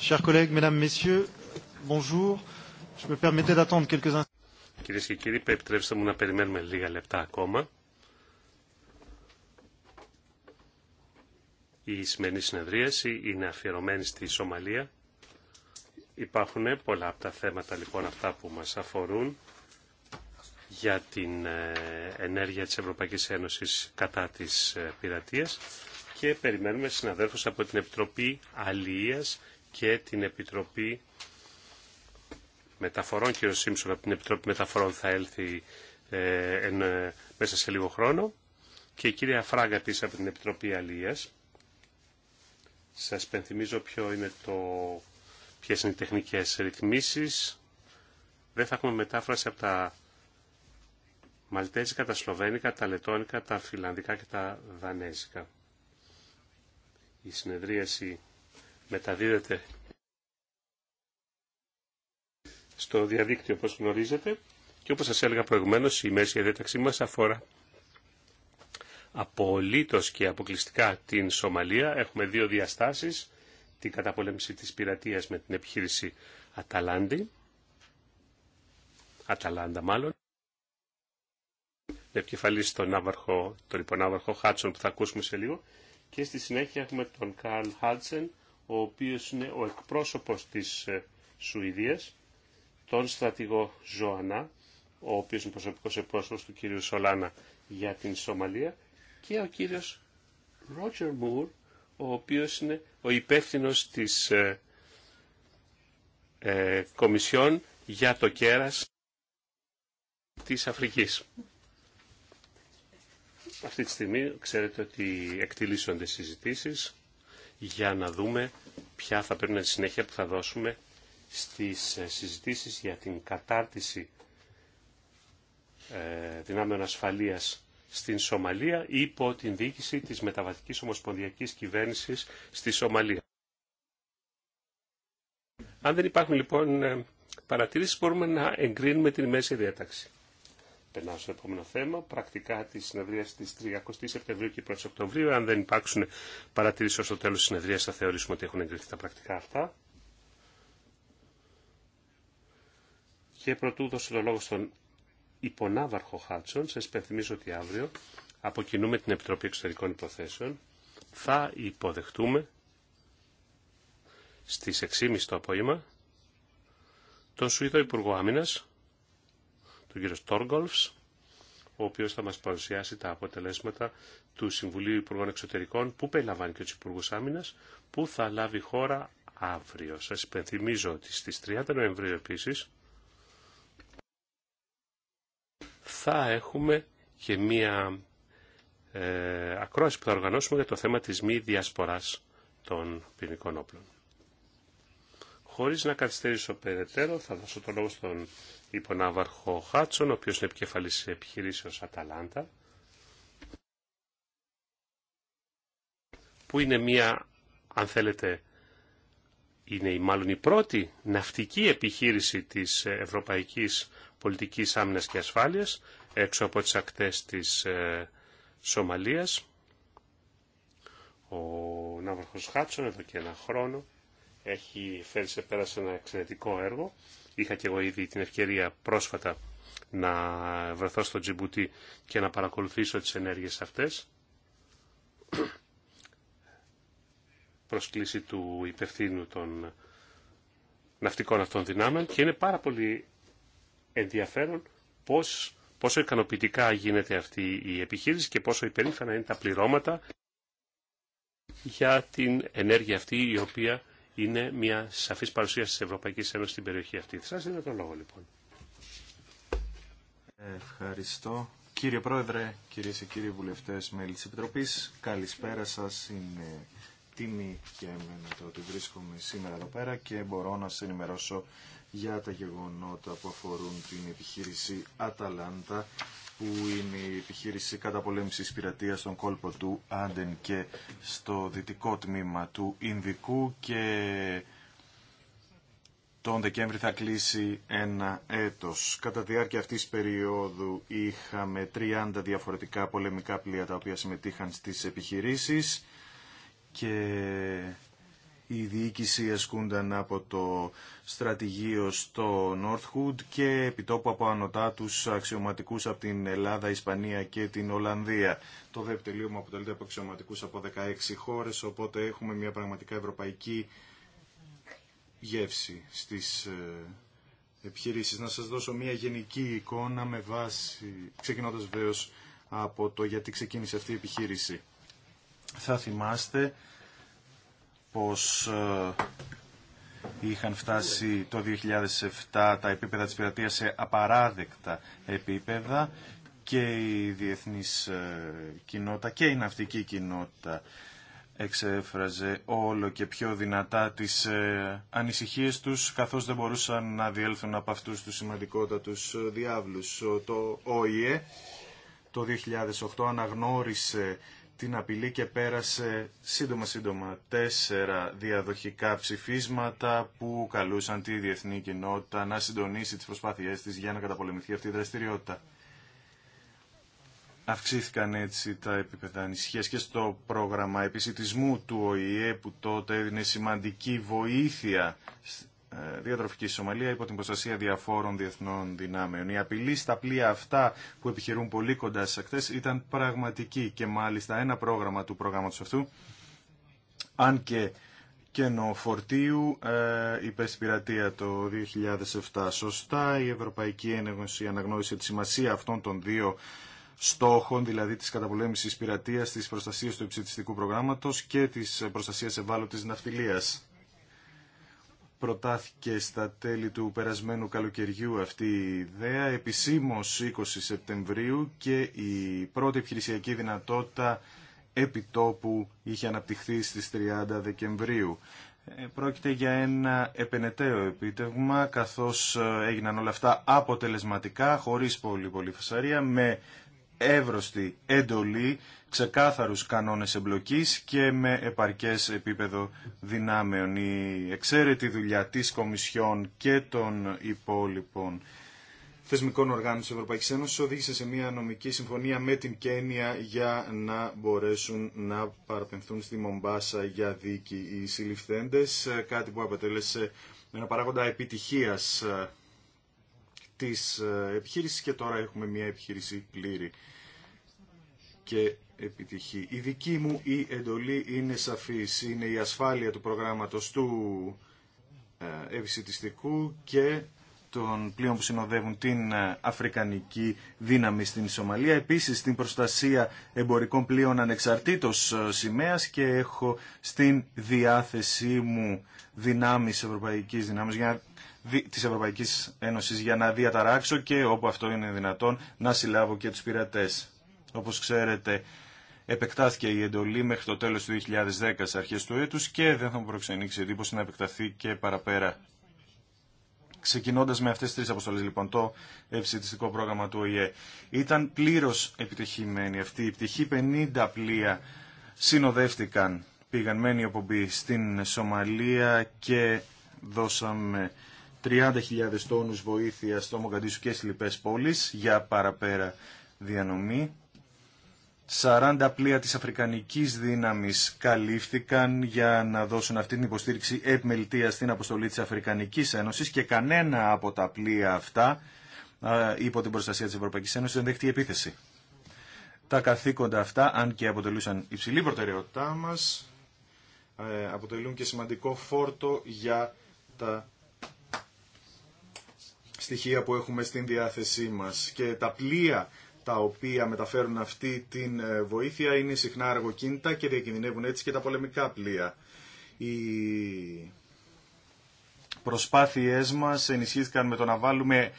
Chers collègues, mesdames, messieurs, bonjour. Je me permettais d'attendre quelques instants. Κυρίε και κύριοι, η σημερινή συνεδρίαση είναι αφιερωμένη στη Σομαλία. Υπάρχουν πολλά από τα θέματα λοιπόν αυτά που μας αφορούν για την ε, ενέργεια της Ευρωπαϊκής Ένωσης κατά της ε, πειρατείας και περιμένουμε συναδέλφους από την Επιτροπή Αλίας και την Επιτροπή Μεταφορών. Κύριο Σίμψον από την Επιτροπή Μεταφορών θα έλθει ε, μέσα σε λίγο χρόνο και η κυρία Φράγκα της από την Επιτροπή Αλίας σας πενθυμίζω ποιο είναι το... ποιες είναι οι τεχνικές ρυθμίσεις. Δεν θα έχουμε μετάφραση από τα μαλτέζικα, τα σλοβένικα, τα Λετώνικα, τα φιλανδικά και τα δανέζικα. Η συνεδρίαση μεταδίδεται στο διαδίκτυο όπως γνωρίζετε και όπως σας έλεγα προηγουμένως η μέση διάταξή μας αφορά απολύτως και αποκλειστικά την Σομαλία. Έχουμε δύο διαστάσεις, την καταπολέμηση της πειρατείας με την επιχείρηση Αταλάντη, Αταλάντα μάλλον, επικεφαλή στον άβαρχο, τον υπονάβαρχο Χάτσον που θα ακούσουμε σε λίγο και στη συνέχεια έχουμε τον Καρλ Χάτσεν, ο οποίος είναι ο εκπρόσωπος της ε, Σουηδίας, τον στρατηγό Ζωανά, ο οποίος είναι προσωπικός εκπρόσωπος του κυρίου Σολάνα για την Σομαλία και ο κύριος Ρότζερ Μουρ, ο οποίος είναι ο υπεύθυνος της ε, ε Κομισιόν για το κέρας της Αφρικής. Αυτή τη στιγμή ξέρετε ότι εκτιλήσονται συζητήσεις για να δούμε ποια θα πρέπει να είναι συνέχεια που θα δώσουμε στις ε, συζητήσεις για την κατάρτιση ε, δυνάμεων ασφαλείας στην Σομαλία υπό την διοίκηση της μεταβατικής ομοσπονδιακής κυβέρνησης στη Σομαλία. Αν δεν υπάρχουν λοιπόν ε, παρατηρήσεις μπορούμε να εγκρίνουμε την μέση διάταξη. Περνάω στο επόμενο θέμα, πρακτικά τη συνεδρία τη 30η Σεπτεμβρίου και 1η Οκτωβρίου. Αν δεν υπάρξουν παρατηρήσει ω το τέλο τη συνεδρία, θα θεωρήσουμε ότι έχουν εγκριθεί τα πρακτικά αυτά. Και πρωτού δώσω το λόγο στον υπονάβαρχο Χάτσον. σα υπενθυμίζω ότι αύριο αποκινούμε την Επιτροπή Εξωτερικών Υποθέσεων. Θα υποδεχτούμε στις 6.30 το απόγευμα τον Σουηδό Υπουργό Άμυνας, τον κύριο Στόργολφς, ο οποίος θα μας παρουσιάσει τα αποτελέσματα του Συμβουλίου Υπουργών Εξωτερικών, που περιλαμβάνει και τους Υπουργού Άμυνας, που θα λάβει χώρα αύριο. Σας υπενθυμίζω ότι στις 30 Νοεμβρίου επίσης θα έχουμε και μία ε, ακρόαση που θα οργανώσουμε για το θέμα της μη διασποράς των ποινικών όπλων. Χωρίς να καθυστερήσω περαιτέρω, θα δώσω τον λόγο στον υπονάβαρχο Χάτσον, ο οποίος είναι επικεφαλής επιχειρήσεως Αταλάντα, που είναι μία, αν θέλετε, είναι η, μάλλον η πρώτη ναυτική επιχείρηση της Ευρωπαϊκής πολιτικής άμυνας και ασφάλειας έξω από τις ακτές της ε, Σομαλίας. Ο Ναύαρχος Χάτσον εδώ και ένα χρόνο έχει φέρει σε πέρα σε ένα εξαιρετικό έργο. Είχα και εγώ ήδη την ευκαιρία πρόσφατα να βρεθώ στο Τζιμπουτί και να παρακολουθήσω τις ενέργειες αυτές. Προσκλήση του υπευθύνου των ναυτικών αυτών δυνάμεων και είναι πάρα πολύ ενδιαφέρον πώς, πόσο ικανοποιητικά γίνεται αυτή η επιχείρηση και πόσο υπερήφανα είναι τα πληρώματα για την ενέργεια αυτή η οποία είναι μια σαφής παρουσία της Ευρωπαϊκής Ένωσης στην περιοχή αυτή. Σας δίνω τον λόγο λοιπόν. Ευχαριστώ. Κύριε Πρόεδρε, κυρίες και κύριοι βουλευτές, μέλη της Επιτροπής, καλησπέρα σας. Είναι τιμή και εμένα το ότι βρίσκομαι σήμερα εδώ πέρα και μπορώ να σας ενημερώσω για τα γεγονότα που αφορούν την επιχείρηση Αταλάντα που είναι η επιχείρηση καταπολέμησης πειρατείας στον κόλπο του Άντεν και στο δυτικό τμήμα του Ινδικού και τον Δεκέμβρη θα κλείσει ένα έτος. Κατά τη διάρκεια αυτής της περίοδου είχαμε 30 διαφορετικά πολεμικά πλοία τα οποία συμμετείχαν στις επιχειρήσεις και η διοίκηση ασκούνταν από το στρατηγείο στο Northwood και επιτόπου από ανωτά τους αξιωματικούς από την Ελλάδα, Ισπανία και την Ολλανδία. Το ΔΕΠ τελείωμα αποτελείται από αξιωματικούς από 16 χώρες, οπότε έχουμε μια πραγματικά ευρωπαϊκή γεύση στις ε, επιχειρήσεις. Να σας δώσω μια γενική εικόνα με βάση, ξεκινώντας βεβαίω από το γιατί ξεκίνησε αυτή η επιχείρηση. Θα θυμάστε πως ε, είχαν φτάσει το 2007 τα επίπεδα της πειρατείας σε απαράδεκτα επίπεδα και η διεθνής ε, κοινότητα και η ναυτική κοινότητα εξέφραζε όλο και πιο δυνατά τις ε, ανησυχίες τους καθώς δεν μπορούσαν να διέλθουν από αυτούς τους σημαντικότατους διάβλους. Το ΟΗΕ το 2008 αναγνώρισε την απειλή και πέρασε σύντομα σύντομα τέσσερα διαδοχικά ψηφίσματα που καλούσαν τη διεθνή κοινότητα να συντονίσει τις προσπάθειές της για να καταπολεμηθεί αυτή η δραστηριότητα. Αυξήθηκαν έτσι τα επίπεδα ανησυχίας και στο πρόγραμμα επισητισμού του ΟΗΕ που τότε έδινε σημαντική βοήθεια διατροφική Σομαλία υπό την προστασία διαφόρων διεθνών δυνάμεων. Η απειλή στα πλοία αυτά που επιχειρούν πολύ κοντά στι ακτέ ήταν πραγματική και μάλιστα ένα πρόγραμμα του προγράμματο αυτού, αν και φορτίου, ε, πειρατεία το 2007. Σωστά, η Ευρωπαϊκή Ένωση αναγνώρισε τη σημασία αυτών των δύο στόχων, δηλαδή της καταπολέμησης πειρατείας, της προστασίας του υψηλιστικού προγράμματος και της προστασίας ευάλωτης ναυτιλίας προτάθηκε στα τέλη του περασμένου καλοκαιριού αυτή η ιδέα, επισήμως 20 Σεπτεμβρίου και η πρώτη επιχειρησιακή δυνατότητα επιτόπου είχε αναπτυχθεί στις 30 Δεκεμβρίου. Ε, πρόκειται για ένα επενεταίο επίτευγμα, καθώς ε, έγιναν όλα αυτά αποτελεσματικά, χωρίς πολύ πολύ φασαρία, με εύρωστη εντολή ξεκάθαρους κανόνες εμπλοκής και με επαρκές επίπεδο δυνάμεων. Η εξαίρετη δουλειά της Κομισιόν και των υπόλοιπων θεσμικών οργάνων της Ευρωπαϊκής Ένωσης οδήγησε σε μια νομική συμφωνία με την Κένια για να μπορέσουν να παραπενθούν στη Μομπάσα για δίκη οι συλληφθέντες, κάτι που αποτέλεσε ένα παράγοντα επιτυχίας της επιχείρησης και τώρα έχουμε μια επιχείρηση πλήρη και η δική μου η εντολή είναι σαφής. Είναι η ασφάλεια του προγράμματος του ε, ευσυτιστικού και των πλοίων που συνοδεύουν την ε, αφρικανική δύναμη στην Σομαλία. Επίσης την προστασία εμπορικών πλοίων ανεξαρτήτως ε, σημαίας και έχω στην διάθεσή μου δυνάμεις ευρωπαϊκής δυνάμεις για της Ευρωπαϊκής Ένωσης για να διαταράξω και όπου αυτό είναι δυνατόν να συλλάβω και τους πειρατές. Όπως ξέρετε επεκτάθηκε η εντολή μέχρι το τέλος του 2010 σε αρχές του έτους και δεν θα μου προξενήξει εντύπωση να επεκταθεί και παραπέρα. Ξεκινώντας με αυτές τις τρεις αποστολές λοιπόν, το ευσυντιστικό πρόγραμμα του ΟΗΕ ήταν πλήρως επιτυχημένη αυτή. Η πτυχή 50 πλοία συνοδεύτηκαν, πήγαν μένει οπομπή στην Σομαλία και δώσαμε 30.000 τόνους βοήθεια στο Μογκαντήσου και στις λοιπές πόλεις για παραπέρα διανομή 40 πλοία της Αφρικανικής δύναμης καλύφθηκαν για να δώσουν αυτή την υποστήριξη επιμελητία στην αποστολή της Αφρικανικής Ένωσης και κανένα από τα πλοία αυτά υπό την προστασία της Ευρωπαϊκής Ένωσης δεν δέχτηκε επίθεση. Τα καθήκοντα αυτά, αν και αποτελούσαν υψηλή προτεραιότητά μας, ε, αποτελούν και σημαντικό φόρτο για τα στοιχεία που έχουμε στην διάθεσή μας και τα πλοία τα οποία μεταφέρουν αυτή την ε, βοήθεια είναι συχνά αργοκίνητα και διακινδυνεύουν έτσι και τα πολεμικά πλοία. Οι προσπάθειές μας ενισχύθηκαν με το να βάλουμε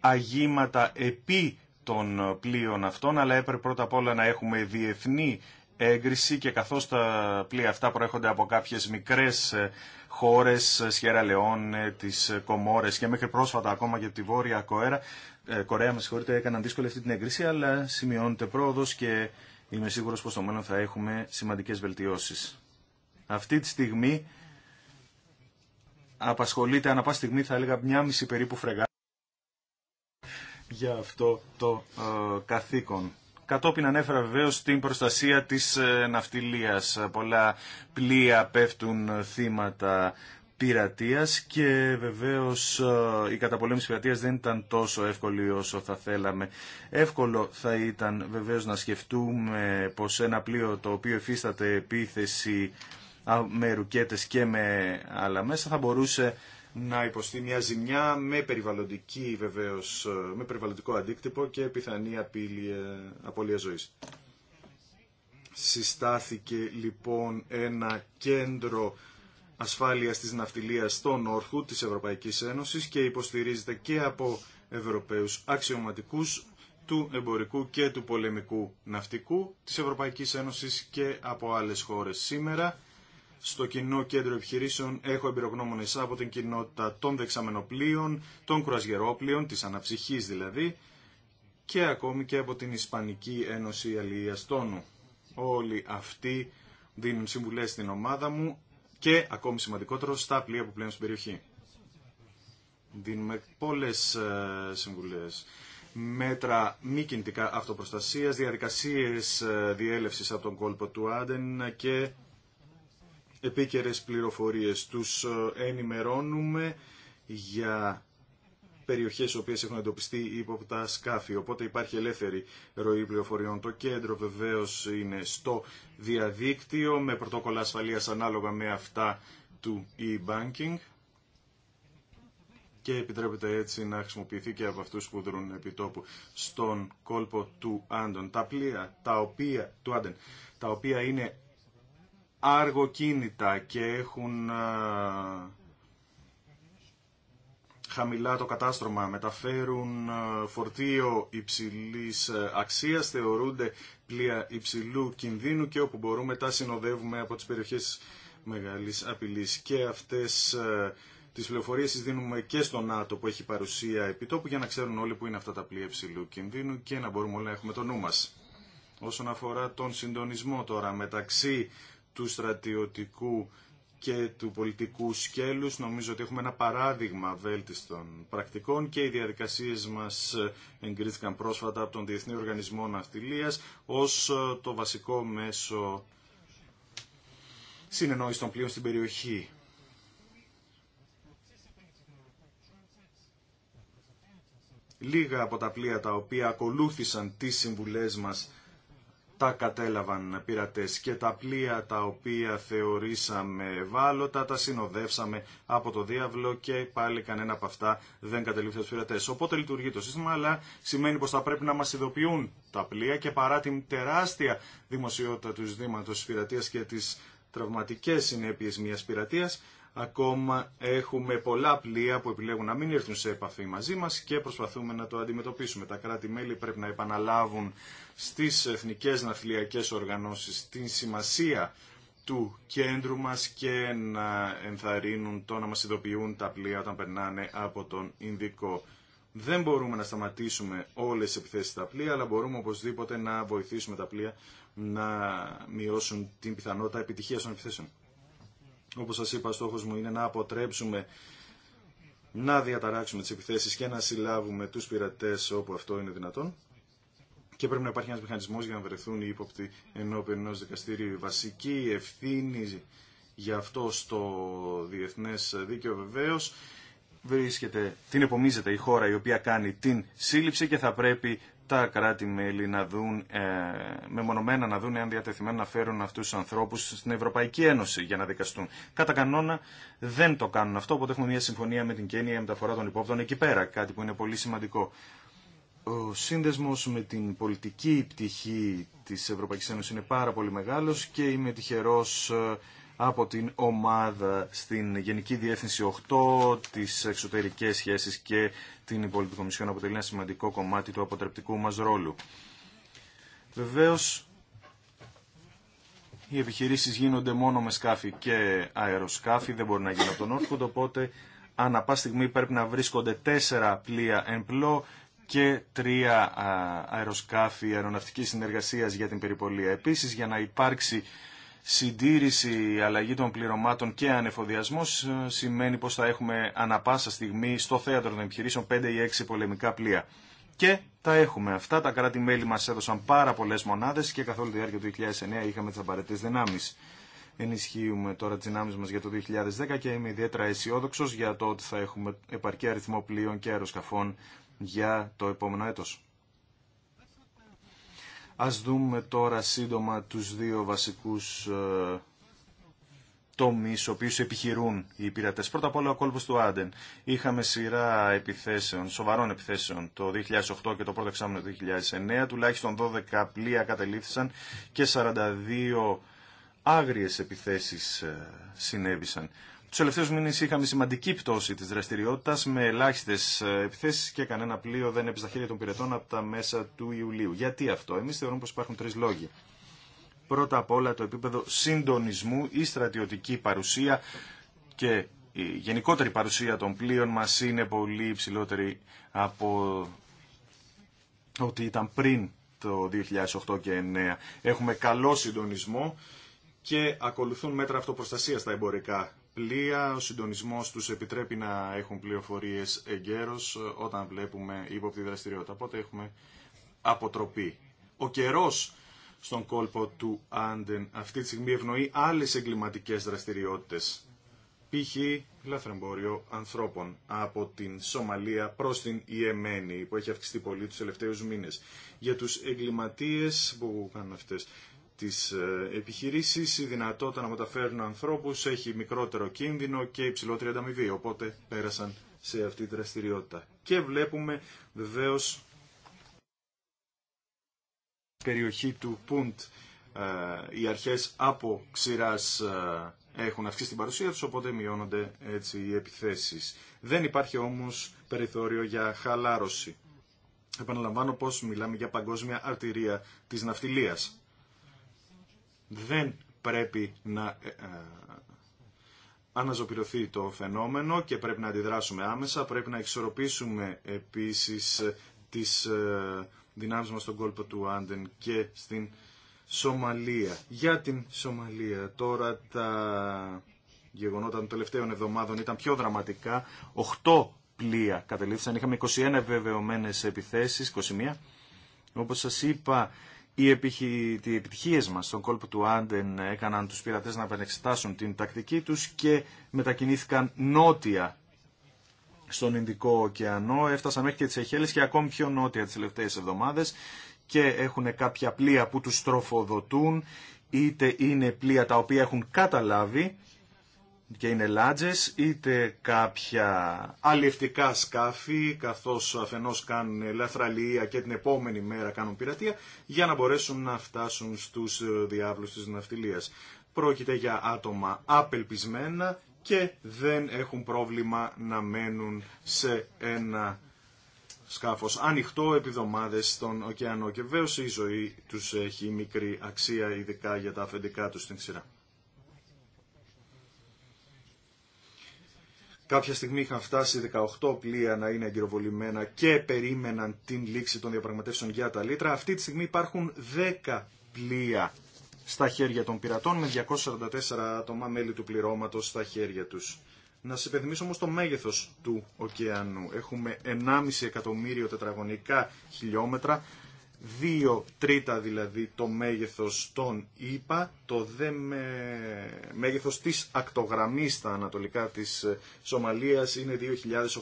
αγήματα επί των πλοίων αυτών, αλλά έπρεπε πρώτα απ' όλα να έχουμε διεθνή έγκριση και καθώς τα πλοία αυτά προέρχονται από κάποιες μικρές ε, χώρες, ε, Σιέρα Λεόν, ε, τις Κομόρες και μέχρι πρόσφατα ακόμα και τη Βόρεια Κορέα, Κορέα με συγχωρείτε, έκαναν δύσκολη αυτή την έγκριση, αλλά σημειώνεται πρόοδος και είμαι σίγουρος πως στο μέλλον θα έχουμε σημαντικές βελτιώσεις. Αυτή τη στιγμή απασχολείται ανά πάση στιγμή θα έλεγα μια μισή περίπου φρεγά για αυτό το καθήκον. Κατόπιν ανέφερα βεβαίως την προστασία της ε, ναυτιλίας. Πολλά πλοία πέφτουν θύματα πειρατείας και βεβαίως ε, η καταπολέμηση πειρατείας δεν ήταν τόσο εύκολη όσο θα θέλαμε. Εύκολο θα ήταν βεβαίως να σκεφτούμε πως ένα πλοίο το οποίο εφίσταται επίθεση με ρουκέτες και με άλλα μέσα θα μπορούσε να υποστεί μια ζημιά με, περιβαλλοντική, βεβαίως, με περιβαλλοντικό αντίκτυπο και πιθανή απειλή, ε, απώλεια ζωής. Συστάθηκε λοιπόν ένα κέντρο ασφάλειας της ναυτιλίας στον όρχου της Ευρωπαϊκής Ένωσης και υποστηρίζεται και από Ευρωπαίους αξιωματικούς του εμπορικού και του πολεμικού ναυτικού της Ευρωπαϊκής Ένωσης και από άλλες χώρες σήμερα στο κοινό κέντρο επιχειρήσεων έχω εμπειρογνώμονε από την κοινότητα των δεξαμενοπλοίων, των κουρασγερόπλοίων, τη αναψυχή δηλαδή, και ακόμη και από την Ισπανική Ένωση Αλληλιαστών Τόνου. Όλοι αυτοί δίνουν συμβουλές στην ομάδα μου και, ακόμη σημαντικότερο, στα πλοία που πλέον στην περιοχή. Δίνουμε πολλές ε, συμβουλές. Μέτρα μη κινητικά αυτοπροστασίας, διαδικασίες ε, διέλευσης από τον κόλπο του Άντεν και επίκαιρες πληροφορίες. Τους ε, ενημερώνουμε για περιοχές οι οποίες έχουν εντοπιστεί υπό τα σκάφη. Οπότε υπάρχει ελεύθερη ροή πληροφοριών. Το κέντρο βεβαίως είναι στο διαδίκτυο με πρωτόκολλα ασφαλείας ανάλογα με αυτά του e-banking και επιτρέπεται έτσι να χρησιμοποιηθεί και από αυτούς που δρούν επιτόπου στον κόλπο του Άντων. Τα πλοία τα οποία, του Άντεν, τα οποία είναι αργοκίνητα και έχουν χαμηλά το κατάστρωμα, μεταφέρουν φορτίο υψηλής ε, αξίας, θεωρούνται πλοία υψηλού κινδύνου και όπου μπορούμε τα συνοδεύουμε από τις περιοχές μεγάλης απειλής. Και αυτές ε, τις πληροφορίες τις δίνουμε και στο ΝΑΤΟ που έχει παρουσία επιτόπου για να ξέρουν όλοι που είναι αυτά τα πλοία υψηλού κινδύνου και να μπορούμε όλοι να έχουμε το νου μας. Όσον αφορά τον συντονισμό τώρα μεταξύ του στρατιωτικού και του πολιτικού σκέλους. Νομίζω ότι έχουμε ένα παράδειγμα βέλτιστων πρακτικών και οι διαδικασίες μας εγκρίθηκαν πρόσφατα από τον Διεθνή Οργανισμό Ναυτιλίας ως ε, το βασικό μέσο συνεννόηση των πλοίων στην περιοχή. Λίγα από τα πλοία τα οποία ακολούθησαν τις συμβουλές μας τα κατέλαβαν πειρατές και τα πλοία τα οποία θεωρήσαμε ευάλωτα τα συνοδεύσαμε από το διάβλο και πάλι κανένα από αυτά δεν κατελήφθη τους πειρατές. Οπότε λειτουργεί το σύστημα αλλά σημαίνει πως θα πρέπει να μας ειδοποιούν τα πλοία και παρά την τεράστια δημοσιότητα του ζητήματος της και τις τραυματικές συνέπειες μιας πειρατείας Ακόμα έχουμε πολλά πλοία που επιλέγουν να μην έρθουν σε επαφή μαζί μας και προσπαθούμε να το αντιμετωπίσουμε. Τα κράτη-μέλη πρέπει να επαναλάβουν στις εθνικές ναυτιλιακές οργανώσεις την σημασία του κέντρου μας και να ενθαρρύνουν το να μας ειδοποιούν τα πλοία όταν περνάνε από τον Ινδικό. Δεν μπορούμε να σταματήσουμε όλες τις επιθέσεις στα πλοία, αλλά μπορούμε οπωσδήποτε να βοηθήσουμε τα πλοία να μειώσουν την πιθανότητα επιτυχίας των επιθέσεων. Όπως σας είπα, στόχος μου είναι να αποτρέψουμε να διαταράξουμε τις επιθέσεις και να συλλάβουμε τους πειρατές όπου αυτό είναι δυνατόν. Και πρέπει να υπάρχει ένας μηχανισμός για να βρεθούν οι ύποπτοι ενώπιον ενός δικαστηρίου. Η βασική ευθύνη για αυτό στο διεθνές δίκαιο βεβαίως βρίσκεται, την επομίζεται η χώρα η οποία κάνει την σύλληψη και θα πρέπει τα κράτη-μέλη να δουν, ε, μεμονωμένα να δουν εάν διατεθειμένα να φέρουν αυτούς τους ανθρώπους στην Ευρωπαϊκή Ένωση για να δικαστούν. Κατά κανόνα δεν το κάνουν αυτό, οπότε έχουμε μια συμφωνία με την Κένια για μεταφορά των υπόπτων εκεί πέρα, κάτι που είναι πολύ σημαντικό. Ο σύνδεσμος με την πολιτική πτυχή της Ευρωπαϊκής Ένωσης είναι πάρα πολύ μεγάλος και είμαι τυχερός... Ε, από την ομάδα στην Γενική Διεύθυνση 8, τι εξωτερικέ σχέσει και την υπόλοιπη Κομισιόν αποτελεί ένα σημαντικό κομμάτι του αποτρεπτικού μας ρόλου. Βεβαίως, οι επιχειρήσει γίνονται μόνο με σκάφη και αεροσκάφη, δεν μπορεί να γίνει από τον Όρκο. οπότε ανά πάση στιγμή πρέπει να βρίσκονται τέσσερα πλοία εμπλό και τρία αεροσκάφη αεροναυτική συνεργασία για την περιπολία. επίση για να υπάρξει συντήρηση, αλλαγή των πληρωμάτων και ανεφοδιασμός ε, σημαίνει πω θα έχουμε ανα πάσα στιγμή στο θέατρο των επιχειρήσεων 5 ή 6 πολεμικά πλοία. Και τα έχουμε αυτά. Τα κράτη-μέλη μα έδωσαν πάρα πολλέ μονάδε και καθ' όλη τη διάρκεια του 2009 είχαμε τι απαραίτητε δυνάμει. Ενισχύουμε τώρα τι δυνάμει μα για το 2010 και είμαι ιδιαίτερα αισιόδοξο για το ότι θα έχουμε επαρκή αριθμό πλοίων και αεροσκαφών για το επόμενο έτος. Ας δούμε τώρα σύντομα τους δύο βασικούς ε, τομεί οποίους επιχειρούν οι πειρατές. Πρώτα απ' όλα ο κόλπος του Άντεν. Είχαμε σειρά επιθέσεων, σοβαρών επιθέσεων το 2008 και το πρώτο εξάμεινο του 2009. Τουλάχιστον 12 πλοία κατελήφθησαν και 42 άγριες επιθέσεις ε, συνέβησαν. Του τελευταίου μήνε είχαμε σημαντική πτώση τη δραστηριότητα με ελάχιστε επιθέσει και κανένα πλοίο δεν έπεσε στα χέρια των πυρετών από τα μέσα του Ιουλίου. Γιατί αυτό. εμεί θεωρούμε πω υπάρχουν τρει λόγοι. Πρώτα απ' όλα το επίπεδο συντονισμού, η στρατιωτική παρουσία και η γενικότερη παρουσία των πλοίων μα είναι πολύ υψηλότερη από ότι ήταν πριν το 2008 και 2009. Έχουμε καλό συντονισμό και ακολουθούν μέτρα αυτοπροστασία στα εμπορικά πλοία. Ο συντονισμός τους επιτρέπει να έχουν πληροφορίες εγκαίρως όταν βλέπουμε ύποπτη δραστηριότητα. Οπότε έχουμε αποτροπή. Ο καιρός στον κόλπο του Άντεν αυτή τη στιγμή ευνοεί άλλες εγκληματικές δραστηριότητες. Π.χ. λαθρεμπόριο ανθρώπων από την Σομαλία προς την Ιεμένη που έχει αυξηθεί πολύ τους τελευταίους μήνες. Για τους εγκληματίες που κάνουν αυτές τις ε, επιχειρήσεις, η δυνατότητα να μεταφέρουν ανθρώπους έχει μικρότερο κίνδυνο και υψηλότερη ανταμοιβή, οπότε πέρασαν σε αυτή τη δραστηριότητα. Και βλέπουμε βεβαίως περιοχή του Πούντ ε, οι αρχές από ξηράς ε, έχουν αυξήσει την παρουσία τους, οπότε μειώνονται έτσι οι επιθέσεις. Δεν υπάρχει όμως περιθώριο για χαλάρωση. Επαναλαμβάνω πως μιλάμε για παγκόσμια αρτηρία της ναυτιλίας δεν πρέπει να ε, ε, αναζωπηρωθεί το φαινόμενο και πρέπει να αντιδράσουμε άμεσα. Πρέπει να εξορροπήσουμε επίσης ε, τις δυνάμεις μας στον κόλπο του Άντεν και στην Σομαλία. Για την Σομαλία τώρα τα γεγονότα των τελευταίων εβδομάδων ήταν πιο δραματικά. 8 πλοία κατελήφθησαν. Είχαμε 21 βεβαιωμένες επιθέσεις, 21. Όπως σας είπα, οι επιτυχίε μας στον κόλπο του Άντεν έκαναν τους πειρατέ να επανεξετάσουν την τακτική τους και μετακινήθηκαν νότια στον Ινδικό ωκεανό. Έφτασαν μέχρι και τις Αιχέλε και ακόμη πιο νότια τις τελευταίε εβδομάδες και έχουν κάποια πλοία που τους τροφοδοτούν είτε είναι πλοία τα οποία έχουν καταλάβει και είναι λάτζες, είτε κάποια αλλιευτικά σκάφη, καθώς αφενός κάνουν ελαφραλία και την επόμενη μέρα κάνουν πειρατεία, για να μπορέσουν να φτάσουν στους διάβλους της ναυτιλίας. Πρόκειται για άτομα απελπισμένα και δεν έχουν πρόβλημα να μένουν σε ένα σκάφος ανοιχτό επί στον ωκεανό. Και βέβαια η ζωή τους έχει μικρή αξία, ειδικά για τα αφεντικά τους στην ξηρά. Κάποια στιγμή είχαν φτάσει 18 πλοία να είναι εγκυροβολημένα και περίμεναν την λήξη των διαπραγματεύσεων για τα λίτρα. Αυτή τη στιγμή υπάρχουν 10 πλοία στα χέρια των πειρατών με 244 άτομα μέλη του πληρώματος στα χέρια τους. Να σας υπενθυμίσω όμως το μέγεθος του ωκεανού. Έχουμε 1,5 εκατομμύριο τετραγωνικά χιλιόμετρα Δύο τρίτα δηλαδή το μέγεθος των ΙΠΑ, το δε με... μέγεθος της ακτογραμμής στα ανατολικά της ε, Σομαλίας είναι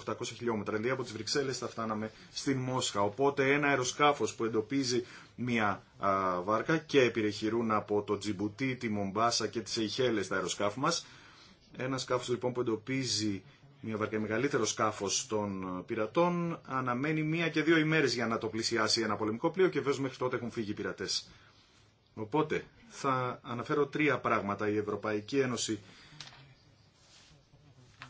2.800 χιλιόμετρα. Δηλαδή από τις Βρυξέλλες θα φτάναμε στην Μόσχα. Οπότε ένα αεροσκάφος που εντοπίζει μια βάρκα και επιρεχειρούν από το Τζιμπουτί, τη Μομπάσα και τις Ειχέλες τα αεροσκάφη μας. Ένα σκάφος λοιπόν που εντοπίζει μια βαρκά μεγαλύτερο σκάφο των πειρατών αναμένει μία και δύο ημέρε για να το πλησιάσει ένα πολεμικό πλοίο και βέβαια μέχρι τότε έχουν φύγει οι πειρατέ. Οπότε θα αναφέρω τρία πράγματα. Η Ευρωπαϊκή Ένωση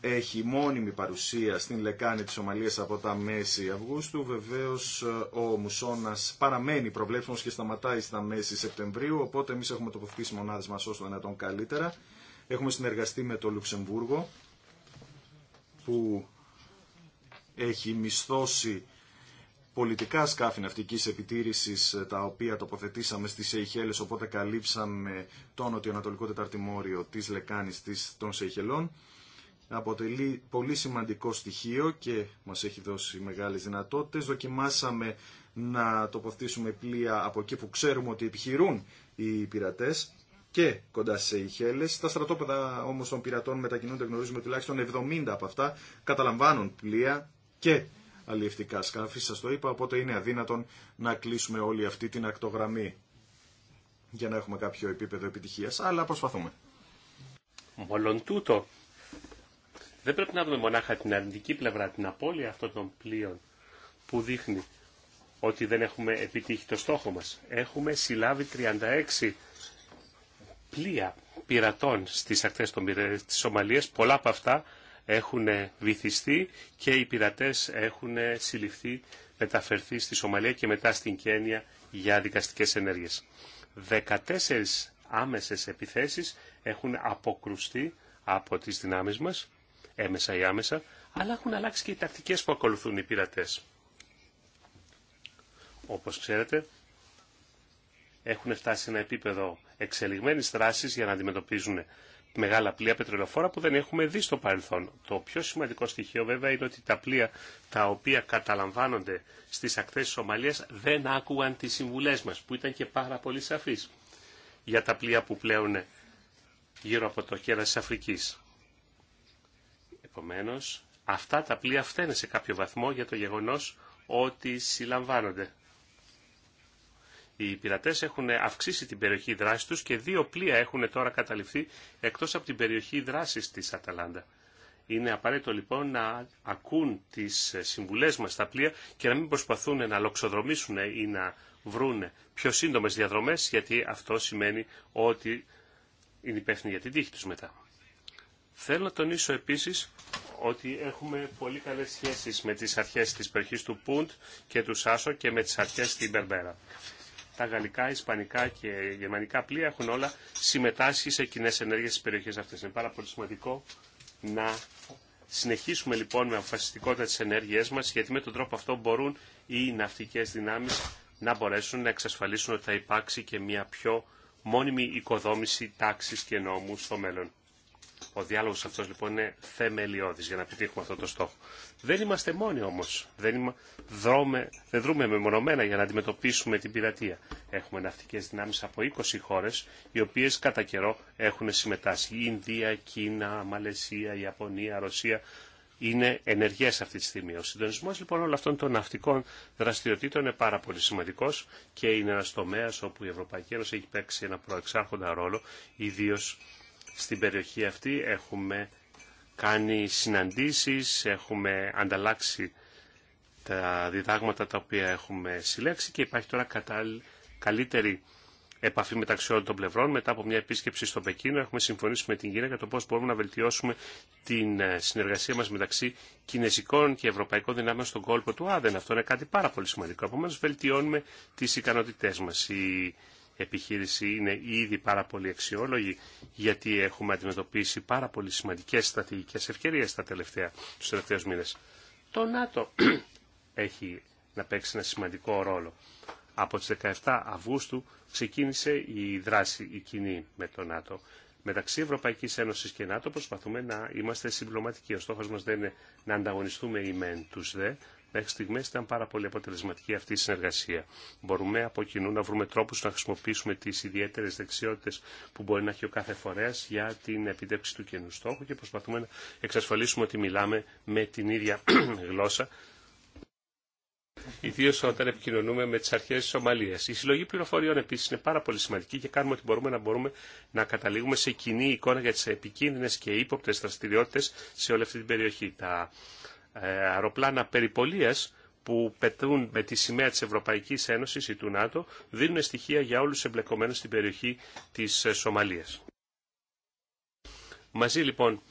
έχει μόνιμη παρουσία στην λεκάνη της Ομαλίας από τα μέση Αυγούστου. Βεβαίως ο Μουσώνας παραμένει προβλέψιμος και σταματάει στα μέση Σεπτεμβρίου, οπότε εμείς έχουμε τοποθετήσει μονάδες μας όσο δυνατόν καλύτερα. Έχουμε συνεργαστεί με το Λουξεμβούργο που έχει μισθώσει πολιτικά σκάφη ναυτικής επιτήρησης ε, τα οποία τοποθετήσαμε στις Σεϊχέλες οπότε καλύψαμε το νοτιοανατολικό τεταρτημόριο της λεκάνης της, των Σεϊχελών αποτελεί πολύ σημαντικό στοιχείο και μας έχει δώσει μεγάλες δυνατότητες. Δοκιμάσαμε να τοποθετήσουμε πλοία από εκεί που ξέρουμε ότι επιχειρούν οι πειρατές και κοντά σε Σεϊχέλες. Τα στρατόπεδα όμω των πειρατών μετακινούνται, γνωρίζουμε τουλάχιστον 70 από αυτά, καταλαμβάνουν πλοία και αλλιευτικά σκάφη, σα το είπα, οπότε είναι αδύνατον να κλείσουμε όλη αυτή την ακτογραμμή για να έχουμε κάποιο επίπεδο επιτυχία, αλλά προσπαθούμε. Μόλον τούτο, δεν πρέπει να δούμε μονάχα την αρνητική πλευρά, την απώλεια αυτών των πλοίων που δείχνει ότι δεν έχουμε επιτύχει το στόχο μας. Έχουμε συλλάβει 36 πλοία πειρατών στις ακτές της Σομαλίας. Πολλά από αυτά έχουν βυθιστεί και οι πειρατές έχουν συλληφθεί, μεταφερθεί στη Σομαλία και μετά στην Κένια για δικαστικές ενέργειες. 14 άμεσες επιθέσεις έχουν αποκρουστεί από τις δυνάμεις μας, έμεσα ή άμεσα, αλλά έχουν αλλάξει και οι τακτικές που ακολουθούν οι πειρατές. Όπως ξέρετε, έχουν φτάσει σε ένα επίπεδο εξελιγμένη δράσης για να αντιμετωπίζουν μεγάλα πλοία πετρελοφόρα που δεν έχουμε δει στο παρελθόν. Το πιο σημαντικό στοιχείο βέβαια είναι ότι τα πλοία τα οποία καταλαμβάνονται στις ακτές της Σομαλίας δεν άκουγαν τις συμβουλές μας που ήταν και πάρα πολύ σαφείς για τα πλοία που πλέουν γύρω από το κέρα της Αφρικής. Επομένως, αυτά τα πλοία φταίνε σε κάποιο βαθμό για το γεγονός ότι συλλαμβάνονται. Οι πειρατέ έχουν αυξήσει την περιοχή δράση του και δύο πλοία έχουν τώρα καταληφθεί εκτό από την περιοχή δράση τη Αταλάντα. Είναι απαραίτητο λοιπόν να ακούν τι συμβουλέ μα τα πλοία και να μην προσπαθούν να λοξοδρομήσουν ή να βρουν πιο σύντομε διαδρομέ, γιατί αυτό σημαίνει ότι είναι υπεύθυνοι για την τύχη του μετά. Θέλω να τονίσω επίση ότι έχουμε πολύ καλέ σχέσει με τι αρχέ τη περιοχή του Πούντ και του Σάσο και με τι αρχέ στην Μπερμπέρα τα γαλλικά, ισπανικά και γερμανικά πλοία έχουν όλα συμμετάσχει σε κοινέ ενέργειε στι περιοχέ αυτέ. Είναι πάρα πολύ σημαντικό να συνεχίσουμε λοιπόν με αποφασιστικότητα τι ενέργειέ μα, γιατί με τον τρόπο αυτό μπορούν οι ναυτικέ δυνάμει να μπορέσουν να εξασφαλίσουν ότι θα υπάρξει και μια πιο μόνιμη οικοδόμηση τάξη και νόμου στο μέλλον. Ο διάλογος αυτός λοιπόν είναι θεμελιώδης για να επιτύχουμε αυτό το στόχο. Δεν είμαστε μόνοι όμως. Δεν, είμα... δεν δρούμε μεμονωμένα για να αντιμετωπίσουμε την πειρατεία. Έχουμε ναυτικές δυνάμεις από 20 χώρες, οι οποίες κατά καιρό έχουν συμμετάσχει. Η Ινδία, Κίνα, Μαλαισία, Ιαπωνία, Ρωσία είναι ενεργέ αυτή τη στιγμή. Ο συντονισμό λοιπόν όλων αυτών των ναυτικών δραστηριοτήτων είναι πάρα πολύ σημαντικό και είναι ένα τομέα όπου η Ευρωπαϊκή Ένωση έχει παίξει ένα προεξάρχοντα ρόλο, ιδίω στην περιοχή αυτή. Έχουμε κάνει συναντήσεις, έχουμε ανταλλάξει τα διδάγματα τα οποία έχουμε συλλέξει και υπάρχει τώρα καλύτερη επαφή μεταξύ όλων των πλευρών. Μετά από μια επίσκεψη στο Πεκίνο έχουμε συμφωνήσει με την Κίνα για το πώς μπορούμε να βελτιώσουμε την ε, συνεργασία μας μεταξύ κινέζικων και ευρωπαϊκών δυνάμεων στον κόλπο του Άδεν. Αυτό είναι κάτι πάρα πολύ σημαντικό. Επομένως βελτιώνουμε τις ικανότητές μας επιχείρηση είναι ήδη πάρα πολύ αξιόλογη, γιατί έχουμε αντιμετωπίσει πάρα πολύ σημαντικές στρατηγικές ευκαιρίες τα τελευταία, τους τελευταίους μήνες. Το ΝΑΤΟ έχει να παίξει ένα σημαντικό ρόλο. Από τις 17 Αυγούστου ξεκίνησε η δράση η κοινή με το ΝΑΤΟ. Μεταξύ Ευρωπαϊκής Ένωσης και ΝΑΤΟ προσπαθούμε να είμαστε συμπληρωματικοί. Ο στόχος μας δεν είναι να ανταγωνιστούμε οι μεν τους δε, Μέχρι στιγμή ήταν πάρα πολύ αποτελεσματική αυτή η συνεργασία. Μπορούμε από κοινού να βρούμε τρόπου να χρησιμοποιήσουμε τι ιδιαίτερε δεξιότητε που μπορεί να έχει ο κάθε φορέα για την επίτευξη του κοινού στόχου και προσπαθούμε να εξασφαλίσουμε ότι μιλάμε με την ίδια γλώσσα. Ιδίω όταν επικοινωνούμε με τι αρχέ τη Ομαλία. Η συλλογή πληροφοριών επίση είναι πάρα πολύ σημαντική και κάνουμε ό,τι μπορούμε να μπορούμε να καταλήγουμε σε κοινή εικόνα για τι επικίνδυνε και ύποπτε δραστηριότητε σε όλη αυτή την περιοχή. Τα ε, αεροπλάνα περιπολίας που πετούν με τη σημαία της Ευρωπαϊκής Ένωσης ή του ΝΑΤΟ δίνουν στοιχεία για όλους τους στην περιοχή της ε, Σομαλίας. Μαζί λοιπόν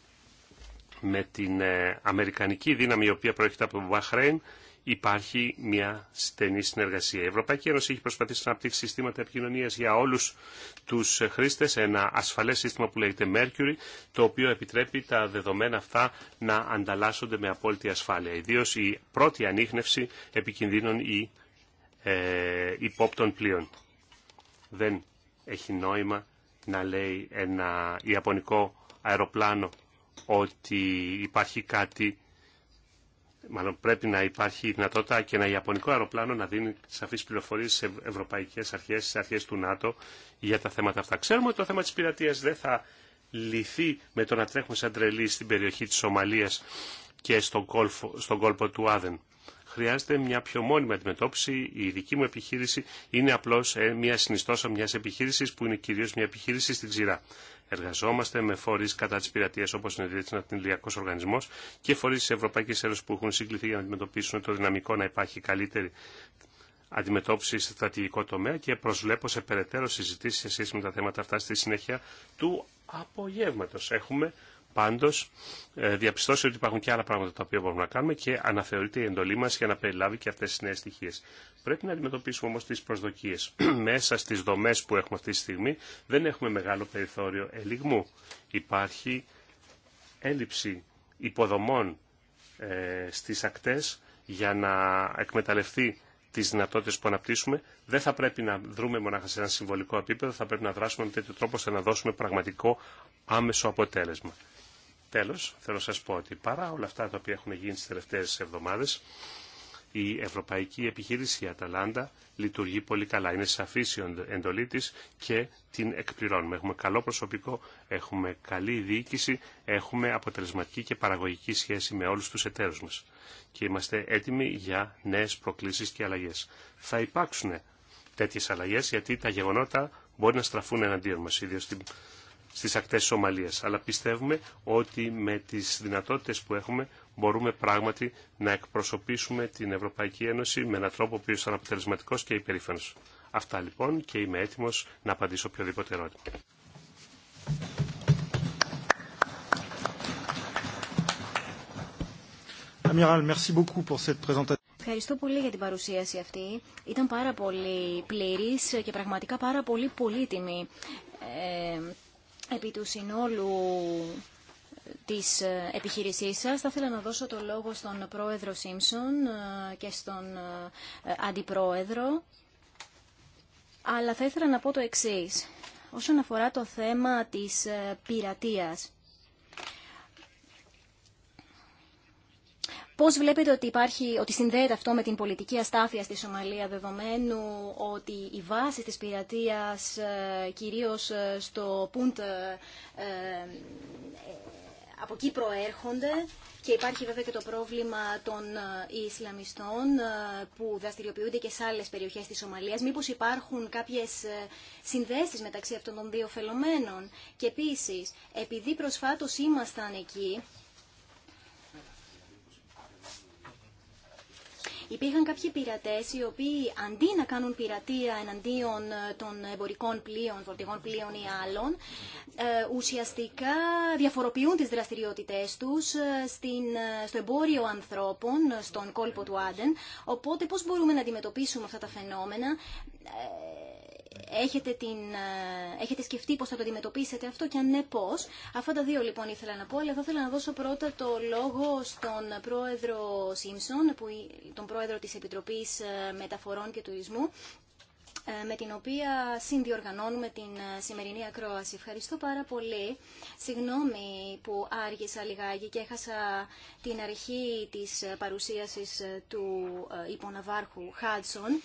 με την ε, Αμερικανική δύναμη η οποία προέρχεται από το υπάρχει μια στενή συνεργασία. Η Ευρωπαϊκή Ένωση έχει προσπαθήσει να αναπτύξει συστήματα επικοινωνία για όλου του χρήστε, ένα ασφαλέ σύστημα που λέγεται Mercury, το οποίο επιτρέπει τα δεδομένα αυτά να ανταλλάσσονται με απόλυτη ασφάλεια. Ιδίω η πρώτη ανείχνευση επικινδύνων ή ε, υπόπτων πλοίων. Δεν έχει νόημα να λέει ένα ιαπωνικό αεροπλάνο ότι υπάρχει κάτι μάλλον πρέπει να υπάρχει η δυνατότητα και ένα Ιαπωνικό αεροπλάνο να δίνει σαφείς πληροφορίες σε ευρωπαϊκές αρχές, σε αρχές του ΝΑΤΟ για τα θέματα αυτά. Ξέρουμε ότι το θέμα της πειρατείας δεν θα λυθεί με το να τρέχουμε σαν τρελή στην περιοχή της Σομαλίας και στον κόλπο του Άδεν χρειάζεται μια πιο μόνιμη αντιμετώπιση. Η δική μου επιχείρηση είναι απλώ ε, μια συνιστόσα μια επιχείρηση, που είναι κυρίω μια επιχείρηση στην ξηρά. Εργαζόμαστε με φορεί κατά τη πειρατεία όπω είναι ο Διεθνή Οργανισμό και φορεί τη Ευρωπαϊκή Ένωση που έχουν συγκληθεί για να αντιμετωπίσουν το δυναμικό να υπάρχει καλύτερη αντιμετώπιση σε στρατηγικό τομέα και προσβλέπω σε περαιτέρω συζητήσει σε σχέση με τα θέματα αυτά στη συνέχεια του απογεύματο. Έχουμε Πάντως, ε, διαπιστώσει ότι υπάρχουν και άλλα πράγματα τα οποία μπορούμε να κάνουμε και αναθεωρείται η εντολή μας για να περιλάβει και αυτές τις νέες στοιχείες. Πρέπει να αντιμετωπίσουμε όμως τις προσδοκίες. Μέσα στις δομές που έχουμε αυτή τη στιγμή δεν έχουμε μεγάλο περιθώριο ελιγμού. Υπάρχει έλλειψη υποδομών ε, στις ακτές για να εκμεταλλευτεί τι δυνατότητε που αναπτύσσουμε, δεν θα πρέπει να δρούμε μονάχα σε ένα συμβολικό επίπεδο, θα πρέπει να δράσουμε με τέτοιο τρόπο ώστε να δώσουμε πραγματικό άμεσο αποτέλεσμα. Τέλος, θέλω να σας πω ότι παρά όλα αυτά τα οποία έχουν γίνει στις τελευταίες εβδομάδες, η ευρωπαϊκή επιχείρηση Αταλάντα λειτουργεί πολύ καλά. Είναι σαφή η εντολή τη και την εκπληρώνουμε. Έχουμε καλό προσωπικό, έχουμε καλή διοίκηση, έχουμε αποτελεσματική και παραγωγική σχέση με όλους τους εταίρους μας Και είμαστε έτοιμοι για νέες προκλήσεις και αλλαγές. Θα υπάρξουν τέτοιε αλλαγές γιατί τα γεγονότα μπορεί να στραφούν εναντίον μα, στις ακτές της Σομαλίας. Αλλά πιστεύουμε ότι με τις δυνατότητες που έχουμε μπορούμε πράγματι να εκπροσωπήσουμε την Ευρωπαϊκή Ένωση με έναν τρόπο που θα είναι αποτελεσματικός και υπερήφανος. Αυτά λοιπόν και είμαι έτοιμος να απαντήσω οποιοδήποτε ερώτημα. Ευχαριστώ πολύ για την παρουσίαση αυτή. Ήταν πάρα πολύ πλήρης και πραγματικά πάρα πολύ πολύτιμη. Ε, επί του συνόλου ε, της ε, επιχείρησής σας. Θα ήθελα να δώσω το λόγο στον πρόεδρο Σίμψον ε, και στον αντιπρόεδρο. Αλλά θα ήθελα να πω το εξής. Όσον αφορά το θέμα της πειρατείας, Πώς βλέπετε ότι, υπάρχει, ότι συνδέεται αυτό με την πολιτική αστάθεια στη Σομαλία, δεδομένου ότι οι βάσεις της πειρατείας ε, κυρίως ε, στο Πούντ ε, από εκεί προέρχονται και υπάρχει βέβαια και το πρόβλημα των Ισλαμιστών που δραστηριοποιούνται και σε άλλες περιοχές της Σομαλίας. Μήπως υπάρχουν κάποιες συνδέσεις μεταξύ αυτών των δύο φαινομένων. Και επίσης, επειδή προσφάτως ήμασταν εκεί, Υπήρχαν κάποιοι πειρατέ, οι οποίοι αντί να κάνουν πειρατεία εναντίον ε, των εμπορικών πλοίων, φορτηγών πλοίων ή άλλων, ε, ουσιαστικά διαφοροποιούν τις δραστηριότητές τους ε, στο εμπόριο ανθρώπων, στον κόλπο του Άντεν. Οπότε πώς μπορούμε να αντιμετωπίσουμε αυτά τα φαινόμενα έχετε, την, ε, έχετε σκεφτεί πώς θα το αντιμετωπίσετε αυτό και αν ναι πώς. Αυτά τα δύο λοιπόν ήθελα να πω, αλλά θα ήθελα να δώσω πρώτα το λόγο στον πρόεδρο Σίμψον, που, τον πρόεδρο της Επιτροπής ε, Μεταφορών και Τουρισμού, ε, με την οποία συνδιοργανώνουμε την σημερινή ακρόαση. Ευχαριστώ πάρα πολύ. Συγγνώμη που άργησα λιγάκι και έχασα την αρχή της παρουσίασης του υποναβάρχου Χάτσον.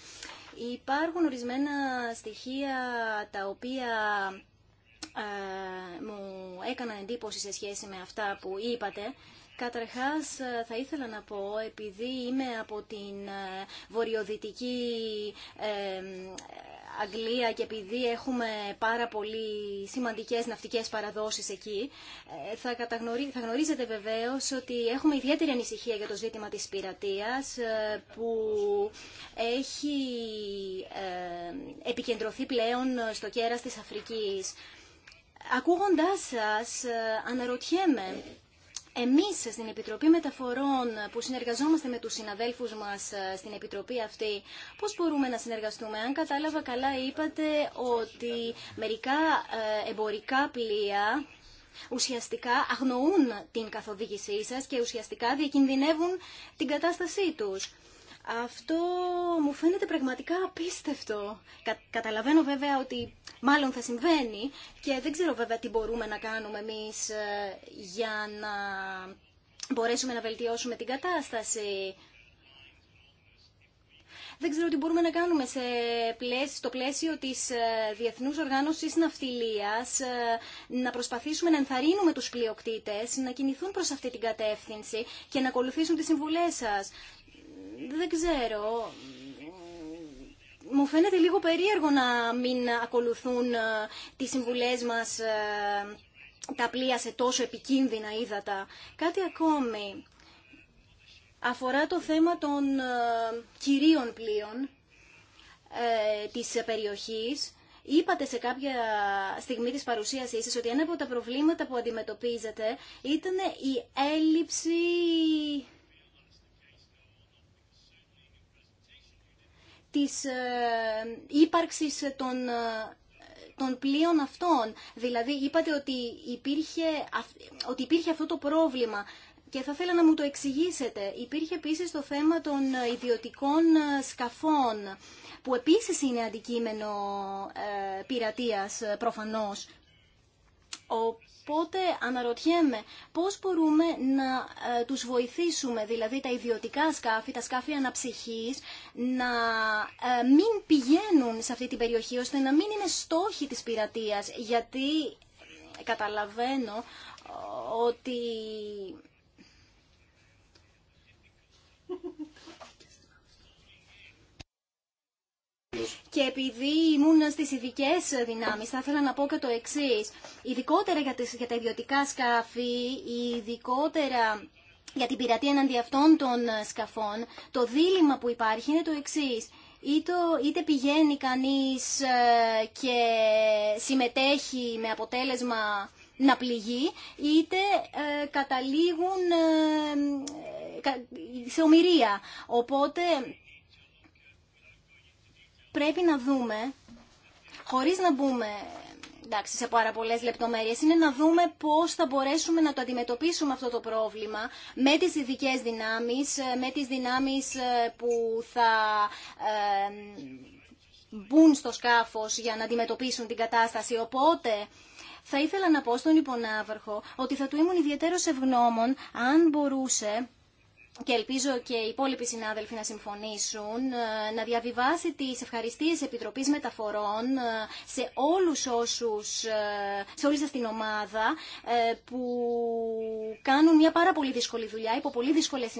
Υπάρχουν ορισμένα στοιχεία τα οποία ε, μου έκαναν εντύπωση σε σχέση με αυτά που είπατε. Καταρχάς ε, θα ήθελα να πω, επειδή είμαι από την ε, βορειοδυτική ε, Αγγλία και επειδή έχουμε πάρα πολύ σημαντικές ναυτικές παραδόσεις εκεί, ε, θα, καταγνωρί... θα γνωρίζετε βεβαίως ότι έχουμε ιδιαίτερη ανησυχία για το ζήτημα της πειρατείας ε, που έχει ε, επικεντρωθεί πλέον στο κέρας της Αφρικής. Ακούγοντάς σας αναρωτιέμαι εμείς στην Επιτροπή Μεταφορών που συνεργαζόμαστε με τους συναδέλφους μας ε, στην Επιτροπή αυτή, πώς μπορούμε να συνεργαστούμε. Αν κατάλαβα καλά είπατε ότι μερικά ε, εμπορικά πλοία ουσιαστικά αγνοούν την καθοδήγησή σας και ουσιαστικά διακινδυνεύουν την κατάστασή τους. Αυτό μου φαίνεται πραγματικά απίστευτο. καταλαβαίνω βέβαια ότι μάλλον θα συμβαίνει και δεν ξέρω βέβαια τι μπορούμε να κάνουμε εμείς ε, για να μπορέσουμε να βελτιώσουμε την κατάσταση. Δεν ξέρω τι μπορούμε να κάνουμε σε πλαίσιο, στο πλαίσιο της ε, Διεθνούς Οργάνωσης Ναυτιλίας, ε, να προσπαθήσουμε να ενθαρρύνουμε τους πλειοκτήτες, να κινηθούν προς αυτή την κατεύθυνση και να ακολουθήσουν τις συμβουλές σας δεν ξέρω, μου φαίνεται λίγο περίεργο να μην ακολουθούν ε, τις συμβουλές μας ε, τα πλοία σε τόσο επικίνδυνα ύδατα. Κάτι ακόμη αφορά το θέμα των ε, κυρίων πλοίων της περιοχής. Είπατε σε κάποια στιγμή της παρουσίασής σας ότι ένα από τα προβλήματα που αντιμετωπίζετε ήταν η έλλειψη της ε, ύπαρξης των ε, των πλοίων αυτών. Δηλαδή είπατε ότι υπήρχε, ότι υπήρχε αυτό το πρόβλημα και θα ήθελα να μου το εξηγήσετε. Υπήρχε επίσης το θέμα των ιδιωτικών ε, σκαφών που επίσης είναι αντικείμενο ε, πειρατείας προφανώς. Οπότε αναρωτιέμαι πώς μπορούμε να ε, τους βοηθήσουμε, δηλαδή τα ιδιωτικά σκάφη, τα σκάφη αναψυχής, να ε, μην πηγαίνουν σε αυτή την περιοχή, ώστε να μην είναι στόχοι της πειρατείας, γιατί ε, καταλαβαίνω ότι Και επειδή ήμουν στι ειδικέ δυνάμει, θα ήθελα να πω και το εξή. Ειδικότερα για, τις, τα ιδιωτικά σκάφη, ειδικότερα για την πειρατεία εναντί αυτών των σκαφών, το δίλημα που υπάρχει είναι το εξή. Είτε πηγαίνει κανείς ε, και συμμετέχει με αποτέλεσμα να πληγεί, είτε ε, καταλήγουν ε, σε ομοιρία. Οπότε πρέπει να δούμε, χωρίς να μπούμε εντάξει, σε πάρα πολλέ λεπτομέρειε, είναι να δούμε πώ θα μπορέσουμε να το αντιμετωπίσουμε αυτό το πρόβλημα με τι ειδικέ δυνάμει, ε, με τι δυνάμει ε, που θα μπουν στο σκάφος για να αντιμετωπίσουν την κατάσταση. Οπότε, θα ήθελα να πω στον υπονάβαρχο ότι θα του ήμουν ιδιαίτερος ευγνώμων αν μπορούσε και ελπίζω και οι υπόλοιποι συνάδελφοι να συμφωνήσουν, ε, να διαβιβάσει τις ευχαριστίες Επιτροπής Μεταφορών ε, σε όλους όσους, ε, σε όλη σας την ομάδα που κάνουν μια πάρα πολύ δύσκολη δουλειά, υπό πολύ δύσκολες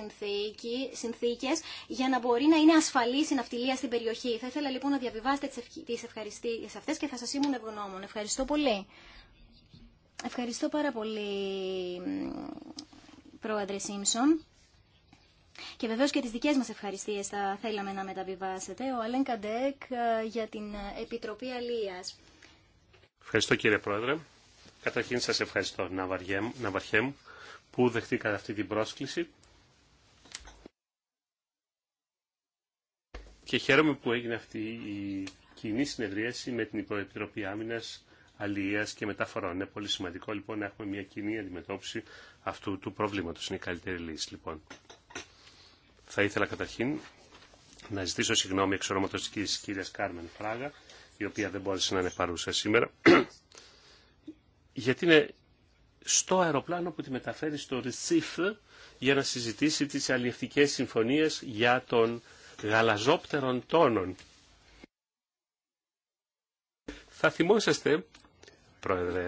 συνθήκες, για να μπορεί να είναι ασφαλή η ναυτιλία στην περιοχή. Θα ήθελα λοιπόν να διαβιβάσετε τις ευχαριστίες αυτές και θα σας ήμουν ευγνώμων. Ευχαριστώ πολύ. Ευχαριστώ πάρα πολύ, Πρόεδρε Σίμψον. Και βεβαίω και τι δικέ μα ευχαριστίε θα θέλαμε να μεταβιβάσετε. Ο Αλέν Καντέκ ε, για την ε, Επιτροπή Αλία. Ευχαριστώ κύριε Πρόεδρε. Καταρχήν σας ευχαριστώ να μου που δεχτήκατε αυτή την πρόσκληση. Και χαίρομαι που έγινε αυτή η κοινή συνεδρίαση με την Υποεπιτροπή Άμυνας αλληλείας και μεταφορών. Είναι πολύ σημαντικό λοιπόν να έχουμε μια κοινή αντιμετώπιση αυτού του προβλήματος. Είναι η καλύτερη λύση λοιπόν. Θα ήθελα καταρχήν να ζητήσω συγγνώμη εξ ονόματος της κυρίας Κάρμεν Φράγα, η οποία δεν μπόρεσε να είναι παρούσα σήμερα, γιατί είναι στο αεροπλάνο που τη μεταφέρει στο Ριτσίφ για να συζητήσει τις αλληλευτικές συμφωνίες για τον γαλαζόπτερων τόνων. Θα θυμόσαστε, πρόεδρε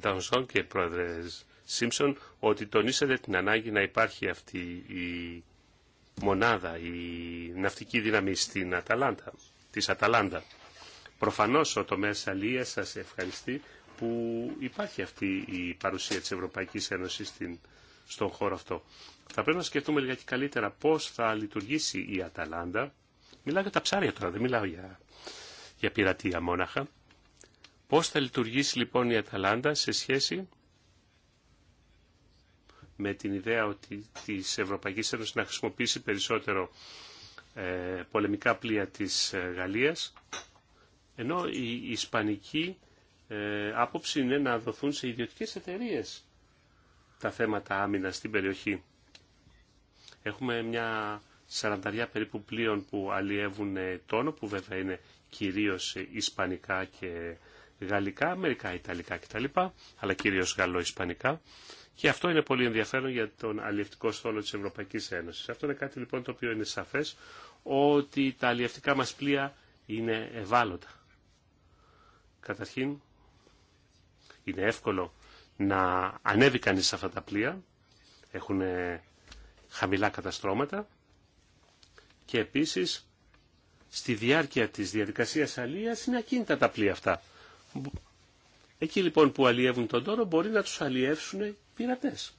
Ντάουνσον και πρόεδρε Σίμψον, ότι τονίσατε την ανάγκη να υπάρχει αυτή η μονάδα, η ναυτική δύναμη στην Αταλάντα, της Αταλάντα. Προφανώς ο τομέας αλίας σας ευχαριστεί που υπάρχει αυτή η παρουσία της Ευρωπαϊκής Ένωσης στην, στον χώρο αυτό. Θα πρέπει να σκεφτούμε λιγάκι καλύτερα πώς θα λειτουργήσει η Αταλάντα. Μιλάω για τα ψάρια τώρα, δεν μιλάω για, για πειρατεία μόναχα. Πώς θα λειτουργήσει λοιπόν η Αταλάντα σε σχέση με την ιδέα ότι της Ευρωπαϊκής Ένωσης να χρησιμοποιήσει περισσότερο ε, πολεμικά πλοία της ε, Γαλλίας, ενώ η ισπανική ε, άποψη είναι να δοθούν σε ιδιωτικές εταιρείες τα θέματα άμυνα στην περιοχή. Έχουμε μια σαρανταριά περίπου πλοίων που αλλιεύουν τόνο, που βέβαια είναι κυρίως ισπανικά και γαλλικά, μερικά ιταλικά κτλ, αλλά κυρίως γαλλο-ισπανικά. Και αυτό είναι πολύ ενδιαφέρον για τον αλληλευτικό στόλο της Ευρωπαϊκής Ένωσης. Αυτό είναι κάτι λοιπόν το οποίο είναι σαφές, ότι τα αλληλευτικά μας πλοία είναι ευάλωτα. Καταρχήν, είναι εύκολο να ανέβει κανείς σε αυτά τα πλοία, έχουν χαμηλά καταστρώματα και επίσης στη διάρκεια της διαδικασίας αλλίας είναι ακίνητα τα πλοία αυτά. Εκεί λοιπόν που αλλιεύουν τον τόρο μπορεί να τους αλλιεύσουν πειρατές.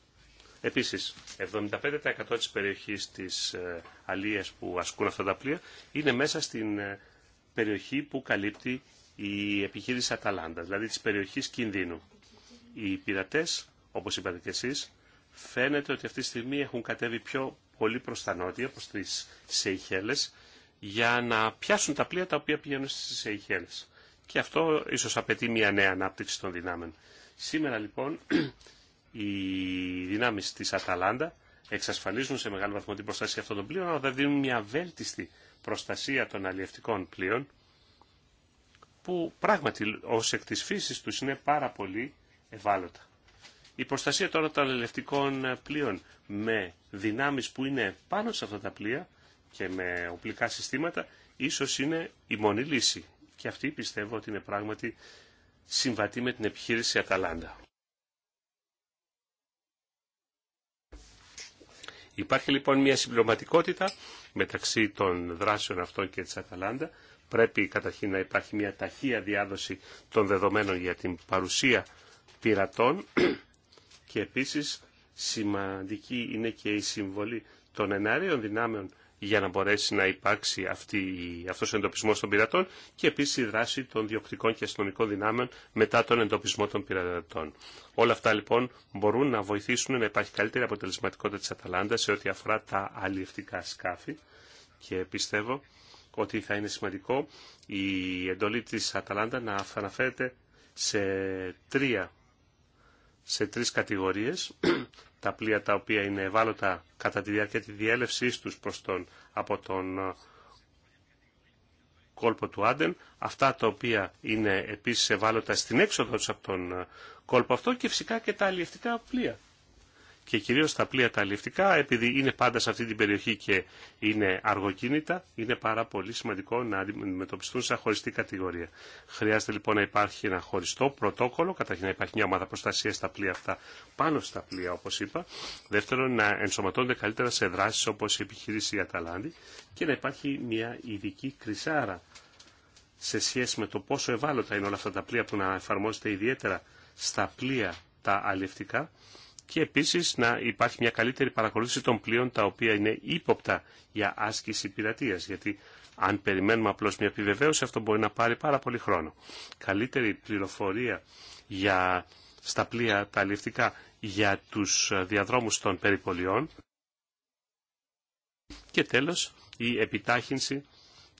Επίσης, 75% της περιοχής της ε, αλίας που ασκούν αυτά τα πλοία είναι μέσα στην ε, περιοχή που καλύπτει η επιχείρηση Αταλάντα, δηλαδή της περιοχής κινδύνου. Οι πειρατές, όπως είπατε και εσείς, φαίνεται ότι αυτή τη στιγμή έχουν κατέβει πιο πολύ προς τα νότια, προς τις Σεϊχέλες, για να πιάσουν τα πλοία τα οποία πηγαίνουν στις Σεϊχέλες και αυτό ίσως απαιτεί μια νέα ανάπτυξη των δυνάμεων. Σήμερα λοιπόν οι δυνάμεις της Αταλάντα εξασφαλίζουν σε μεγάλο βαθμό την προστασία αυτών των πλοίων, αλλά δεν δίνουν μια βέλτιστη προστασία των αλλιευτικών πλοίων, που πράγματι ως εκ της φύσης τους είναι πάρα πολύ ευάλωτα. Η προστασία τώρα των αλλιευτικών πλοίων με δυνάμεις που είναι πάνω σε αυτά τα πλοία και με οπλικά συστήματα, ίσως είναι η μόνη λύση και αυτή πιστεύω ότι είναι πράγματι συμβατή με την επιχείρηση Αταλάντα. Υπάρχει λοιπόν μια συμπληρωματικότητα μεταξύ των δράσεων αυτών και της Αταλάντα. Πρέπει καταρχήν να υπάρχει μια ταχεία διάδοση των δεδομένων για την παρουσία πειρατών και επίσης σημαντική είναι και η συμβολή των εναρίων δυνάμεων για να μπορέσει να υπάρξει αυτή, αυτός ο εντοπισμός των πειρατών και επίσης η δράση των διοκτικών και αστυνομικών δυνάμεων μετά τον εντοπισμό των πειρατών. Όλα αυτά λοιπόν μπορούν να βοηθήσουν να υπάρχει καλύτερη αποτελεσματικότητα της Αταλάντα σε ό,τι αφορά τα αλληλευτικά σκάφη και πιστεύω ότι θα είναι σημαντικό η εντολή της Αταλάντα να αναφέρεται σε τρία σε τρεις κατηγορίες. τα πλοία τα οποία είναι ευάλωτα κατά τη διάρκεια τη διέλευσής τους προς τον, από τον ε, κόλπο του Άντεν, αυτά τα οποία είναι επίσης ευάλωτα στην έξοδο τους από τον ε, κόλπο αυτό και φυσικά και τα αλλιευτικά πλοία και κυρίως τα πλοία τα αλληλευτικά επειδή είναι πάντα σε αυτή την περιοχή και είναι αργοκίνητα, είναι πάρα πολύ σημαντικό να αντιμετωπιστούν σε χωριστή κατηγορία. Χρειάζεται λοιπόν να υπάρχει ένα χωριστό πρωτόκολλο, καταρχήν να υπάρχει μια ομάδα προστασία στα πλοία αυτά πάνω στα πλοία όπως είπα, δεύτερον να ενσωματώνται καλύτερα σε δράσεις όπως η επιχείρηση τα Αταλάντη και να υπάρχει μια ειδική κρυσάρα σε σχέση με το πόσο ευάλωτα είναι όλα αυτά τα πλοία που να εφαρμόζεται ιδιαίτερα στα πλοία τα αλληλευτικά και επίσης να υπάρχει μια καλύτερη παρακολούθηση των πλοίων τα οποία είναι ύποπτα για άσκηση πειρατείας, γιατί αν περιμένουμε απλώς μια επιβεβαίωση αυτό μπορεί να πάρει πάρα πολύ χρόνο. Καλύτερη πληροφορία για, στα πλοία τα αλληλευτικά για τους διαδρόμους των περιπολιών και τέλος η επιτάχυνση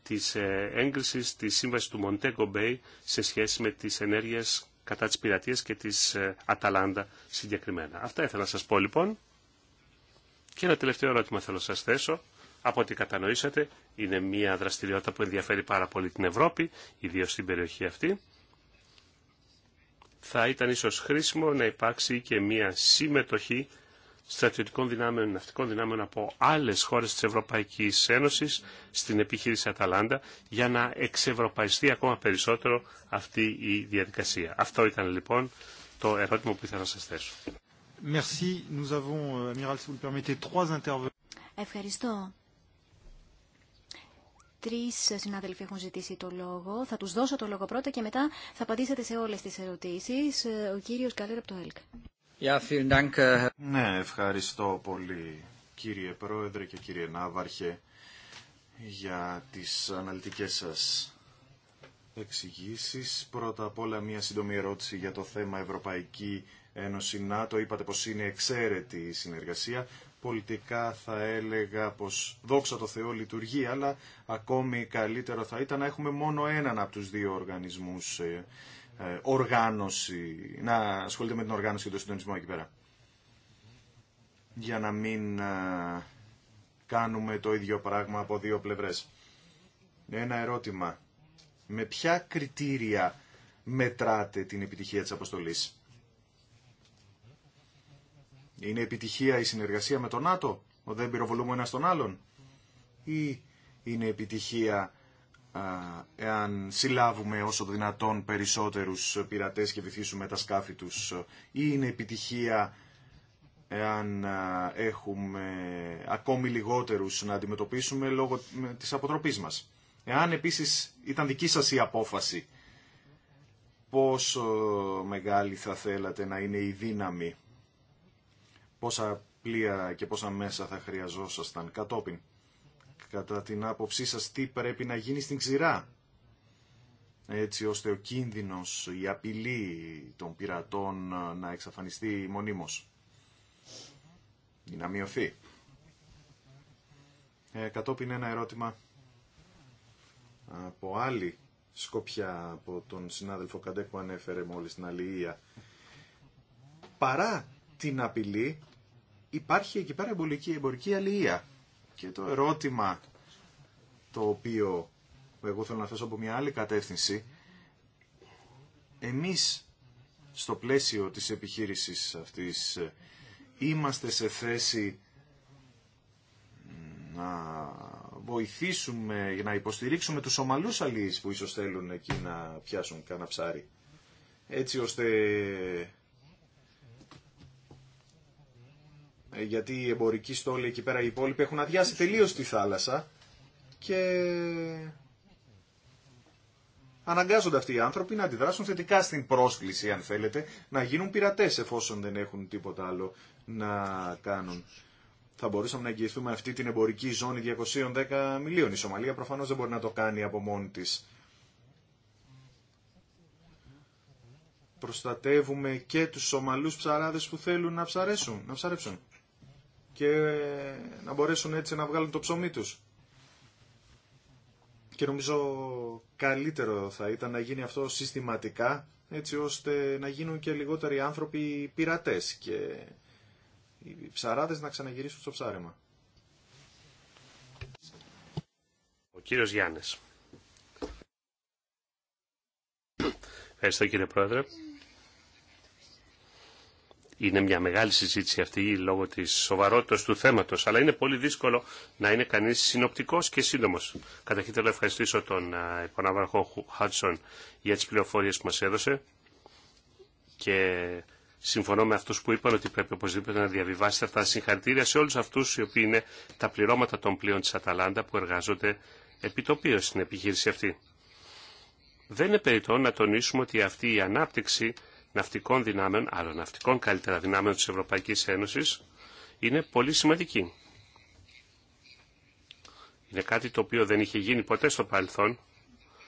της ε, έγκρισης της σύμβασης του Montego Bay σε σχέση με τις ενέργειες κατά της πειρατείας και της ε, Αταλάντα συγκεκριμένα. Αυτά ήθελα να σας πω λοιπόν. Και ένα τελευταίο ερώτημα θέλω να σας θέσω. Από ό,τι κατανοήσατε, είναι μια δραστηριότητα που ενδιαφέρει πάρα πολύ την Ευρώπη, ιδίω στην περιοχή αυτή. Θα ήταν ίσως χρήσιμο να υπάρξει και μια συμμετοχή στρατιωτικών δυνάμεων, ναυτικών δυνάμεων από άλλες χώρες της Ευρωπαϊκής Ένωσης στην επιχείρηση Αταλάντα για να εξευρωπαϊστεί ακόμα περισσότερο αυτή η διαδικασία. Αυτό ήταν λοιπόν το ερώτημα που ήθελα να σας θέσω. Euh, Ευχαριστώ. Τρει συνάδελφοι έχουν ζητήσει το λόγο. Θα του δώσω το λόγο πρώτα και μετά θα απαντήσετε σε όλε τι ερωτήσει. Ο κύριο Καλέρα από το ΕΛΚ. Äh, ναι, ευχαριστώ πολύ κύριε Πρόεδρε και κύριε Νάβαρχε για τις αναλυτικές σας εξηγήσεις. Πρώτα απ' όλα μια σύντομη ερώτηση για το θέμα Ευρωπαϊκή Ένωση ΝΑΤΟ. Είπατε πως είναι εξαίρετη η συνεργασία. Πολιτικά θα έλεγα πως δόξα το Θεό λειτουργεί, αλλά ακόμη καλύτερο θα ήταν να έχουμε μόνο έναν από τους δύο οργανισμούς ε, ε, οργάνωση, να ασχολείται με την οργάνωση και τον συντονισμό εκεί πέρα. Για να μην ε, κάνουμε το ίδιο πράγμα από δύο πλευρές. Ένα ερώτημα. Με ποια κριτήρια μετράτε την επιτυχία της αποστολής. Είναι επιτυχία η συνεργασία με τον ΝΑΤΟ, ο δεν πυροβολούμε ένα τον άλλον. Ή είναι επιτυχία εάν συλλάβουμε όσο δυνατόν περισσότερους πειρατές και βυθίσουμε τα σκάφη τους ή είναι επιτυχία εάν έχουμε ακόμη λιγότερους να αντιμετωπίσουμε λόγω της αποτροπής μας. Εάν επίσης ήταν δική σας η απόφαση πόσο μεγάλη θα θέλατε να είναι η δύναμη, πόσα πλοία και πόσα μέσα θα χρειαζόσασταν κατόπιν κατά την άποψή σας τι πρέπει να γίνει στην ξηρά έτσι ώστε ο κίνδυνος, η απειλή των πειρατών να εξαφανιστεί μονίμως ή να μειωθεί. Ε, κατόπιν ένα ερώτημα από άλλη σκοπιά από τον συνάδελφο Καντέκ που ανέφερε μόλις την αλληλεία. Παρά την απειλή υπάρχει εκεί πέρα εμπορική, εμπορική αλληλεία και το ερώτημα το οποίο εγώ θέλω να θέσω από μια άλλη κατεύθυνση, εμείς στο πλαίσιο της επιχείρησης αυτής είμαστε σε θέση να βοηθήσουμε, να υποστηρίξουμε τους Ομαλούς αλληλείς που ίσως θέλουν εκεί να πιάσουν κάνα ψάρι. Έτσι ώστε Ε, γιατί οι εμπορικοί στόλοι εκεί πέρα οι υπόλοιποι έχουν αδειάσει τελείω τη θάλασσα και αναγκάζονται αυτοί οι άνθρωποι να αντιδράσουν θετικά στην πρόσκληση, αν θέλετε, να γίνουν πειρατέ εφόσον δεν έχουν τίποτα άλλο να κάνουν. Θα μπορούσαμε να εγγυηθούμε αυτή την εμπορική ζώνη 210 μιλίων. Η Σομαλία προφανώς δεν μπορεί να το κάνει από μόνη της. Προστατεύουμε και τους Σομαλούς ψαράδες που θέλουν να ψαρέσουν, να ψαρέψουν και να μπορέσουν έτσι να βγάλουν το ψωμί τους. Και νομίζω καλύτερο θα ήταν να γίνει αυτό συστηματικά έτσι ώστε να γίνουν και λιγότεροι άνθρωποι πειρατές και οι ψαράδες να ξαναγυρίσουν στο ψάρεμα. Ο κύριος Γιάννης. Ευχαριστώ κύριε Πρόεδρε. Είναι μια μεγάλη συζήτηση αυτή λόγω τη σοβαρότητα του θέματο, αλλά είναι πολύ δύσκολο να είναι κανεί συνοπτικό και σύντομο. Καταρχήν θέλω να ευχαριστήσω τον υπονάβαρχο Χάτσον για τι πληροφορίε που μα έδωσε και συμφωνώ με αυτού που είπαν ότι πρέπει οπωσδήποτε να διαβιβάσετε αυτά τα συγχαρητήρια σε όλου αυτού οι οποίοι είναι τα πληρώματα των πλοίων τη Αταλάντα που εργάζονται επί οποίο στην επιχείρηση αυτή. Δεν είναι περιττό να τονίσουμε ότι αυτή η ανάπτυξη ναυτικών δυνάμεων, άλλων ναυτικών καλύτερα δυνάμεων της Ευρωπαϊκής Ένωσης, είναι πολύ σημαντική. Είναι κάτι το οποίο δεν είχε γίνει ποτέ στο παρελθόν,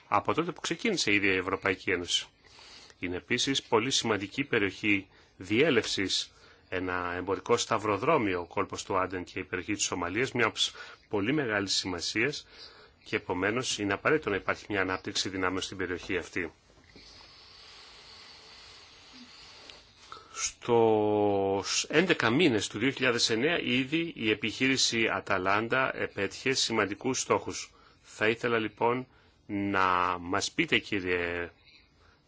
από τότε που ξεκίνησε η ίδια η Ευρωπαϊκή Ένωση. Είναι επίσης πολύ σημαντική περιοχή διέλευσης, ένα εμπορικό σταυροδρόμιο, ο κόλπος του Άντεν και η περιοχή της Σομαλίας, μια πολύ μεγάλη σημασία και επομένως είναι απαραίτητο να υπάρχει μια ανάπτυξη δυνάμεων στην περιοχή αυτή. στο 11 μήνες του 2009 ήδη η επιχείρηση Αταλάντα επέτυχε σημαντικούς στόχους. Θα ήθελα λοιπόν να μας πείτε κύριε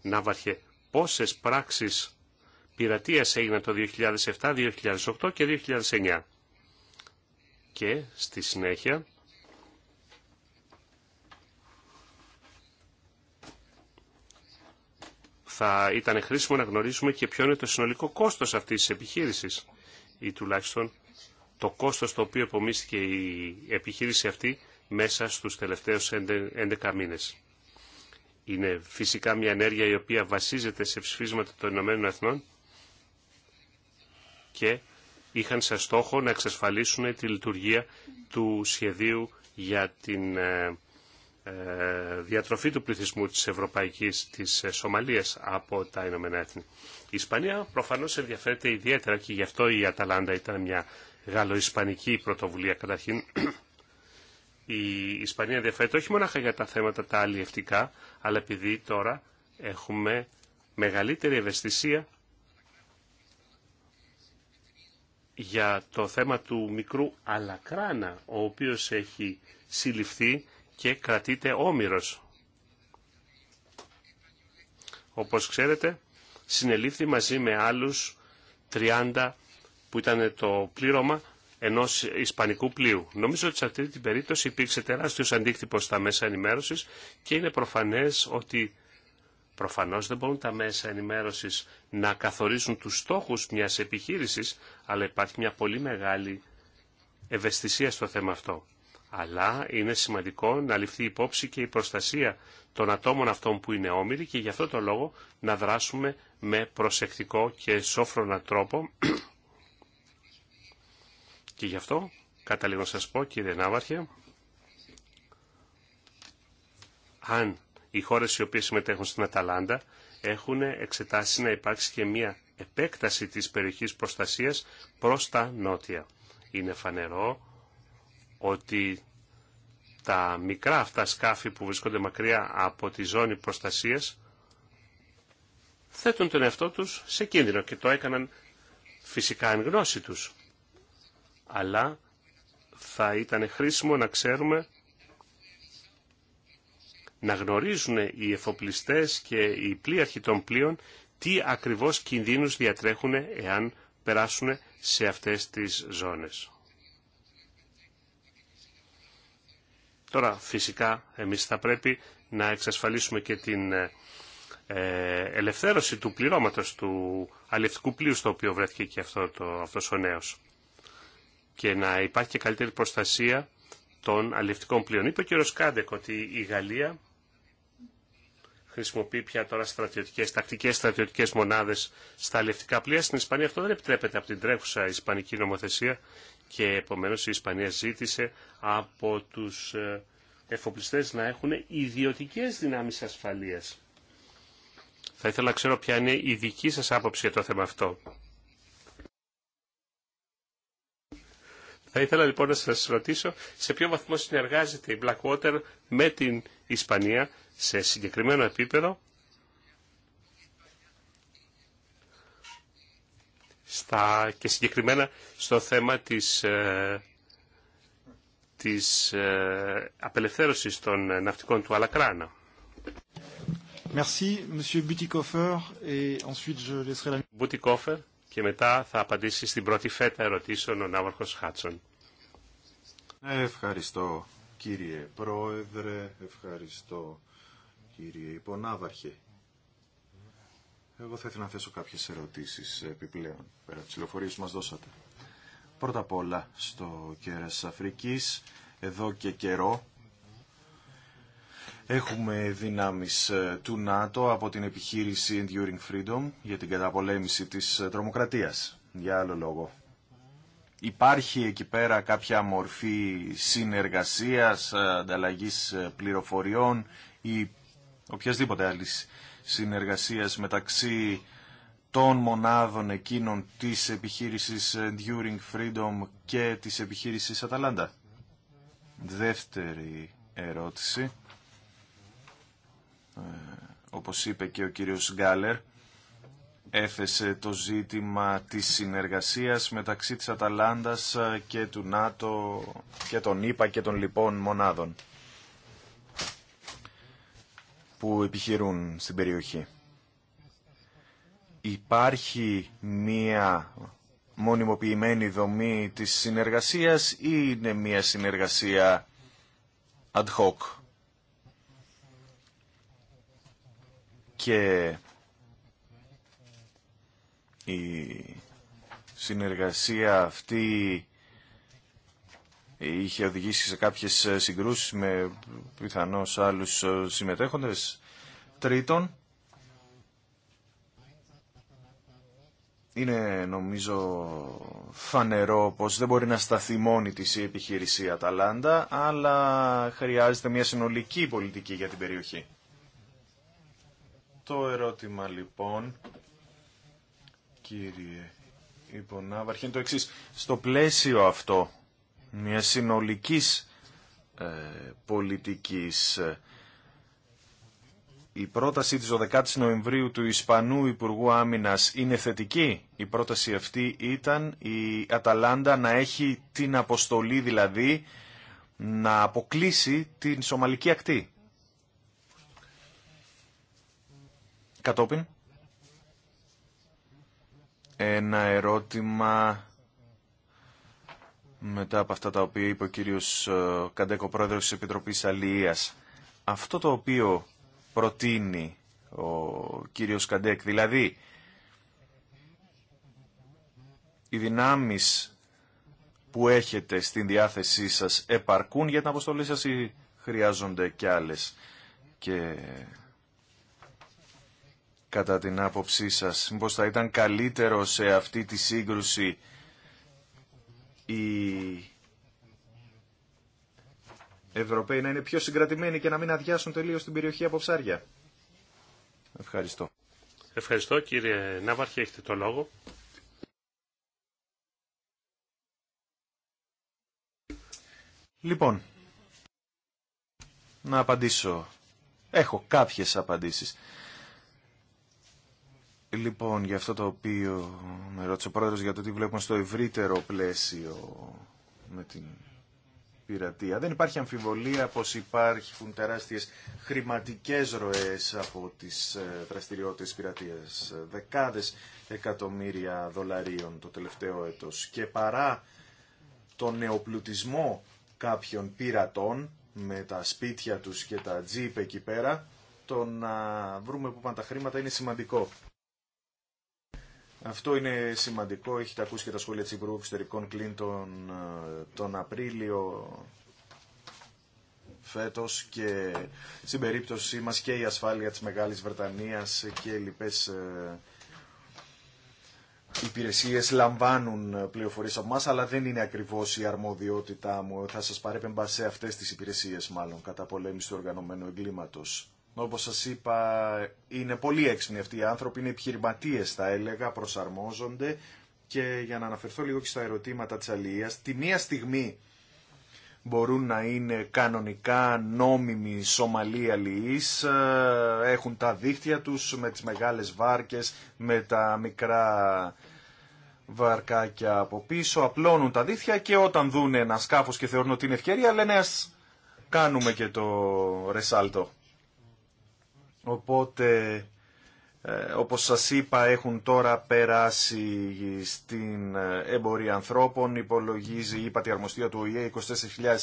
Ναύαρχε πόσες πράξεις πειρατείας έγιναν το 2007, 2008 και 2009. Και στη συνέχεια θα ήταν χρήσιμο να γνωρίσουμε και ποιο είναι το συνολικό κόστος αυτής της επιχείρησης ή τουλάχιστον το κόστος το οποίο επομίστηκε η επιχείρηση αυτή μέσα στους τελευταίους 11 μήνες. Είναι φυσικά μια ενέργεια η οποία βασίζεται σε ψηφίσματα των Ηνωμένων Εθνών και είχαν σαν στόχο να εξασφαλίσουν τη λειτουργία του σχεδίου για την ε, ε, διατροφή του πληθυσμού της Ευρωπαϊκής της ε, Σομαλίας από τα Ηνωμένα Έθνη. Η Ισπανία προφανώς ενδιαφέρεται ιδιαίτερα και γι' αυτό η Αταλάντα ήταν μια γαλλο-ισπανική πρωτοβουλία καταρχήν. Η Ισπανία ενδιαφέρεται όχι μόνο για τα θέματα τα αλλιευτικά, αλλά επειδή τώρα έχουμε μεγαλύτερη ευαισθησία για το θέμα του μικρού Αλακράνα, ο οποίος έχει συλληφθεί και κρατείται όμοιρος. Όπως ξέρετε, συνελήφθη μαζί με άλλους 30 που ήταν το πλήρωμα ενός ισπανικού πλοίου. Νομίζω ότι σε αυτή την περίπτωση υπήρξε τεράστιος αντίκτυπος στα μέσα ενημέρωσης και είναι προφανές ότι Προφανώς δεν μπορούν τα μέσα ενημέρωσης να καθορίσουν τους στόχους μιας επιχείρησης, αλλά υπάρχει μια πολύ μεγάλη ευαισθησία στο θέμα αυτό αλλά είναι σημαντικό να ληφθεί υπόψη και η προστασία των ατόμων αυτών που είναι όμοιροι και γι' αυτό το λόγο να δράσουμε με προσεκτικό και σόφρονα τρόπο. και γι' αυτό, καταλήγω να σας πω κύριε Νάβαρχε αν οι χώρες οι οποίες συμμετέχουν στην Αταλάντα έχουν εξετάσει να υπάρξει και μια επέκταση της περιοχής προστασίας προς τα νότια. Είναι φανερό ότι τα μικρά αυτά σκάφη που βρίσκονται μακριά από τη ζώνη προστασίας θέτουν τον εαυτό τους σε κίνδυνο και το έκαναν φυσικά εν γνώση τους. Αλλά θα ήταν χρήσιμο να ξέρουμε να γνωρίζουν οι εφοπλιστές και οι πλοίαρχοι των πλοίων τι ακριβώς κινδύνους διατρέχουν εάν περάσουν σε αυτές τις ζώνες. Τώρα φυσικά εμείς θα πρέπει να εξασφαλίσουμε και την ε, ε, ελευθέρωση του πληρώματος του αλληλευτικού πλοίου στο οποίο βρέθηκε και αυτό το, αυτός ο νέος και να υπάρχει και καλύτερη προστασία των αλληλευτικών πλοίων. Είπε ο ο Ροσκάντεκ ότι η Γαλλία χρησιμοποιεί πια τώρα στρατιωτικές, τακτικές στρατιωτικές μονάδες στα αλληλευτικά πλοία. Στην Ισπανία αυτό δεν επιτρέπεται από την τρέχουσα ισπανική νομοθεσία και επομένως η Ισπανία ζήτησε από τους ε, εφοπλιστές να έχουν ιδιωτικές δυνάμεις ασφαλείας. Θα ήθελα να ξέρω ποια είναι η δική σας άποψη για το θέμα αυτό. Θα ήθελα λοιπόν να σας ρωτήσω σε ποιο βαθμό συνεργάζεται η Blackwater με την Ισπανία σε συγκεκριμένο επίπεδο στα, και συγκεκριμένα στο θέμα της, ε, της ε, απελευθέρωσης των ναυτικών του Αλακράνα. Merci, Monsieur et ensuite je laisserai la... και μετά θα απαντήσει στην πρώτη φέτα ερωτήσεων ο Ναύαρχος Χάτσον. Ευχαριστώ, κύριε Πρόεδρε, ευχαριστώ, κύριε Υπονάβαρχε. Εγώ θα ήθελα να θέσω κάποιες ερωτήσεις επιπλέον, πέρα από τις που μας δώσατε. Πρώτα απ' όλα, στο κέρας Αφρικής, εδώ και καιρό, Έχουμε δυνάμεις ε, του ΝΑΤΟ από την επιχείρηση Enduring Freedom για την καταπολέμηση της ε, τρομοκρατίας, για άλλο λόγο. Υπάρχει εκεί πέρα κάποια μορφή συνεργασίας, ε, ανταλλαγής πληροφοριών ή οποιασδήποτε άλλη συνεργασίας μεταξύ των μονάδων εκείνων της επιχείρησης Enduring Freedom και της επιχείρησης Αταλάντα. Δεύτερη ερώτηση. Ε, όπως είπε και ο κύριος Γκάλερ, έθεσε το ζήτημα της συνεργασίας μεταξύ της Αταλάντας και του ΝΑΤΟ και των ήπα και των λοιπών μονάδων που επιχειρούν στην περιοχή. Υπάρχει μία μονιμοποιημένη δομή της συνεργασίας ή είναι μία συνεργασία ad hoc. Και η συνεργασία αυτή είχε οδηγήσει σε κάποιες ε, συγκρούσεις με πιθανώς άλλους ε, συμμετέχοντες. Τρίτον, είναι νομίζω φανερό πως δεν μπορεί να σταθεί μόνη της η επιχείρηση Αταλάντα, αλλά χρειάζεται μια συνολική πολιτική για την περιοχή. Το ερώτημα λοιπόν, κύριε Υπονάβαρχη, είναι το εξής. Στο πλαίσιο αυτό μια συνολικής ε, πολιτικής. Ε. Η πρόταση της 12ης Νοεμβρίου του Ισπανού Υπουργού Άμυνας είναι θετική. Η πρόταση αυτή ήταν η Αταλάντα να έχει την αποστολή δηλαδή να αποκλείσει την Σομαλική ακτή. Κατόπιν, ένα ερώτημα μετά από αυτά τα οποία είπε ο κύριος ε, Καντέκο, πρόεδρος της Επιτροπής Αλληλείας. Αυτό το οποίο προτείνει ο κύριος Καντέκ, δηλαδή οι δυνάμεις που έχετε στην διάθεσή σας επαρκούν για την αποστολή σας ή χρειάζονται κι άλλες. Και κατά την άποψή σας, μήπως θα ήταν καλύτερο σε αυτή τη σύγκρουση οι Ευρωπαίοι να είναι πιο συγκρατημένοι και να μην αδειάσουν τελείω την περιοχή από ψάρια. Ευχαριστώ. Ευχαριστώ κύριε Ναύαρχη, έχετε το λόγο. Λοιπόν, να απαντήσω. Έχω κάποιες απαντήσεις. Λοιπόν, για αυτό το οποίο με ρώτησε ο πρόεδρος για το τι βλέπουμε στο ευρύτερο πλαίσιο με την πειρατεία. Δεν υπάρχει αμφιβολία πως υπάρχουν τεράστιες χρηματικές ροές από τις ε, δραστηριότητες πειρατείας. Δεκάδες εκατομμύρια δολαρίων το τελευταίο έτος. Και παρά τον νεοπλουτισμό κάποιων πειρατών με τα σπίτια τους και τα τζίπ εκεί πέρα, το να βρούμε που πάνε τα χρήματα είναι σημαντικό. Αυτό είναι σημαντικό, έχετε ακούσει και τα σχόλια της Υπουργού Εξωτερικών Κλίντον ε, τον Απρίλιο φέτος και στην περίπτωσή μας και η ασφάλεια της Μεγάλης Βρετανίας και λοιπές ε, υπηρεσίες λαμβάνουν ε, πληροφορίε από εμά, αλλά δεν είναι ακριβώς η αρμοδιότητά μου. Θα σας παρέπεμπα σε αυτές τις υπηρεσίες μάλλον κατά πολέμηση του οργανωμένου εγκλήματος. Όπως σας είπα, είναι πολύ έξυπνοι αυτοί οι άνθρωποι, είναι επιχειρηματίε θα έλεγα, προσαρμόζονται και για να αναφερθώ λίγο και στα ερωτήματα της αλληλείας, τη μία στιγμή μπορούν να είναι κανονικά νόμιμοι Σομαλοί αλληλείς, ε, έχουν τα δίχτυα τους με τις μεγάλες βάρκες, με τα μικρά βαρκάκια από πίσω, απλώνουν τα δίχτυα και όταν δουν ένα σκάφος και θεωρούν ότι είναι ευκαιρία λένε ας κάνουμε και το ρεσάλτο. Οπότε, ε, όπως σας είπα, έχουν τώρα περάσει στην ε, εμπορία ανθρώπων. Υπολογίζει η πατιαρμοστία του ΟΗΕ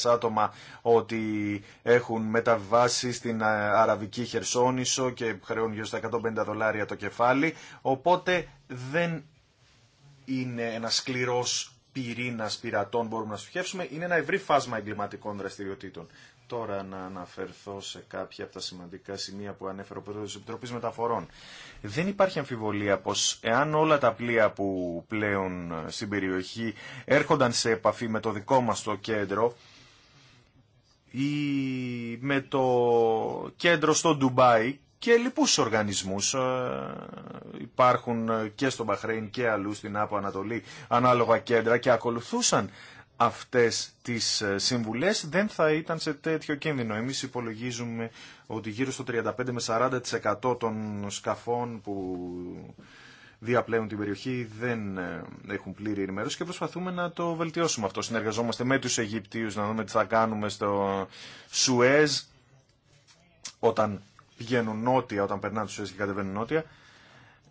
24.000 άτομα ότι έχουν μεταβάσει στην ε, Αραβική Χερσόνησο και χρεώνουν γύρω στα 150 δολάρια το κεφάλι. Οπότε δεν είναι ένα σκληρός πυρήνα πειρατών μπορούμε να στοχεύσουμε, είναι ένα ευρύ φάσμα εγκληματικών δραστηριοτήτων τώρα να αναφερθώ σε κάποια από τα σημαντικά σημεία που ανέφερε ο Πρόεδρος της Επιτροπής Μεταφορών. Δεν υπάρχει αμφιβολία πως εάν όλα τα πλοία που πλέον στην περιοχή έρχονταν σε επαφή με το δικό μας το κέντρο ή με το κέντρο στο Ντουμπάι και λοιπούς οργανισμούς ε, υπάρχουν και στο Μπαχρέιν και αλλού στην Άπο Ανατολή ανάλογα κέντρα και ακολουθούσαν αυτές τις ε, συμβουλές δεν θα ήταν σε τέτοιο κίνδυνο. Εμείς υπολογίζουμε ότι γύρω στο 35 με 40% των σκαφών που διαπλέουν την περιοχή δεν ε, έχουν πλήρη ενημέρωση και προσπαθούμε να το βελτιώσουμε αυτό. Συνεργαζόμαστε με τους Αιγυπτίους να δούμε τι θα κάνουμε στο Σουέζ όταν πηγαίνουν νότια, όταν περνάνε τους Σουέζ και κατεβαίνουν νότια.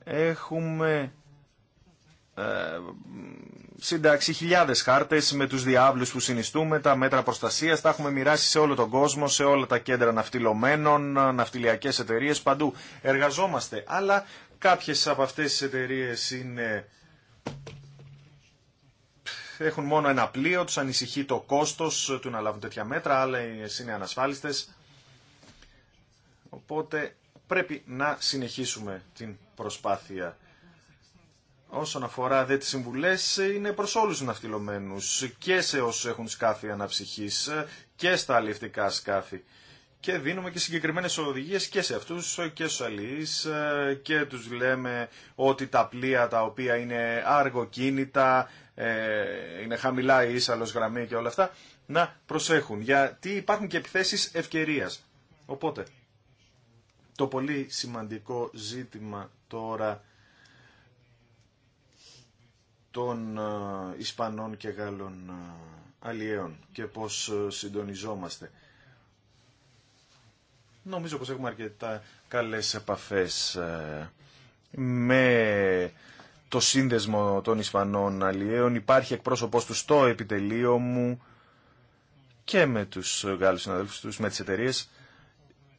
Έχουμε ε, σύνταξη χιλιάδες χάρτες με τους διάβλους που συνιστούμε, τα μέτρα προστασίας, τα έχουμε μοιράσει σε όλο τον κόσμο, σε όλα τα κέντρα ναυτιλωμένων, ναυτιλιακές εταιρείες, παντού εργαζόμαστε. Αλλά κάποιες από αυτές τις εταιρείες είναι... Έχουν μόνο ένα πλοίο, τους ανησυχεί το κόστος του να λάβουν τέτοια μέτρα, αλλά είναι ανασφάλιστες. Οπότε πρέπει να συνεχίσουμε την προσπάθεια όσον αφορά δε τις συμβουλές είναι προς όλους τους ναυτιλωμένους και σε όσους έχουν σκάφη αναψυχής και στα αλληλευτικά σκάφη. Και δίνουμε και συγκεκριμένες οδηγίες και σε αυτούς και στους αλληλείς και τους λέμε ότι τα πλοία τα οποία είναι αργοκίνητα, ε, είναι χαμηλά η ίσαλος γραμμή και όλα αυτά, να προσέχουν. Γιατί υπάρχουν και επιθέσεις ευκαιρίας. Οπότε, το πολύ σημαντικό ζήτημα τώρα των ε, Ισπανών και Γάλλων ε, αλλιέων και πώς ε, συντονιζόμαστε. Νομίζω πως έχουμε αρκετά καλές επαφές με το σύνδεσμο των Ισπανών αλλιέων. Υπάρχει εκπρόσωπός του στο επιτελείο μου και με τους Γάλλους συναδέλφους τους, με τις εταιρείες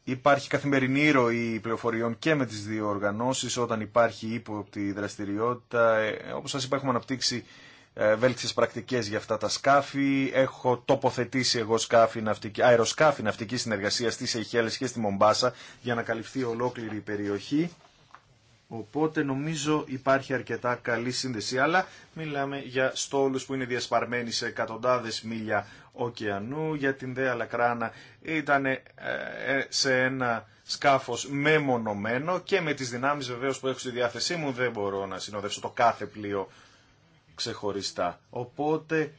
υπάρχει καθημερινή ροή πληροφοριών και με τις δύο οργανώσεις όταν υπάρχει ύποπτη δραστηριότητα. Ε, όπως σα είπα έχουμε αναπτύξει ε, βέλτιστες πρακτικές για αυτά τα σκάφη. Έχω τοποθετήσει εγώ σκάφη ναυτική, αεροσκάφη ναυτική συνεργασία στι Αιχέλες και στη Μομπάσα για να καλυφθεί ολόκληρη η περιοχή. Οπότε νομίζω υπάρχει αρκετά καλή σύνδεση, αλλά μιλάμε για στόλους που είναι διασπαρμένοι σε εκατοντάδε μίλια ωκεανού, για την Δέα Λακράνα ήταν ε, ε, σε ένα σκάφος μεμονωμένο και με τις δυνάμεις βεβαίως που έχω στη διάθεσή μου δεν μπορώ να συνοδεύσω το κάθε πλοίο ξεχωριστά. Οπότε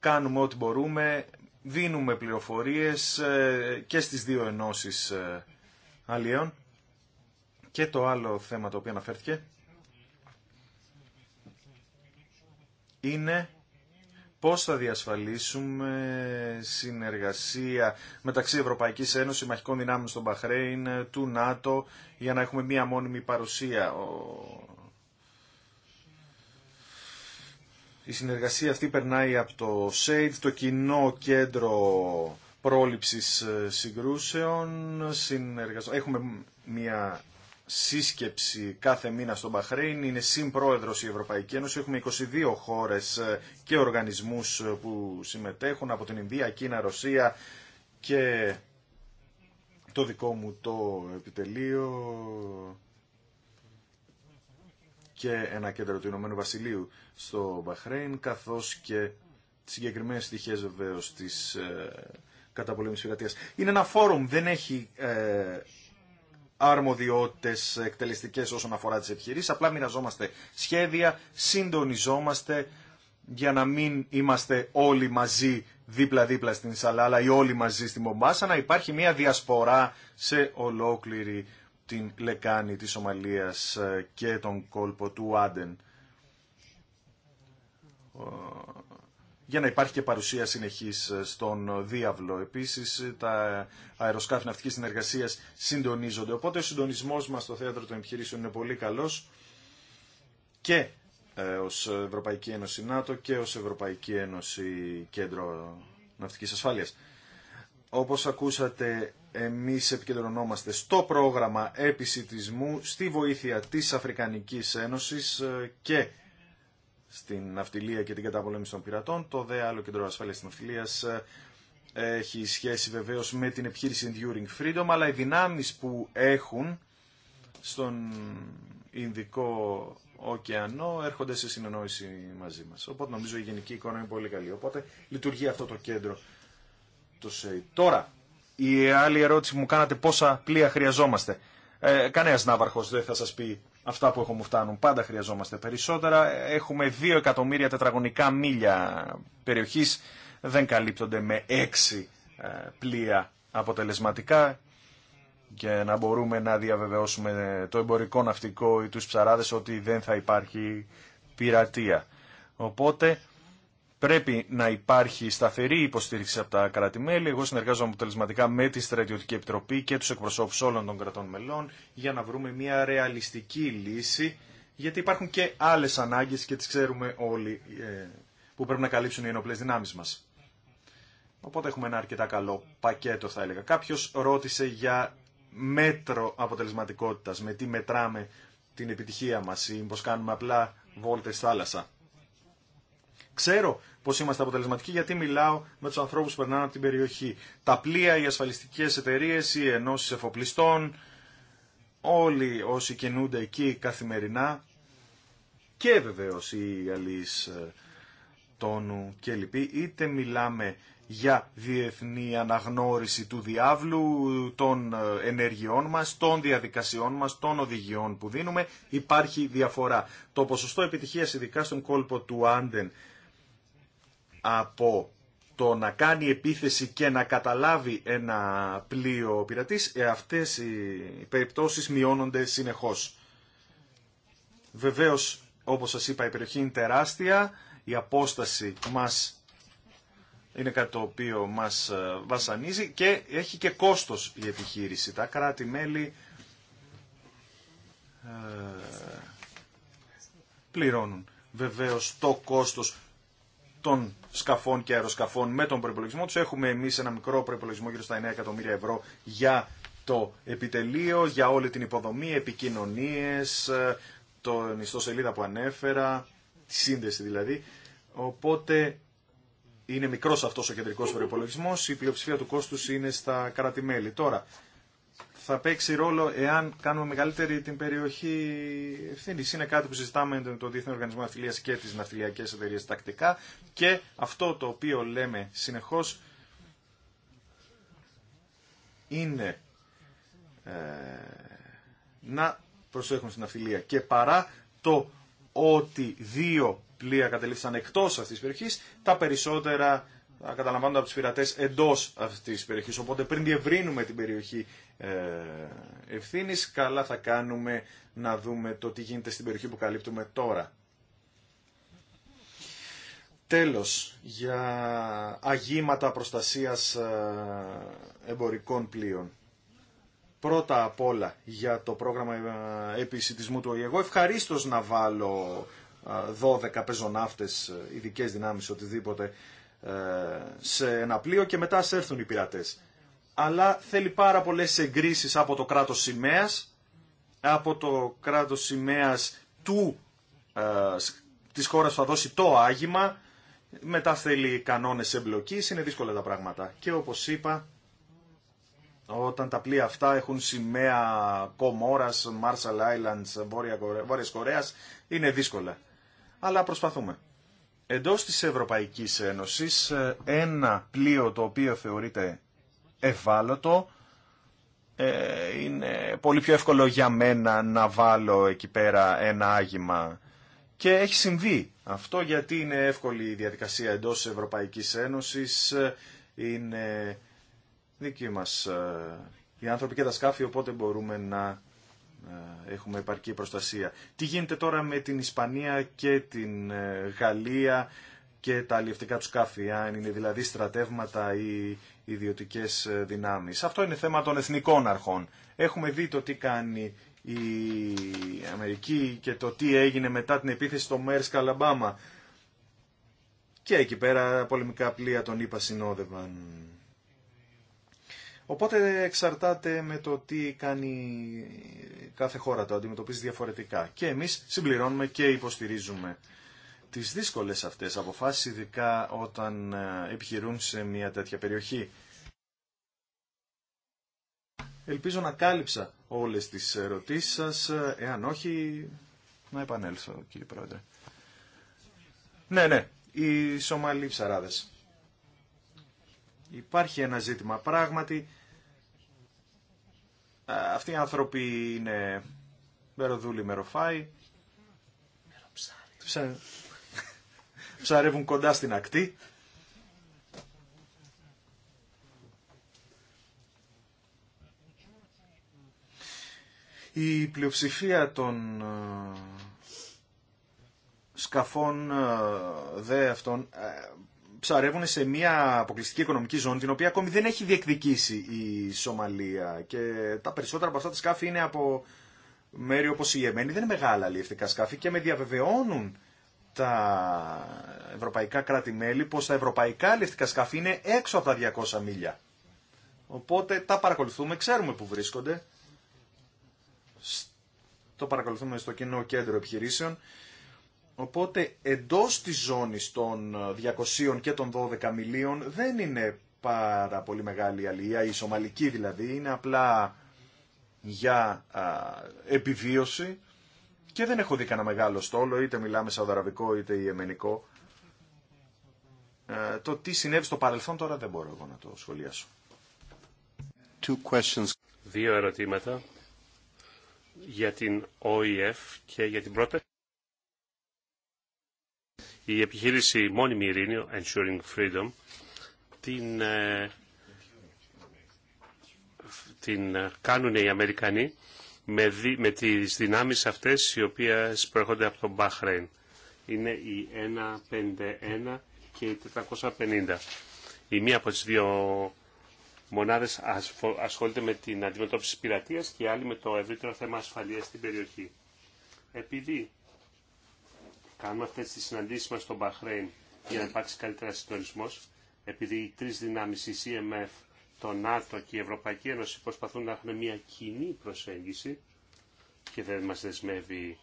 κάνουμε ό,τι μπορούμε, δίνουμε πληροφορίες ε, και στις δύο ενώσεις αλλιέων και το άλλο θέμα το οποίο αναφέρθηκε είναι πώς θα διασφαλίσουμε συνεργασία μεταξύ Ευρωπαϊκής Ένωσης, Μαχικών Δυνάμεων στον Μπαχρέιν, του ΝΑΤΟ, για να έχουμε μία μόνιμη παρουσία. Η συνεργασία αυτή περνάει από το ΣΕΙΔ, το Κοινό Κέντρο Πρόληψης ε, Συγκρούσεων. Έχουμε μία σύσκεψη κάθε μήνα στο Μπαχρέιν. Είναι συμπρόεδρος η Ευρωπαϊκή Ένωση. Έχουμε 22 χώρες και οργανισμούς που συμμετέχουν από την Ινδία, Κίνα, Ρωσία και το δικό μου το επιτελείο και ένα κέντρο του Ηνωμένου Βασιλείου στο Μπαχρέιν, καθώς και συγκεκριμένες στοιχείες βεβαίως της ε, καταπολέμησης πειρατείας. Είναι ένα φόρουμ, δεν έχει ε, αρμοδιότητες εκτελεστικές όσον αφορά τι επιχειρήσει. Απλά μοιραζόμαστε σχέδια, συντονιζόμαστε για να μην είμαστε όλοι μαζί δίπλα-δίπλα στην Σαλάλα ή όλοι μαζί στην Μομπάσα, να υπάρχει μια διασπορά σε ολόκληρη την λεκάνη της Ομαλίας ε, και τον κόλπο του Άντεν για να υπάρχει και παρουσία συνεχής ε, στον ε, διάβλο. Επίσης, ε, τα αεροσκάφη ναυτικής συνεργασίας συντονίζονται. Οπότε ο συντονισμός μας στο θέατρο των επιχειρήσεων είναι πολύ καλός και ως Ευρωπαϊκή Ένωση ΝΑΤΟ και ως Ευρωπαϊκή Ένωση Κέντρο Ναυτικής Ασφάλειας. Όπως ακούσατε, εμείς επικεντρωνόμαστε στο πρόγραμμα επισητισμού, στη βοήθεια της Αφρικανικής Ένωσης και στην ναυτιλία και την καταπολέμηση των πειρατών. Το ΔΕ άλλο κέντρο ασφάλειας τη ναυτιλία ε, έχει σχέση βεβαίως με την επιχείρηση Enduring Freedom, αλλά οι δυνάμει που έχουν στον Ινδικό ωκεανό έρχονται σε συνεννόηση μαζί μας. Οπότε νομίζω η γενική εικόνα είναι πολύ καλή. Οπότε λειτουργεί αυτό το κέντρο το Τώρα, η άλλη ερώτηση που μου κάνατε πόσα πλοία χρειαζόμαστε. Ε, κανένας ναύαρχος δεν θα σας πει αυτά που έχω μου φτάνουν. Πάντα χρειαζόμαστε περισσότερα. Έχουμε 2 εκατομμύρια τετραγωνικά μίλια περιοχής. Δεν καλύπτονται με 6 ε, πλοία αποτελεσματικά και να μπορούμε να διαβεβαιώσουμε το εμπορικό ναυτικό ή τους ψαράδες ότι δεν θα υπάρχει πειρατεία. Οπότε Πρέπει να υπάρχει σταθερή υποστήριξη από τα κράτη-μέλη. Εγώ συνεργάζομαι αποτελεσματικά με τη Στρατιωτική Επιτροπή και του εκπροσώπους όλων των κρατών μελών για να βρούμε μια ρεαλιστική λύση, γιατί υπάρχουν και άλλε ανάγκε και τι ξέρουμε όλοι ε, που πρέπει να καλύψουν οι ενοπλέ δυνάμει μα. Οπότε έχουμε ένα αρκετά καλό πακέτο θα έλεγα. Κάποιο ρώτησε για μέτρο αποτελεσματικότητα, με τι μετράμε την επιτυχία μα ή μήπως κάνουμε απλά βόλτε θάλασσα. Ξέρω πώ είμαστε αποτελεσματικοί γιατί μιλάω με του ανθρώπου που περνάνε από την περιοχή. Τα πλοία, οι ασφαλιστικέ εταιρείε, οι ενώσει εφοπλιστών, όλοι όσοι κινούνται εκεί καθημερινά και βεβαίω οι αλλοί ε, τόνου και λοιποί, είτε μιλάμε για διεθνή αναγνώριση του διάβλου, των ε, ενεργειών μας, των διαδικασιών μας, των οδηγιών που δίνουμε, υπάρχει διαφορά. Το ποσοστό επιτυχίας ειδικά στον κόλπο του Άντεν από το να κάνει επίθεση και να καταλάβει ένα πλοίο πειρατής, ε, αυτές οι περιπτώσεις μειώνονται συνεχώς. Βεβαίως, όπως σας είπα, η περιοχή είναι τεράστια, η απόσταση μας είναι κάτι το οποίο μας ε, βασανίζει και έχει και κόστος η επιχείρηση. Τα κράτη-μέλη ε, πληρώνουν βεβαίως το κόστος των σκαφών και αεροσκαφών με τον προπολογισμό του. Έχουμε εμεί ένα μικρό προπολογισμό γύρω στα 9 εκατομμύρια ευρώ για το επιτελείο, για όλη την υποδομή, επικοινωνίε, τον ιστοσελίδα που ανέφερα, τη σύνδεση δηλαδή. Οπότε είναι μικρό αυτό ο κεντρικό προπολογισμό. Η πλειοψηφία του κόστου είναι στα κρατημέλη. Τώρα, θα παίξει ρόλο εάν κάνουμε μεγαλύτερη την περιοχή ευθύνη. Είναι κάτι που συζητάμε με τον Διεθνή Οργανισμό Αφιλία και τι ναυτιλιακέ εταιρείε τακτικά και αυτό το οποίο λέμε συνεχώ είναι ε, να προσέχουμε στην αφιλία και παρά το ότι δύο πλοία κατελήφθησαν εκτός αυτής τη περιοχής, τα περισσότερα καταλαμβάνονται από του πειρατέ εντό αυτή τη περιοχή. Οπότε πριν διευρύνουμε την περιοχή ε, ευθύνης, καλά θα κάνουμε να δούμε το τι γίνεται στην περιοχή που καλύπτουμε τώρα. Τέλος, για αγήματα προστασίας ε, εμπορικών πλοίων. Πρώτα απ' όλα για το πρόγραμμα ε, επισητισμού του ΟΗΕ. Εγώ ευχαρίστως να βάλω 12 πεζοναύτες, ειδικέ δυνάμεις, οτιδήποτε, σε ένα πλοίο και μετά έρθουν οι πειρατές αλλά θέλει πάρα πολλές εγκρίσεις από το κράτος σημαίας, από το κράτος σημαίας του, ε, της χώρας που θα δώσει το άγημα, μετά θέλει κανόνες εμπλοκής, είναι δύσκολα τα πράγματα. Και όπως είπα, όταν τα πλοία αυτά έχουν σημαία Κομόρας, Marshall Islands, Βόρειας Κορέας, είναι δύσκολα. Αλλά προσπαθούμε. Εντός της Ευρωπαϊκής Ένωσης, ε, ένα πλοίο το οποίο θεωρείται ευάλωτο. Ε, είναι πολύ πιο εύκολο για μένα να βάλω εκεί πέρα ένα άγημα. Και έχει συμβεί αυτό γιατί είναι εύκολη η διαδικασία εντός Ευρωπαϊκής Ένωσης. Είναι δική μας ε, οι άνθρωποι και τα σκάφη, οπότε μπορούμε να ε, έχουμε επαρκή προστασία. Τι γίνεται τώρα με την Ισπανία και την Γαλλία και τα αλληλευτικά του σκάφη, αν είναι δηλαδή στρατεύματα ή ιδιωτικέ ε, δυνάμει. Αυτό είναι θέμα των εθνικών αρχών. Έχουμε δει το τι κάνει η Αμερική και το τι έγινε μετά την επίθεση στο Μέρ Καλαμπάμα. Και εκεί πέρα πολεμικά πλοία τον είπα συνόδευαν. Οπότε εξαρτάται με το τι κάνει κάθε χώρα το αντιμετωπίζει διαφορετικά. Και εμείς συμπληρώνουμε και υποστηρίζουμε τις δύσκολες αυτές αποφάσεις, ειδικά όταν ε, επιχειρούν σε μια τέτοια περιοχή. Ελπίζω να κάλυψα όλες τις ερωτήσεις σας. Ε, εάν όχι, να επανέλθω κύριε Πρόεδρε. Ναι, ναι, οι Σομαλοί ψαράδες. Υπάρχει ένα ζήτημα πράγματι. Αυτοί οι άνθρωποι είναι μεροδούλοι μεροφάοι ψαρεύουν κοντά στην ακτή. Η πλειοψηφία των ε, σκαφών ε, δε αυτών ε, ψαρεύουν σε μια αποκλειστική οικονομική ζώνη την οποία ακόμη δεν έχει διεκδικήσει η Σομαλία και τα περισσότερα από αυτά τα σκάφη είναι από μέρη όπως η Εμένη. δεν είναι μεγάλα αλληλευτικά σκάφη και με διαβεβαιώνουν τα ευρωπαϊκά κράτη-μέλη πως τα ευρωπαϊκά ληστικά σκάφη είναι έξω από τα 200 μίλια. Οπότε τα παρακολουθούμε, ξέρουμε που βρίσκονται. Το παρακολουθούμε στο κοινό κέντρο επιχειρήσεων. Οπότε εντός της ζώνης των 200 και των 12 μιλίων δεν είναι πάρα πολύ μεγάλη αλληλεία, η σομαλική δηλαδή, είναι απλά για επιβίωση και δεν έχω δει κανένα μεγάλο στόλο, είτε μιλάμε σαουδαραβικό είτε ιεμενικό. Ε, το τι συνέβη στο παρελθόν τώρα δεν μπορώ εγώ να το σχολιάσω. Δύο ερωτήματα για την ΟΗΕΦ και για την πρώτη. Η επιχείρηση μόνιμη ειρήνη, Ensuring Freedom, την, ε, την ε, κάνουν οι Αμερικανοί με, δι, με τις δυνάμεις αυτές οι οποίες προέρχονται από τον Μπαχρέν. Είναι η 151 και η 450. Η μία από τις δύο μονάδες ασχολείται με την αντιμετώπιση της πειρατείας και η άλλη με το ευρύτερο θέμα ασφαλείας στην περιοχή. Επειδή κάνουμε αυτές τις συναντήσεις μας στον Μπαχρέν για να υπάρξει καλύτερα συντονισμός, επειδή οι τρεις δυνάμεις, η CMF, το ΝΑΤΟ και η Ευρωπαϊκή Ένωση προσπαθούν να έχουν μια κοινή προσέγγιση και δεν μας δεσμεύει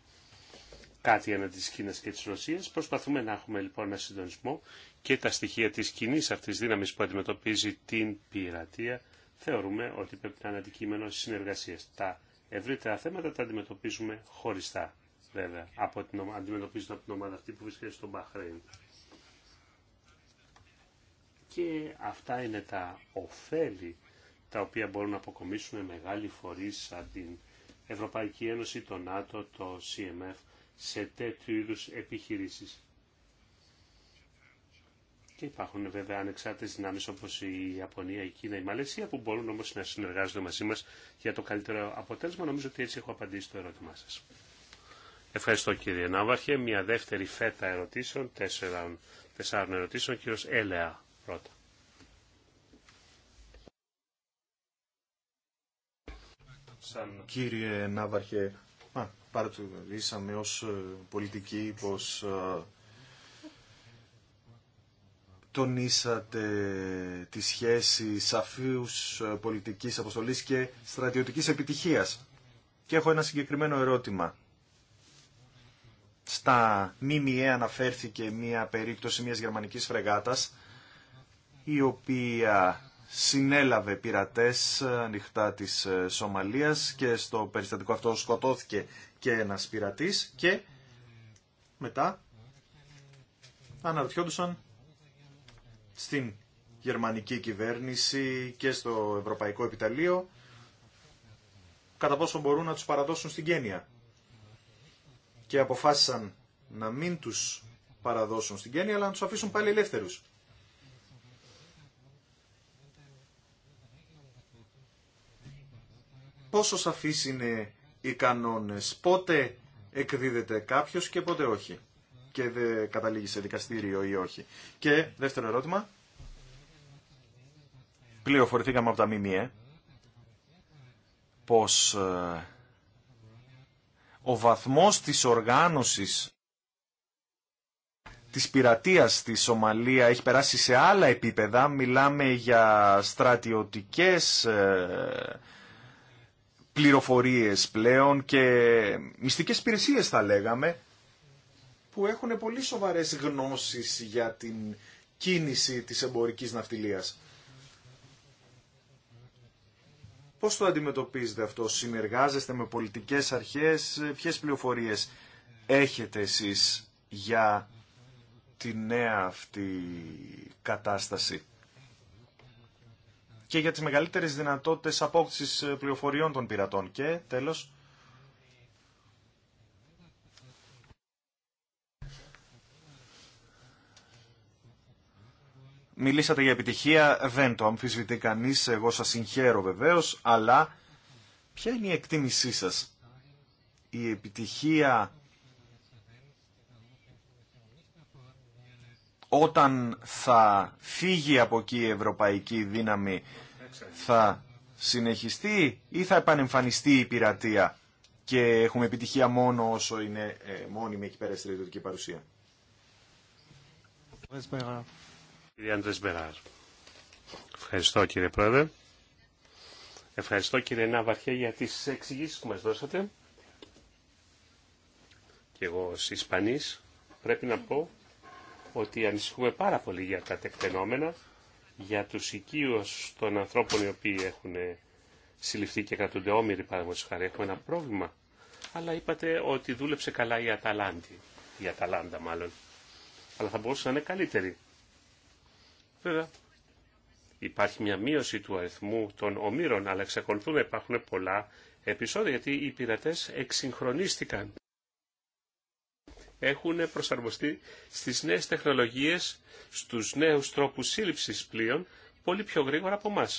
κάτι ανά της Κίνας και της Ρωσίας. Προσπαθούμε να έχουμε λοιπόν ένα συντονισμό και τα στοιχεία της κοινή αυτής δύναμης που αντιμετωπίζει την πειρατεία θεωρούμε ότι πρέπει να είναι αντικείμενο συνεργασίας. Τα ευρύτερα θέματα τα αντιμετωπίζουμε χωριστά βέβαια, από την, από την ομάδα αυτή που βρίσκεται στο Μπαχρέιν και αυτά είναι τα ωφέλη τα οποία μπορούν να αποκομίσουν μεγάλοι φορείς σαν την Ευρωπαϊκή Ένωση, το ΝΑΤΟ, το CMF σε τέτοιου είδους επιχειρήσεις. Και υπάρχουν βέβαια ανεξάρτητες δυνάμεις όπως η Ιαπωνία, η Κίνα, η Μαλαισία που μπορούν όμως να συνεργάζονται μαζί μας για το καλύτερο αποτέλεσμα. Νομίζω ότι έτσι έχω απαντήσει το ερώτημά σας. Ευχαριστώ κύριε Ναύαρχε. Μια δεύτερη φέτα ερωτήσεων, τέσσερα, τεσσάρων ερωτήσεων, κύριος Έλεα. Κύριε Ναύαρχε, α, είσαμε ως ε, πολιτικοί πως ε, τονίσατε τη σχέση σαφίους ε, πολιτικής αποστολής και στρατιωτικής επιτυχίας. Και έχω ένα συγκεκριμένο ερώτημα. Στα ΜΜΕ αναφέρθηκε μία περίπτωση μιας γερμανικής φρεγάτας η οποία συνέλαβε πειρατές ε, ανοιχτά της ε, Σομαλίας και στο περιστατικό αυτό σκοτώθηκε και ένας πειρατής και μετά αναρωτιόντουσαν στην γερμανική κυβέρνηση και στο Ευρωπαϊκό Επιταλείο κατά πόσο μπορούν να τους παραδώσουν στην Κένια. Και αποφάσισαν να μην τους παραδώσουν στην Κένια αλλά να τους αφήσουν πάλι ελεύθερους. πόσο σαφείς είναι οι κανόνες, πότε εκδίδεται κάποιος και πότε όχι και δεν καταλήγει σε δικαστήριο ή όχι. Και δεύτερο ερώτημα, πληροφορηθήκαμε από τα ΜΜΕ πως ε, ο βαθμός της οργάνωσης της πειρατείας στη Σομαλία έχει περάσει σε άλλα επίπεδα. Μιλάμε για στρατιωτικές ε, πληροφορίες πλέον και μυστικές υπηρεσίε θα λέγαμε που έχουν πολύ σοβαρές γνώσεις για την κίνηση της εμπορικής ναυτιλίας. Πώς το αντιμετωπίζετε αυτό, συνεργάζεστε με πολιτικές αρχές, ποιες πληροφορίες έχετε εσείς για τη νέα αυτή κατάσταση και για τις μεγαλύτερες δυνατότητες απόκτησης ε, πληροφοριών των πειρατών. Και τέλος, Μιλήσατε για επιτυχία, δεν το αμφισβητεί κανείς, εγώ σας συγχαίρω βεβαίως, αλλά ποια είναι η εκτίμησή σας. Η επιτυχία όταν θα φύγει από εκεί η ευρωπαϊκή δύναμη θα συνεχιστεί ή θα επανεμφανιστεί η πειρατεία και έχουμε επιτυχία μόνο όσο είναι ε, μόνιμη εκεί πέρα η στρατιωτική παρουσία. Κύριε Ευχαριστώ κύριε Πρόεδρε. Ευχαριστώ κύριε Ναβαρχέ για τις εξηγήσεις που μας δώσατε. Και εγώ ως Ισπανής πρέπει να πω ότι ανησυχούμε πάρα πολύ για τα τεκτενόμενα, για τους οικείους των ανθρώπων οι οποίοι έχουν συλληφθεί και κρατούνται όμοιροι παραγωγή χάρη. Έχουμε ένα πρόβλημα. Αλλά είπατε ότι δούλεψε καλά η Αταλάντη. Η Αταλάντα μάλλον. Αλλά θα μπορούσε να είναι καλύτερη. Βέβαια. Υπάρχει μια μείωση του αριθμού των ομήρων, αλλά εξακολουθούν να υπάρχουν πολλά επεισόδια, γιατί οι πειρατές εξυγχρονίστηκαν έχουν προσαρμοστεί στις νέες τεχνολογίες, στους νέους τρόπους σύλληψης πλοίων, πολύ πιο γρήγορα από εμά.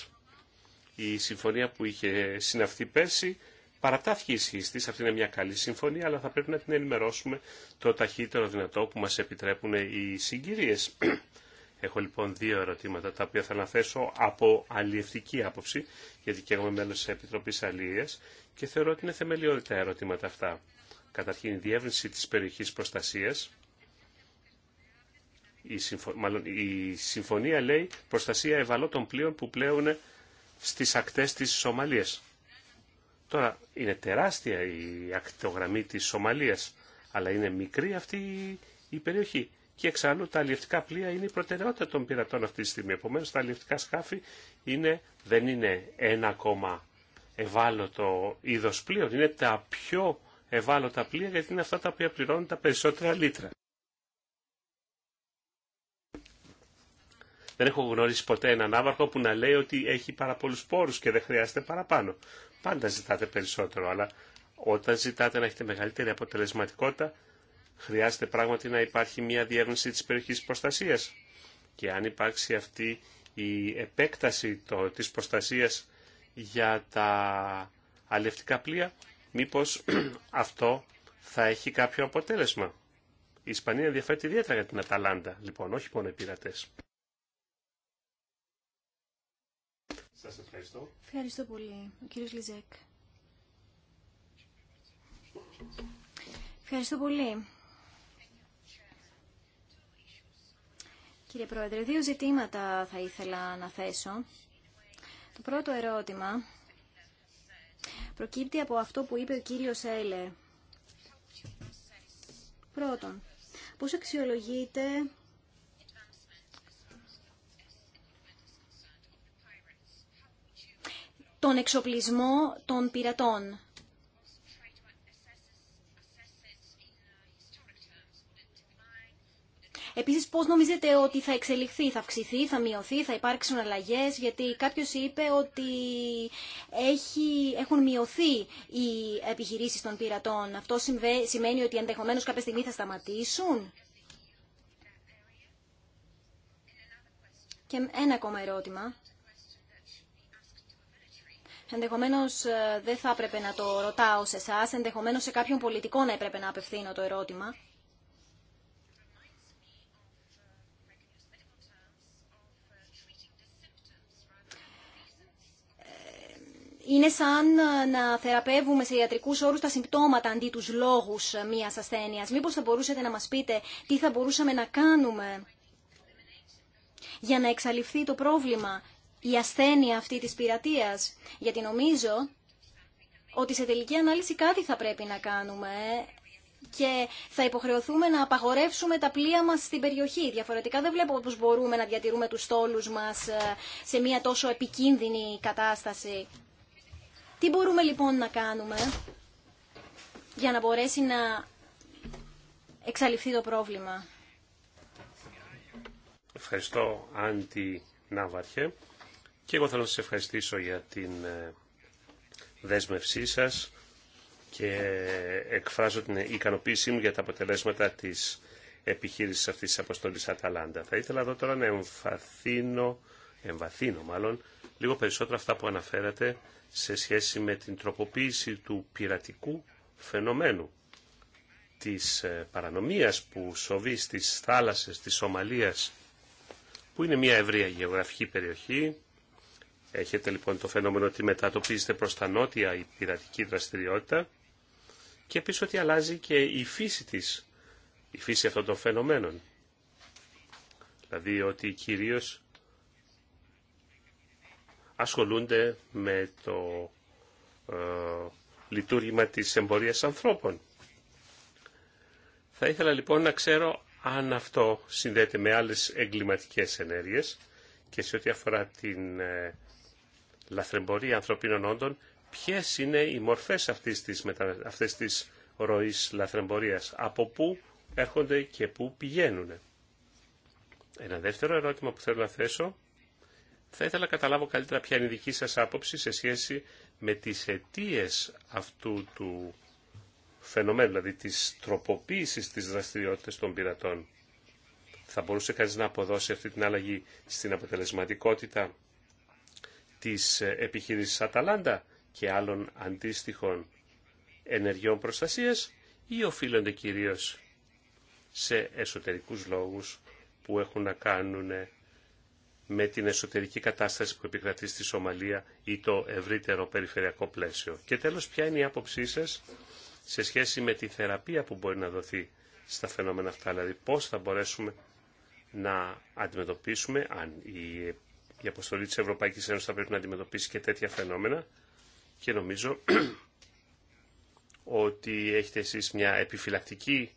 Η συμφωνία που είχε συναυθεί πέρσι παρατάθηκε η ισχύ της, αυτή είναι μια καλή συμφωνία, αλλά θα πρέπει να την ενημερώσουμε το ταχύτερο δυνατό που μας επιτρέπουν οι συγκυρίες. Έχω λοιπόν δύο ερωτήματα τα οποία θα αναθέσω από αλλιευτική άποψη, γιατί και εγώ είμαι μέλος της Επιτροπής Αλλιείας και θεωρώ ότι είναι θεμελιώδη ερωτήματα αυτά. Καταρχήν, η διεύρυνση της περιοχής προστασίας. Η, η συμφωνία λέει προστασία ευαλώτων πλοίων που πλέουν στις ακτές της Σομαλίας. Τώρα, είναι τεράστια η ακτογραμμή της Σομαλίας, αλλά είναι μικρή αυτή η περιοχή. Και εξάλλου τα αλληλευτικά πλοία είναι η προτεραιότητα των πειρατών αυτή τη στιγμή. Επομένω, τα αλληλευτικά σκάφη είναι, δεν είναι ένα ακόμα ευάλωτο είδο πλοίων. Είναι τα πιο ευάλωτα πλοία γιατί είναι αυτά τα οποία πληρώνουν τα περισσότερα λίτρα. Δεν έχω γνωρίσει ποτέ έναν άβαρχο που να λέει ότι έχει πάρα πολλούς πόρους και δεν χρειάζεται παραπάνω. Πάντα ζητάτε περισσότερο, αλλά όταν ζητάτε να έχετε μεγαλύτερη αποτελεσματικότητα, χρειάζεται πράγματι να υπάρχει μια διεύρυνση της περιοχής προστασίας. Και αν υπάρξει αυτή η επέκταση της προστασίας για τα αλληλευτικά πλοία, Μήπως αυτό θα έχει κάποιο αποτέλεσμα. Η Ισπανία ενδιαφέρεται ιδιαίτερα για την Αταλάντα, λοιπόν, όχι μόνο οι πειρατές. Σας ευχαριστώ. Ευχαριστώ πολύ, ο κύριος Λιζέκ. Ευχαριστώ πολύ. Κύριε Πρόεδρε, δύο ζητήματα θα ήθελα να θέσω. Το πρώτο ερώτημα προκύπτει από αυτό που είπε ο κύριος Έλε. Πρώτον, πώς αξιολογείται τον εξοπλισμό των πειρατών. Επίσης πώς νομίζετε ότι θα εξελιχθεί, θα αυξηθεί, θα μειωθεί, θα υπάρξουν αλλαγές γιατί κάποιος είπε ότι έχει, έχουν μειωθεί οι επιχειρήσεις των πειρατών. Αυτό σημαίνει ότι ενδεχομένω κάποια στιγμή θα σταματήσουν. Και ένα ακόμα ερώτημα. Ενδεχομένω ε, δεν θα έπρεπε να το ρωτάω σε εσά, ενδεχομένω σε κάποιον πολιτικό να έπρεπε να απευθύνω το ερώτημα. είναι σαν ε, να θεραπεύουμε σε ιατρικού όρου τα συμπτώματα αντί τους λόγους ε, μια ασθένεια. Μήπω θα μπορούσατε να μα πείτε τι θα μπορούσαμε να κάνουμε για να εξαλειφθεί το πρόβλημα, η ασθένεια αυτή της πειρατείας. Γιατί νομίζω ότι σε τελική ανάλυση κάτι θα πρέπει να κάνουμε ε, και θα υποχρεωθούμε να απαγορεύσουμε τα πλοία μας στην περιοχή. Διαφορετικά δεν βλέπω πώς μπορούμε να διατηρούμε τους στόλους μας σε μια τόσο επικίνδυνη κατάσταση. Τι μπορούμε λοιπόν να κάνουμε για να μπορέσει να εξαλειφθεί το πρόβλημα. Ευχαριστώ Άντι Νάβαρχε και εγώ θέλω να σας ευχαριστήσω για την ε, δέσμευσή σας και εκφράζω την ικανοποίησή μου για τα αποτελέσματα της επιχείρησης αυτής της αποστολής Αταλάντα. Θα ήθελα εδώ τώρα να εμβαθύνω, εμβαθύνω μάλλον, λίγο περισσότερο αυτά που αναφέρατε σε σχέση με την τροποποίηση του πειρατικού φαινομένου της ε, παρανομίας που σοβεί στις θάλασσες της Σομαλίας που είναι μια ευρεία γεωγραφική περιοχή. Έχετε λοιπόν το φαινόμενο ότι μετατοπίζεται προς τα νότια η πειρατική δραστηριότητα και επίσης ότι αλλάζει και η φύση της, η φύση αυτών των φαινομένων. Δηλαδή ότι κυρίως ασχολούνται με το ε, λειτουργήμα της εμπορίας ανθρώπων. Θα ήθελα λοιπόν να ξέρω αν αυτό συνδέεται με άλλες εγκληματικές ενέργειες και σε ό,τι αφορά την ε, λαθρεμπορία ανθρωπίνων όντων, ποιες είναι οι μορφές αυτής της, μετα... αυτής της ροής λαθρεμπορίας, από πού έρχονται και πού πηγαίνουν. Ένα δεύτερο ερώτημα που θέλω να θέσω θα ήθελα να καταλάβω καλύτερα ποια είναι η δική σας άποψη σε σχέση με τις αιτίε αυτού του φαινομένου, δηλαδή της τροποποίησης της δραστηριότητας των πειρατών. Θα μπορούσε κανείς να αποδώσει αυτή την άλλαγη στην αποτελεσματικότητα της επιχείρησης Αταλάντα και άλλων αντίστοιχων ενεργειών προστασίας ή οφείλονται κυρίως σε εσωτερικούς λόγους που έχουν να κάνουν με την εσωτερική κατάσταση που επικρατεί στη Σομαλία ή το ευρύτερο περιφερειακό πλαίσιο. Και τέλος, ποια είναι η άποψή σας σε σχέση με τη θεραπεία που μπορεί να δοθεί στα φαινόμενα αυτά, δηλαδή πώς θα μπορέσουμε να αντιμετωπίσουμε, αν η, η αποστολή της Ευρωπαϊκής Ένωσης θα πρέπει να αντιμετωπίσει και τέτοια φαινόμενα και νομίζω ότι έχετε εσείς μια επιφυλακτική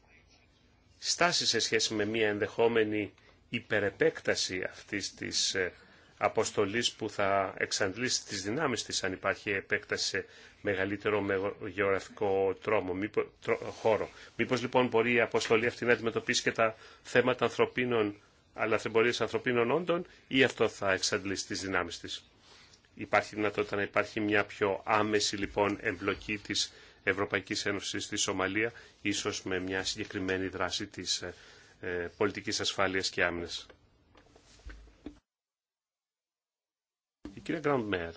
στάση σε σχέση με μια ενδεχόμενη υπερεπέκταση αυτής της ε, αποστολής που θα εξαντλήσει τις δυνάμεις της αν υπάρχει επέκταση σε μεγαλύτερο γεωγραφικό τρόμο, μήπως, τρό, χώρο. Μήπως λοιπόν μπορεί η αποστολή αυτή να αντιμετωπίσει και τα θέματα ανθρωπίνων αλλά θεμπορίες ανθρωπίνων όντων ή αυτό θα εξαντλήσει τις δυνάμεις της. Υπάρχει δυνατότητα να υπάρχει μια πιο άμεση λοιπόν εμπλοκή της Ευρωπαϊκής Ένωσης στη Σομαλία, ίσως με μια συγκεκριμένη δράση της ε, ε, πολιτικής ασφάλειας και άμυνας. Η κυρία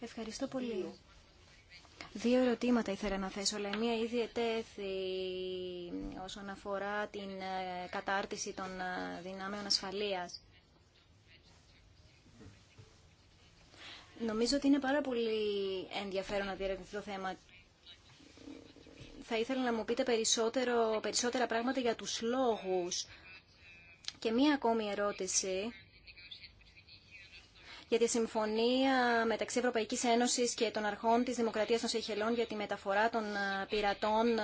Ευχαριστώ πολύ. Δύο ερωτήματα ήθελα να θέσω, αλλά μία ήδη ετέθη όσον αφορά την ε, κατάρτιση των ε, δυνάμεων ασφαλείας. Νομίζω ότι είναι πάρα πολύ ενδιαφέρον να διερευνηθεί το θέμα θα ήθελα να μου πείτε περισσότερο, περισσότερα πράγματα για τους λόγους. Και μία ακόμη ερώτηση για τη συμφωνία μεταξύ Ευρωπαϊκής Ένωσης και των αρχών της Δημοκρατίας των Σεχελών για τη μεταφορά των ε, πειρατών ε,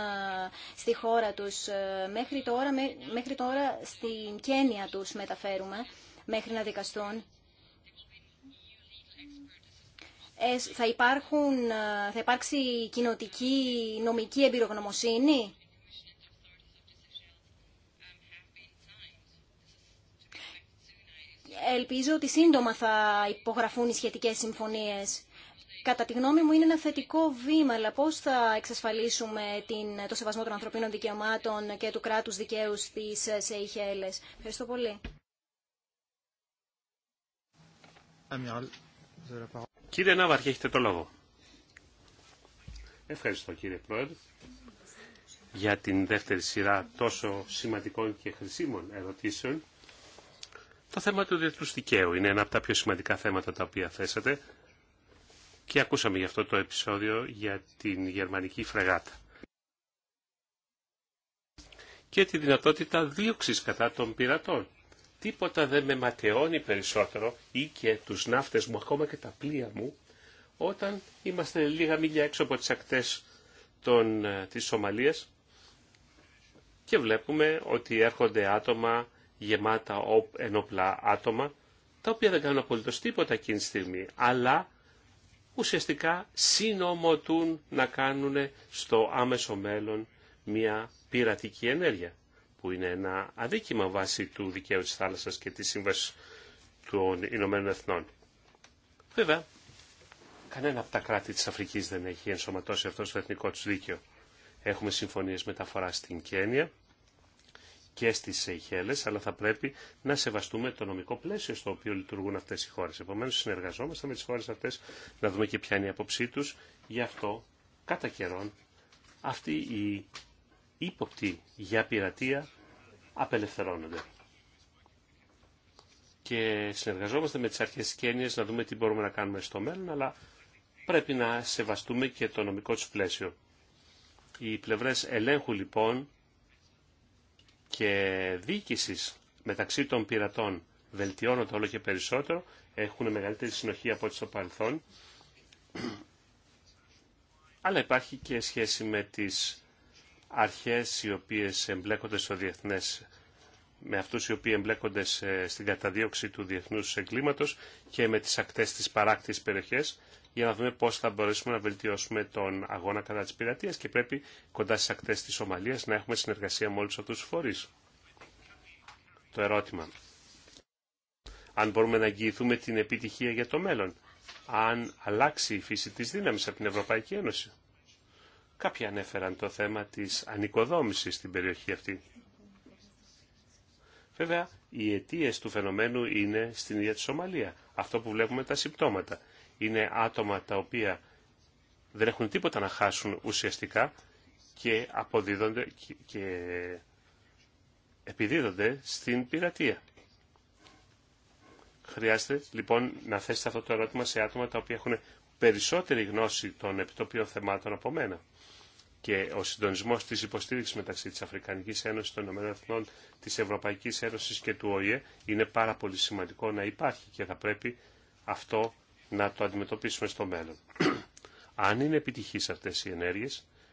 στη χώρα τους. Ε, μέχρι τώρα, μέχρι τώρα στην Κένια τους μεταφέρουμε, μέχρι να δικαστούν. θα, υπάρχουν, ε, θα υπάρξει κοινοτική νομική εμπειρογνωμοσύνη. Ελπίζω ότι σύντομα θα υπογραφούν οι σχετικές συμφωνίες. Κατά τη γνώμη μου είναι ένα θετικό βήμα, αλλά πώς θα εξασφαλίσουμε την, το σεβασμό των ανθρωπίνων δικαιωμάτων και του κράτους δικαίου στις ΣΕΙΧΕΛΕΣ. Ευχαριστώ πολύ. Κύριε Ναύαρχη, έχετε το λόγο. Ευχαριστώ κύριε Πρόεδρε για την δεύτερη σειρά τόσο σημαντικών και χρησίμων ερωτήσεων. Το θέμα του διεθνούς δικαίου είναι ένα από τα πιο σημαντικά θέματα τα οποία θέσατε και ακούσαμε γι' αυτό το επεισόδιο για την γερμανική φρεγάτα και τη δυνατότητα δίωξης κατά των πειρατών. Τίποτα δεν με ματαιώνει περισσότερο ή και τους ναύτες μου, ακόμα και τα πλοία μου, όταν είμαστε λίγα μίλια έξω από τις ακτές των, ε, της Σομαλίας και βλέπουμε ότι έρχονται άτομα γεμάτα ενόπλα άτομα, τα οποία δεν κάνουν απολύτως τίποτα εκείνη τη στιγμή, αλλά ουσιαστικά συνομωτούν να κάνουν στο άμεσο μέλλον μια πειρατική ενέργεια που είναι ένα αδίκημα βάσει του δικαίου της θάλασσας και της σύμβασης των Ηνωμένων Εθνών. Βέβαια, κανένα από τα κράτη της Αφρικής δεν έχει ενσωματώσει αυτό στο εθνικό του δίκαιο. Έχουμε συμφωνίες μεταφορά στην Κένια και στις Σεϊχέλες, αλλά θα πρέπει να σεβαστούμε το νομικό πλαίσιο στο οποίο λειτουργούν αυτές οι χώρες. Επομένως, συνεργαζόμαστε με τις χώρες αυτές να δούμε και ποια είναι η άποψή τους. Γι' αυτό, κατά καιρόν, αυτή η ύποπτοι για πειρατεία απελευθερώνονται. Και συνεργαζόμαστε με τις αρχές της να δούμε τι μπορούμε να κάνουμε στο μέλλον, αλλά πρέπει να σεβαστούμε και το νομικό τους πλαίσιο. Οι πλευρές ελέγχου λοιπόν και διοίκησης μεταξύ των πειρατών βελτιώνονται όλο και περισσότερο, έχουν μεγαλύτερη συνοχή από ό,τι στο παρελθόν, αλλά υπάρχει και σχέση με τις αρχές οι οποίες εμπλέκονται στο διεθνές με αυτούς οι οποίοι εμπλέκονται στην καταδίωξη του διεθνούς εγκλήματος και με τις ακτές της παράκτης περιοχές για να δούμε πώς θα μπορέσουμε να βελτιώσουμε τον αγώνα κατά της πειρατείας και πρέπει κοντά στις ακτές της Ομαλίας να έχουμε συνεργασία με όλους αυτούς τους φορείς. Το ερώτημα. Αν μπορούμε να εγγυηθούμε την επιτυχία για το μέλλον. Αν αλλάξει η φύση της δύναμης από την Ευρωπαϊκή Ένωση. Κάποιοι ανέφεραν το θέμα της ανοικοδόμησης στην περιοχή αυτή. Βέβαια, οι αιτίε του φαινομένου είναι στην ίδια τη Σομαλία. Αυτό που βλέπουμε τα συμπτώματα. Είναι άτομα τα οποία δεν έχουν τίποτα να χάσουν ουσιαστικά και αποδίδονται και επιδίδονται στην πειρατεία. Χρειάζεται λοιπόν να θέσετε αυτό το ερώτημα σε άτομα τα οποία έχουν περισσότερη γνώση των επιτοπίων θεμάτων από μένα και ο συντονισμό τη υποστήριξη μεταξύ τη Αφρικανική Ένωση, των ΗΠΑ, τη Ευρωπαϊκή Ένωση και του ΟΗΕ είναι πάρα πολύ σημαντικό να υπάρχει και θα πρέπει αυτό να το αντιμετωπίσουμε στο μέλλον. Αν είναι επιτυχεί αυτέ οι ενέργειε,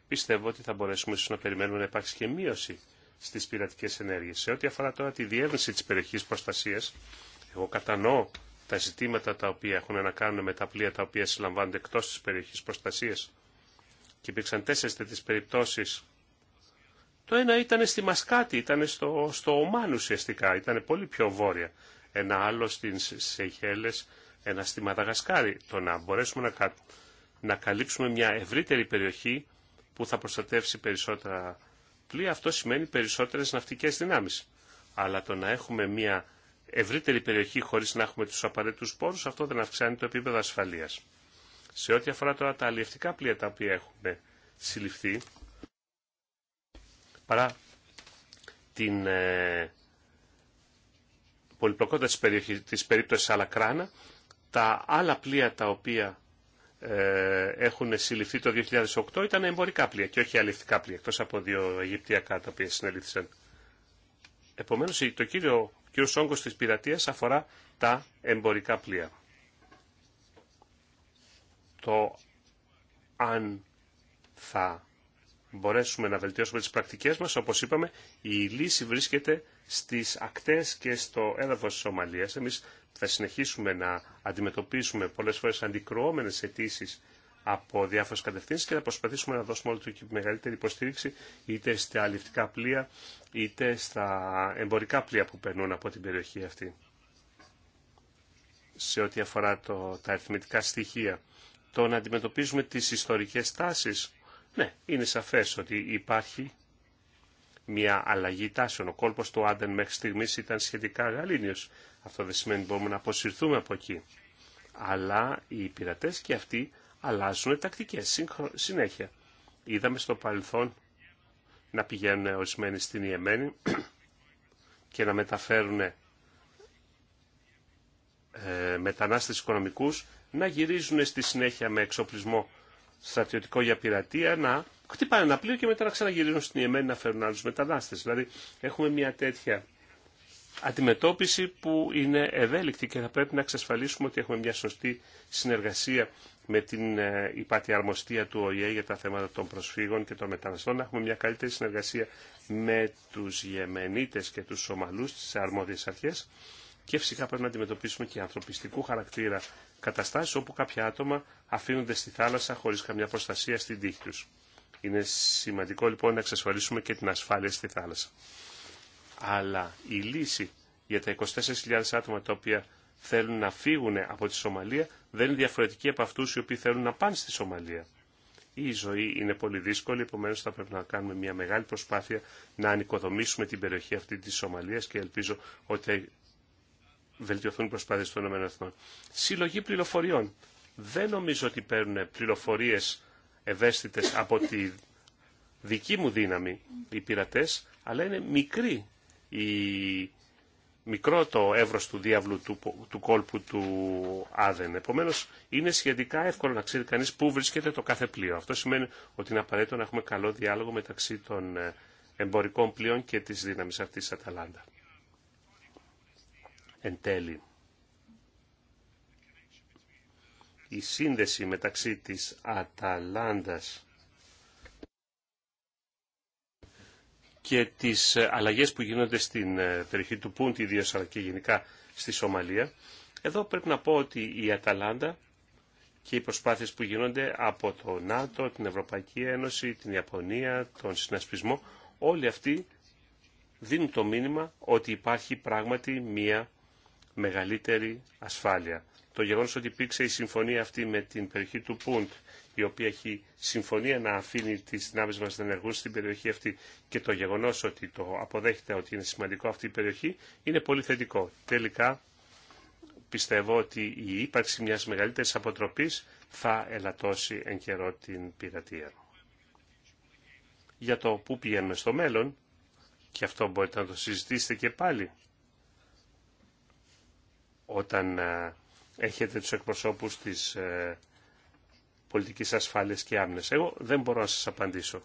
πιστεύω ότι θα μπορέσουμε ίσω να περιμένουμε να υπάρξει και μείωση στι πειρατικέ ενέργειε. Σε ό,τι αφορά τώρα τη διεύρυνση τη περιοχή προστασία, εγώ κατανοώ τα ζητήματα τα οποία έχουν να κάνουν με τα πλοία τα οποία συλλαμβάνονται εκτό τη περιοχή προστασία και υπήρξαν τέσσερις τέτοιες περιπτώσεις. Το ένα ήταν στη Μασκάτη, ήταν στο, στο Ομάν ουσιαστικά, ήταν πολύ πιο βόρεια. Ένα άλλο στι Σεχέλε, ένα στη Μαδαγασκάρη. Το να μπορέσουμε να, να καλύψουμε μια ευρύτερη περιοχή που θα προστατεύσει περισσότερα πλοία, αυτό σημαίνει περισσότερες ναυτικές δυνάμεις. Αλλά το να έχουμε μια ευρύτερη περιοχή χωρίς να έχουμε τους απαραίτητους πόρους, αυτό δεν αυξάνει το επίπεδο ασφαλείας. Σε ό,τι αφορά τώρα τα αλλιευτικά πλοία τα οποία έχουν συλληφθεί, παρά την ε, πολυπλοκότητα της, περιοχής, της περίπτωσης Αλακράνα, τα άλλα πλοία τα οποία ε, έχουν συλληφθεί το 2008 ήταν εμπορικά πλοία και όχι αλληλευτικά πλοία, εκτός από δύο Αιγυπτιακά τα οποία συνελήφθησαν. Επομένως, το κύριο, κύριο όγκος της πειρατείας αφορά τα εμπορικά πλοία το αν θα μπορέσουμε να βελτιώσουμε τις πρακτικές μας. Όπως είπαμε, η λύση βρίσκεται στις ακτές και στο έδαφος της Σομαλίας. Εμείς θα συνεχίσουμε να αντιμετωπίσουμε πολλές φορές αντικρουόμενες αιτήσει από διάφορες κατευθύνσεις και θα προσπαθήσουμε να δώσουμε όλη και μεγαλύτερη υποστήριξη είτε στα αληφτικά πλοία είτε στα εμπορικά πλοία που περνούν από την περιοχή αυτή. Σε ό,τι αφορά το, τα αριθμητικά στοιχεία το να αντιμετωπίζουμε τις ιστορικές τάσεις. Ναι, είναι σαφές ότι υπάρχει μια αλλαγή τάσεων. Ο κόλπος του Άντεν μέχρι στιγμής ήταν σχετικά γαλήνιος. Αυτό δεν σημαίνει ότι μπορούμε να αποσυρθούμε από εκεί. Αλλά οι πειρατές και αυτοί αλλάζουν τακτικές συνέχεια. Είδαμε στο παρελθόν να πηγαίνουν ορισμένοι στην Ιεμένη και να μεταφέρουν ε, μετανάστες οικονομικούς να γυρίζουν στη συνέχεια με εξοπλισμό στρατιωτικό για πειρατεία, να χτυπάνε ένα πλοίο και μετά να ξαναγυρίζουν στην Ιεμένη να φέρουν άλλου μετανάστε. Δηλαδή έχουμε μια τέτοια αντιμετώπιση που είναι ευέλικτη και θα πρέπει να εξασφαλίσουμε ότι έχουμε μια σωστή συνεργασία με την ε, υπατιαρμοστία του ΟΗΕ για τα θέματα των προσφύγων και των μεταναστών, να έχουμε μια καλύτερη συνεργασία με τους Γεμενίτες και τους Σομαλούς, τις αρμόδιες αρχές και φυσικά πρέπει να αντιμετωπίσουμε και ανθρωπιστικού χαρακτήρα καταστάσεις όπου κάποια άτομα αφήνονται στη θάλασσα χωρίς καμιά προστασία στην τύχη τους. Είναι σημαντικό λοιπόν να εξασφαλίσουμε και την ασφάλεια στη θάλασσα. Αλλά η λύση για τα 24.000 άτομα τα οποία θέλουν να φύγουν από τη Σομαλία δεν είναι διαφορετική από αυτούς οι οποίοι θέλουν να πάνε στη Σομαλία. Η ζωή είναι πολύ δύσκολη, επομένω θα πρέπει να κάνουμε μια μεγάλη προσπάθεια να ανοικοδομήσουμε την περιοχή αυτή τη Σομαλία και ελπίζω ότι βελτιωθούν οι προσπάθειες των ΗΕ. Συλλογή πληροφοριών. Δεν νομίζω ότι παίρνουν πληροφορίες ευαίσθητες από τη δική μου δύναμη οι πειρατές, αλλά είναι μικρή η... μικρό το εύρος του διάβλου του, του κόλπου του Άδεν. Επομένως, είναι σχετικά εύκολο να ξέρει κανείς πού βρίσκεται το κάθε πλοίο. Αυτό σημαίνει ότι είναι απαραίτητο να έχουμε καλό διάλογο μεταξύ των ε, εμπορικών πλοίων και της δύναμης αυτής της Αταλάντα εν τέλει. Η σύνδεση μεταξύ της Αταλάντας και τις ε, αλλαγές που γίνονται στην ε, περιοχή του Πούντι, ιδίως αλλά και γενικά στη Σομαλία. Εδώ πρέπει να πω ότι η Αταλάντα και οι προσπάθειες που γίνονται από το ΝΑΤΟ, την Ευρωπαϊκή Ένωση, την Ιαπωνία, τον συνασπισμό, όλοι αυτοί δίνουν το μήνυμα ότι υπάρχει πράγματι μία μεγαλύτερη ασφάλεια. Το γεγονός ότι υπήρξε η συμφωνία αυτή με την περιοχή του Πούντ, η οποία έχει συμφωνία να αφήνει τις δυνάμεις μας να ενεργούν στην περιοχή αυτή και το γεγονός ότι το αποδέχεται ότι είναι σημαντικό αυτή η περιοχή, είναι πολύ θετικό. Τελικά, πιστεύω ότι η ύπαρξη μιας μεγαλύτερης αποτροπής θα ελαττώσει εν καιρό την πειρατεία. Για το πού πηγαίνουμε στο μέλλον, και αυτό μπορείτε να το συζητήσετε και πάλι, όταν ε, έχετε τους εκπροσώπους της ε, πολιτικής ασφάλειας και άμυνας. Εγώ δεν μπορώ να σας απαντήσω.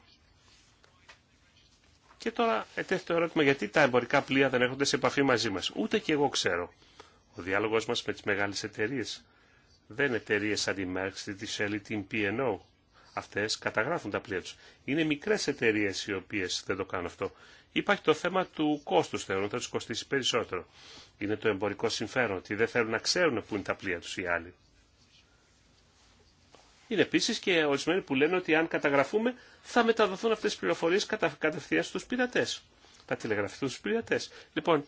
Και τώρα ετέθη το ερώτημα γιατί τα εμπορικά πλοία δεν έρχονται σε επαφή μαζί μας. Ούτε και εγώ ξέρω. Ο διάλογος μας με τις μεγάλες εταιρείες δεν εταιρείε σαν τη Merckx, τη Shell, την P&O αυτές καταγράφουν τα πλοία τους. Είναι μικρές εταιρείε οι οποίες δεν το κάνουν αυτό. Υπάρχει το θέμα του κόστους, θεωρώ. ότι θα τους κοστίσει περισσότερο. Είναι το εμπορικό συμφέρον, ότι δεν θέλουν να ξέρουν πού είναι τα πλοία τους οι άλλοι. Είναι επίση και ορισμένοι που λένε ότι αν καταγραφούμε θα μεταδοθούν αυτέ τι πληροφορίε κατευθείαν στου πειρατέ. Θα τηλεγραφηθούν στου πειρατέ. Λοιπόν,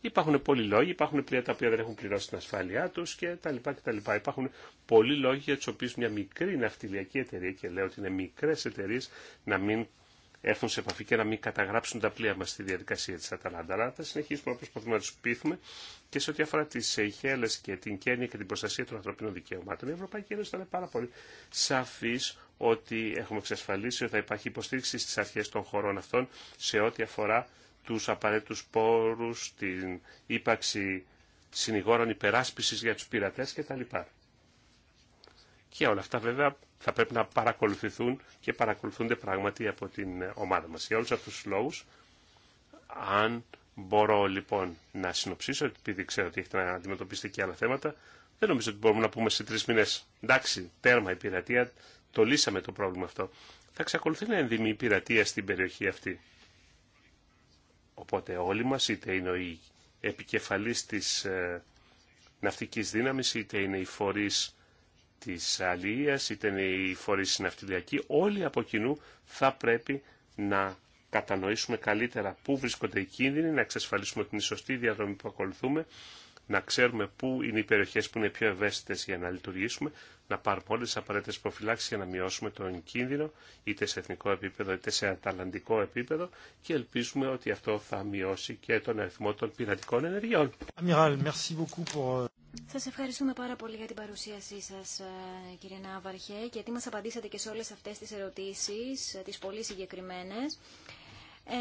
Υπάρχουν πολλοί λόγοι, υπάρχουν πλοία τα οποία δεν έχουν πληρώσει την ασφάλειά του κτλ. Υπάρχουν πολλοί λόγοι για του οποίου μια μικρή ναυτιλιακή εταιρεία, και λέω ότι είναι μικρέ εταιρείε, να μην έρθουν σε επαφή και να μην καταγράψουν τα πλοία μα στη διαδικασία τη Αταλάντα. Αλλά θα συνεχίσουμε να προσπαθούμε να του πείθουμε και σε ό,τι αφορά τι Σεϊχέλε και την Κένια και την προστασία των ανθρωπίνων δικαιωμάτων. Η Ευρωπαϊκή Ένωση ήταν πάρα πολύ σαφή ότι έχουμε εξασφαλίσει ότι θα υπάρχει υποστήριξη στι αρχέ των χωρών αυτών σε ό,τι αφορά τους απαραίτητους πόρους, την ύπαρξη συνηγόρων υπεράσπισης για τους πειρατές κτλ. Και όλα αυτά βέβαια θα πρέπει να παρακολουθηθούν και παρακολουθούνται πράγματι από την ομάδα μας. Για όλους αυτούς τους λόγους, αν μπορώ λοιπόν να συνοψίσω, επειδή ξέρω ότι έχετε να αντιμετωπίσετε και άλλα θέματα, δεν νομίζω ότι μπορούμε να πούμε σε τρει μήνε. Εντάξει, τέρμα η πειρατεία, το λύσαμε το πρόβλημα αυτό. Θα ξεκολουθεί να ενδυμεί η πειρατεία στην περιοχή αυτή. Οπότε όλοι μας, είτε είναι οι επικεφαλής της ε, ναυτικής δύναμης, είτε είναι οι φορείς της αλληλείας, είτε είναι οι φορείς ναυτιλιακής όλοι από κοινού θα πρέπει να κατανοήσουμε καλύτερα πού βρίσκονται οι κίνδυνοι, να εξασφαλίσουμε την σωστή διαδρομή που ακολουθούμε να ξέρουμε πού είναι οι περιοχές που είναι πιο ευαίσθητες για να λειτουργήσουμε, να πάρουμε όλες τις απαραίτητες προφυλάξεις για να μειώσουμε τον κίνδυνο, είτε σε εθνικό επίπεδο είτε σε αταλαντικό επίπεδο και ελπίζουμε ότι αυτό θα μειώσει και τον αριθμό των πειρατικών ενεργειών. Euh, σας ευχαριστούμε πάρα πολύ για την παρουσίασή σας ε, κύριε Ναύαρχε και γιατί μας απαντήσατε και σε όλες αυτές τις ερωτήσεις, ε, τις πολύ συγκεκριμένε.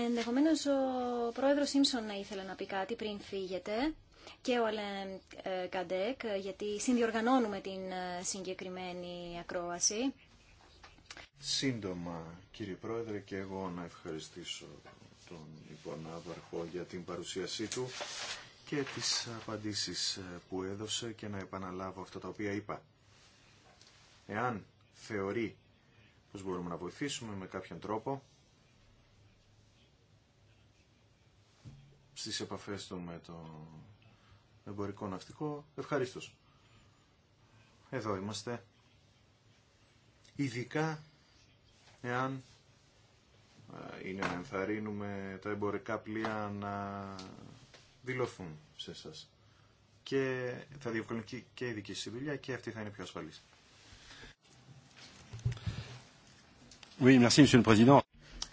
Ενδεχομένω ο πρόεδρος Σίμψον να ήθελε να πει κάτι πριν φύγετε και ο Αλέν Καντέκ, ε, ε, γιατί συνδιοργανώνουμε την ε, συγκεκριμένη ακρόαση. Σύντομα, κύριε Πρόεδρε, και εγώ να ευχαριστήσω τον υπονάβαρχο λοιπόν για την παρουσίασή του και τις απαντήσεις που έδωσε και να επαναλάβω αυτά τα οποία είπα. Εάν θεωρεί πως μπορούμε να βοηθήσουμε με κάποιον τρόπο, στις επαφές του με το εμπορικό ναυτικό, ευχαρίστω. Εδώ είμαστε. Ειδικά εάν ε, είναι να ενθαρρύνουμε τα εμπορικά πλοία να δηλωθούν σε εσά. Και θα διευκολυνθεί και η δική συμβουλία και αυτή θα είναι πιο ασφαλή. Oui, merci,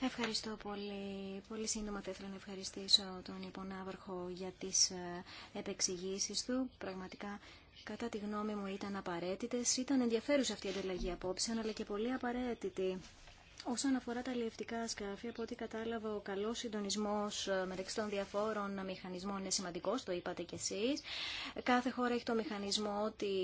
Ευχαριστώ πολύ. Πολύ σύντομα θα ήθελα να ευχαριστήσω τον υπονάβαρχο για τις ε, επεξηγήσεις του. Πραγματικά, κατά τη γνώμη μου, ήταν απαραίτητες. Ήταν ενδιαφέρουσα αυτή η ανταλλαγή απόψε, αλλά και πολύ απαραίτητη. Όσον αφορά τα αλλιευτικά σκάφη, από ό,τι κατάλαβα, ο καλό συντονισμό ε, μεταξύ των διαφόρων μηχανισμών είναι σημαντικό, το είπατε κι εσεί. Κάθε χώρα έχει το μηχανισμό τη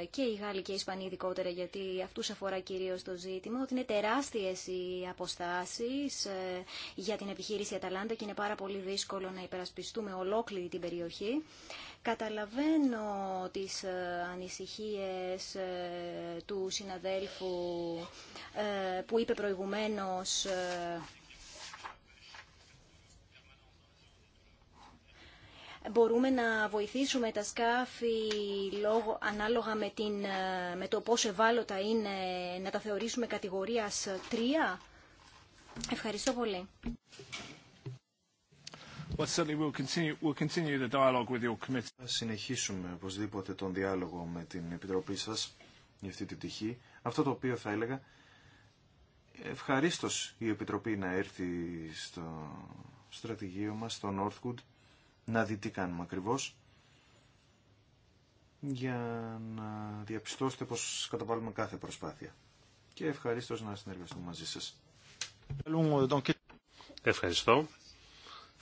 ε, και οι Γάλλοι και οι Ισπανοί ειδικότερα, γιατί αυτού αφορά κυρίω το ζήτημα, ότι είναι τεράστιε οι αποστάσει ε, για την επιχείρηση Αταλάντα και είναι πάρα πολύ δύσκολο να υπερασπιστούμε ολόκληρη την περιοχή. Καταλαβαίνω τις ε, ανησυχίες ε, του συναδέλφου ε, που είπε προηγουμένως μπορούμε να βοηθήσουμε τα σκάφη λόγω, ανάλογα με, την, με το πόσο ευάλωτα είναι να τα θεωρήσουμε κατηγορίας 3. Ευχαριστώ πολύ. Θα συνεχίσουμε οπωσδήποτε τον διάλογο με την Επιτροπή σας για αυτή την τυχή. Αυτό το οποίο θα έλεγα, ευχαρίστως η Επιτροπή να έρθει στο στρατηγείο μας, στο Northwood, να δει τι κάνουμε ακριβώς, για να διαπιστώσετε πως καταβάλουμε κάθε προσπάθεια. Και ευχαριστώ να συνεργαστούμε μαζί σας. Ευχαριστώ.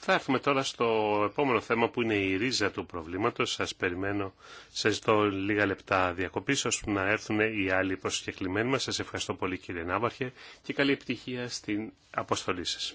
Θα έρθουμε τώρα στο επόμενο θέμα που είναι η ρίζα του προβλήματος. Σας περιμένω, σας ζητώ λίγα λεπτά διακοπής ώστε να έρθουν οι άλλοι προσκεκλημένοι μας. Σας ευχαριστώ πολύ κύριε Νάβαρχε και καλή επιτυχία στην αποστολή σας.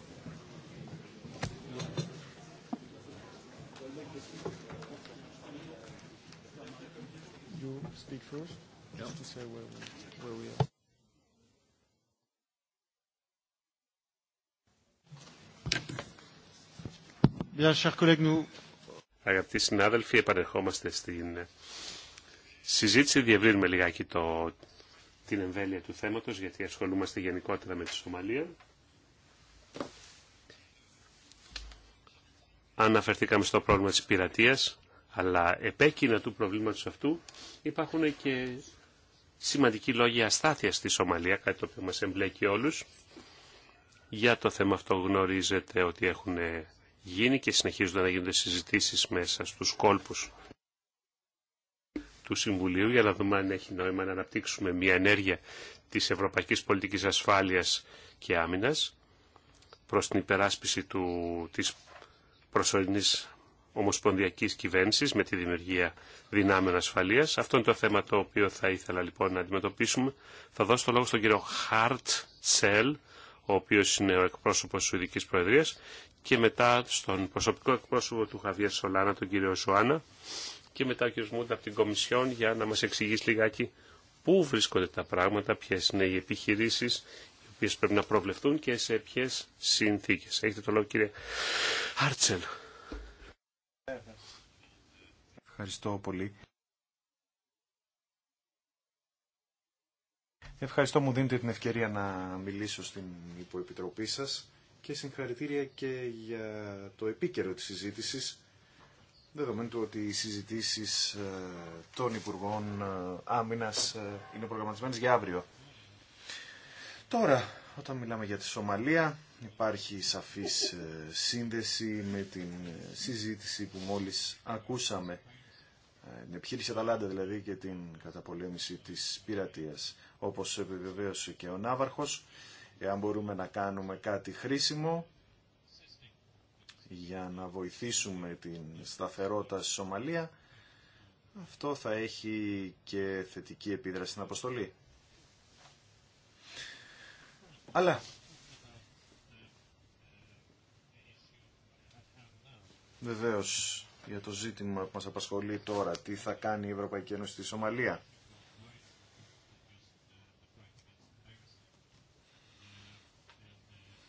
Αγαπητοί συνάδελφοι, επανερχόμαστε στην ε, συζήτηση. Διευρύνουμε λιγάκι το, την εμβέλεια του θέματος, γιατί ασχολούμαστε γενικότερα με τη Σομαλία. Αναφερθήκαμε στο πρόβλημα της πειρατείας. Αλλά επέκεινα του προβλήματος αυτού υπάρχουν και σημαντικοί λόγοι αστάθειας στη Σομαλία, κάτι το οποίο μας εμπλέκει όλους. Για το θέμα αυτό γνωρίζετε ότι έχουν γίνει και συνεχίζονται να γίνονται συζητήσεις μέσα στους κόλπους του Συμβουλίου για να δούμε αν έχει νόημα να αναπτύξουμε μια ενέργεια της Ευρωπαϊκής Πολιτικής Ασφάλειας και Άμυνας προς την υπεράσπιση του, της προσωρινής ομοσπονδιακής κυβέρνηση με τη δημιουργία δυνάμεων ασφαλεία. Αυτό είναι το θέμα το οποίο θα ήθελα λοιπόν να αντιμετωπίσουμε. Θα δώσω το λόγο στον κύριο Χαρτ Τσέλ, ο οποίος είναι ο εκπρόσωπος τη Σουηδικής Προεδρίας και μετά στον προσωπικό εκπρόσωπο του Χαβιέ Σολάνα, τον κύριο Σουάνα και μετά ο κύριο Μούντα από την Κομισιόν για να μας εξηγήσει λιγάκι πού βρίσκονται τα πράγματα, ποιε είναι οι επιχειρήσεις οι οποίες πρέπει να προβλεφθούν και σε ποιε συνθήκες. Έχετε το λόγο κύριε Χάρτσελ. Ευχαριστώ πολύ. Ευχαριστώ μου δίνετε την ευκαιρία να μιλήσω στην υποεπιτροπή σας και συγχαρητήρια και για το επίκαιρο της συζήτησης δεδομένου του ότι οι συζητήσεις ε, των Υπουργών ε, Άμυνας ε, είναι προγραμματισμένες για αύριο. Τώρα, όταν μιλάμε για τη Σομαλία, υπάρχει σαφής σύνδεση με την συζήτηση που μόλις ακούσαμε. Ε, την επιχείρηση Αταλάντα δηλαδή και την καταπολέμηση της πειρατείας. Όπως επιβεβαίωσε και ο Ναύαρχος, εάν μπορούμε να κάνουμε κάτι χρήσιμο για να βοηθήσουμε την σταθερότητα στη Σομαλία, αυτό θα έχει και θετική επίδραση στην αποστολή. Αλλά βεβαίως για το ζήτημα που μας απασχολεί τώρα. Τι θα κάνει η Ευρωπαϊκή Ένωση στη Σομαλία.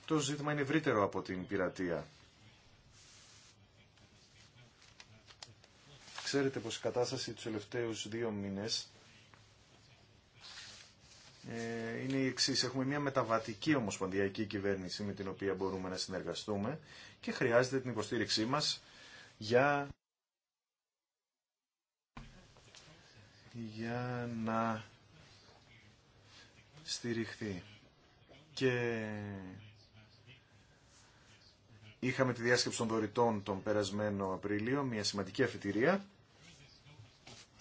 Το ζήτημα είναι ευρύτερο από την πειρατεία. Ξέρετε πως η κατάσταση τους τελευταίους δύο μήνες ε, είναι η εξή. Έχουμε μια μεταβατική ομοσπονδιακή κυβέρνηση με την οποία μπορούμε να συνεργαστούμε και χρειάζεται την υποστήριξή μας για, για να στηριχθεί. Και είχαμε τη διάσκεψη των δωρητών τον περασμένο Απρίλιο, μια σημαντική αφιτηρία.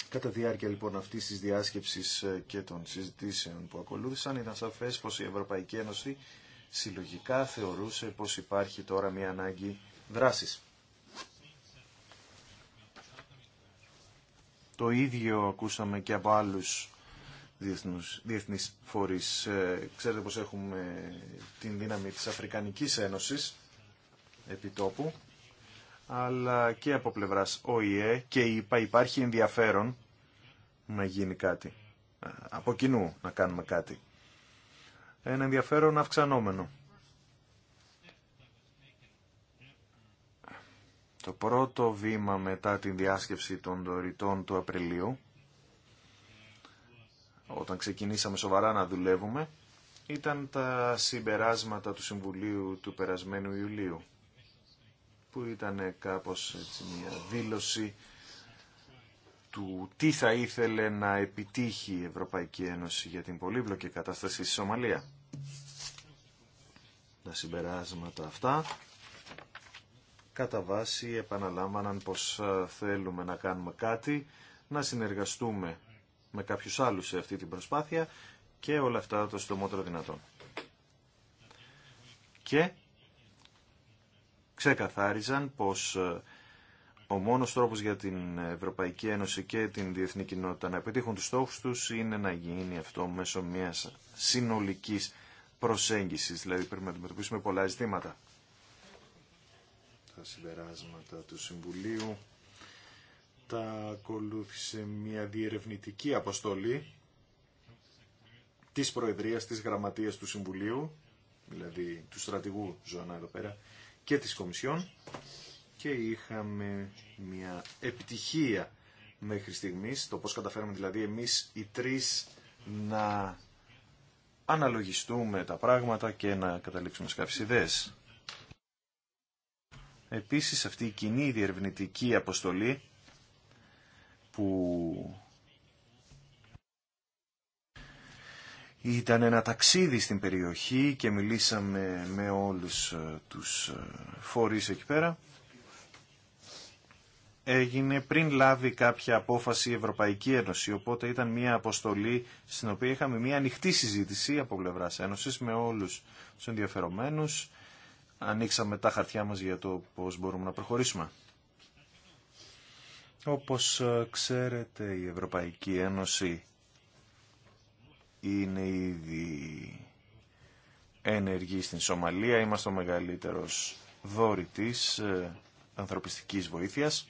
Κατά διάρκεια λοιπόν αυτή τη διάσκεψη ε, και των συζητήσεων που ακολούθησαν, ήταν σαφέ πω η Ευρωπαϊκή Ένωση συλλογικά θεωρούσε πω υπάρχει τώρα μια ανάγκη δράση. Το ίδιο ακούσαμε και από άλλους διεθνεί διεθνείς φορείς. Ε, ξέρετε πως έχουμε την δύναμη της Αφρικανικής Ένωσης επιτόπου, αλλά και από πλευράς ΟΗΕ και είπα υπάρχει ενδιαφέρον να γίνει κάτι. Ε, από κοινού να κάνουμε κάτι. Ένα ενδιαφέρον αυξανόμενο. Το πρώτο βήμα μετά την διάσκεψη των δωρητών του Απριλίου, όταν ξεκινήσαμε σοβαρά να δουλεύουμε, ήταν τα συμπεράσματα του Συμβουλίου του περασμένου Ιουλίου, που ήταν κάπως έτσι μια δήλωση του τι θα ήθελε να επιτύχει η Ευρωπαϊκή Ένωση για την πολύπλοκη κατάσταση στη Σομαλία. Τα συμπεράσματα αυτά κατά βάση επαναλάμβαναν πως ε, θέλουμε να κάνουμε κάτι, να συνεργαστούμε με κάποιους άλλους σε αυτή την προσπάθεια και όλα αυτά το στομότερο δυνατόν. Και ξεκαθάριζαν πως ε, ο μόνος τρόπος για την Ευρωπαϊκή Ένωση και την διεθνή κοινότητα να επιτύχουν τους στόχους τους είναι να γίνει αυτό μέσω μιας συνολικής προσέγγισης. Δηλαδή πρέπει να αντιμετωπίσουμε πολλά ζητήματα τα συμπεράσματα του Συμβουλίου. Τα ακολούθησε μια διερευνητική αποστολή της Προεδρίας, της Γραμματείας του Συμβουλίου, δηλαδή του στρατηγού Ζωανά εδώ πέρα, και της Κομισιόν και είχαμε μια επιτυχία μέχρι στιγμής, το πώς καταφέραμε δηλαδή εμείς οι τρεις να αναλογιστούμε τα πράγματα και να καταλήξουμε σε κάποιες ιδέες. Επίσης αυτή η κοινή διερευνητική αποστολή που ήταν ένα ταξίδι στην περιοχή και μιλήσαμε με όλους ε, τους ε, φορείς εκεί πέρα έγινε πριν λάβει κάποια απόφαση η Ευρωπαϊκή Ένωση. Οπότε ήταν μια αποστολή στην οποία είχαμε μια ανοιχτή συζήτηση από πλευρά Ένωση με όλου του ενδιαφερομένους ανοίξαμε τα χαρτιά μας για το πώς μπορούμε να προχωρήσουμε. Όπως ε, ξέρετε η Ευρωπαϊκή Ένωση είναι ήδη ενεργή στην Σομαλία. Είμαστε ο μεγαλύτερος δωρητής ε, ανθρωπιστικής βοήθειας.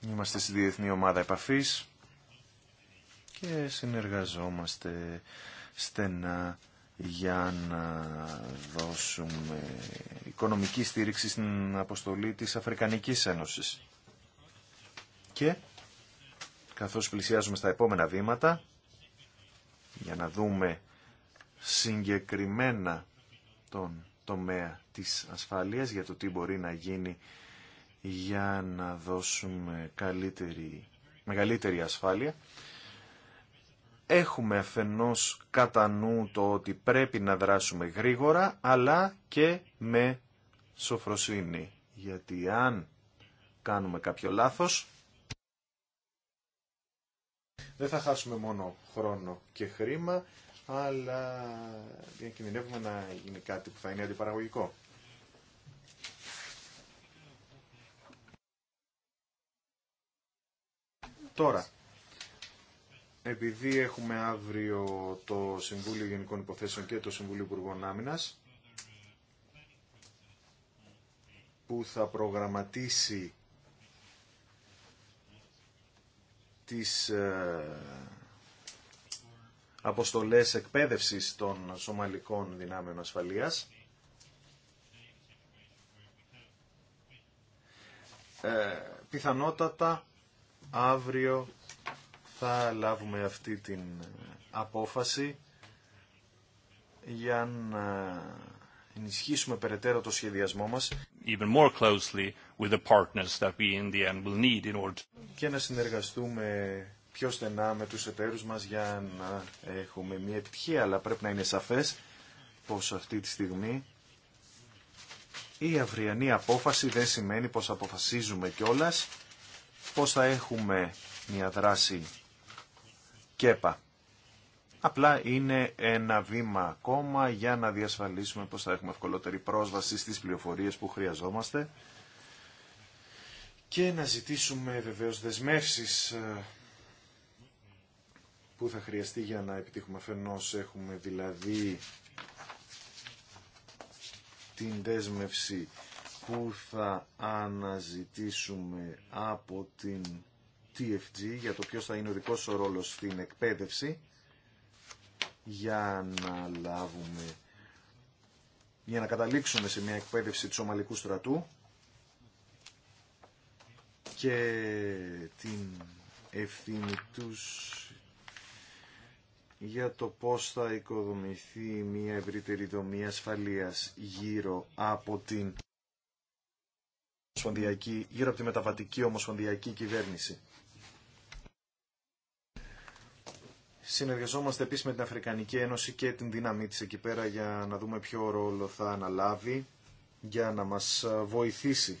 Είμαστε στη Διεθνή Ομάδα Επαφής και συνεργαζόμαστε στενά για να δώσουμε οικονομική στήριξη στην αποστολή της Αφρικανικής Ένωσης. Και καθώς πλησιάζουμε στα επόμενα βήματα, για να δούμε συγκεκριμένα τον τομέα της ασφάλειας, για το τι μπορεί να γίνει για να δώσουμε καλύτερη, μεγαλύτερη ασφάλεια έχουμε αφενός κατά νου το ότι πρέπει να δράσουμε γρήγορα, αλλά και με σοφροσύνη. Γιατί αν κάνουμε κάποιο λάθος, δεν θα χάσουμε μόνο χρόνο και χρήμα, αλλά διακινδυνεύουμε να γίνει κάτι που θα είναι αντιπαραγωγικό. Τώρα, επειδή έχουμε αύριο το Συμβούλιο Γενικών Υποθέσεων και το Συμβούλιο Υπουργών Άμυνας, που θα προγραμματίσει τις ε, αποστολές εκπαίδευσης των Σομαλικών Δυνάμεων Ασφαλείας. Ε, πιθανότατα αύριο θα λάβουμε αυτή την ε, απόφαση για να ε, ενισχύσουμε περαιτέρω το σχεδιασμό μας closely with the partners that και να συνεργαστούμε πιο στενά με τους εταίρους μας για να έχουμε μια επιτυχία αλλά πρέπει να είναι σαφές πως αυτή τη στιγμή η αυριανή απόφαση δεν σημαίνει πως αποφασίζουμε κιόλας πως θα έχουμε μια δράση ΚΕΠΑ. Απλά είναι ένα βήμα ακόμα για να διασφαλίσουμε πως θα έχουμε ευκολότερη πρόσβαση στις πληροφορίες που χρειαζόμαστε και να ζητήσουμε βεβαίως δεσμεύσεις ε, που θα χρειαστεί για να επιτύχουμε αφενός έχουμε δηλαδή την δέσμευση που θα αναζητήσουμε από την για το ποιος θα είναι ο δικός ο ρόλος στην εκπαίδευση για να λάβουμε για να καταλήξουμε σε μια εκπαίδευση του Ομαλικού στρατού και την ευθύνη τους για το πώς θα οικοδομηθεί μια ευρύτερη δομή ασφαλείας γύρω από την γύρω από τη μεταβατική ομοσπονδιακή κυβέρνηση. Συνεργαζόμαστε επίσης με την Αφρικανική Ένωση και την δύναμή της εκεί πέρα για να δούμε ποιο ρόλο θα αναλάβει για να μας βοηθήσει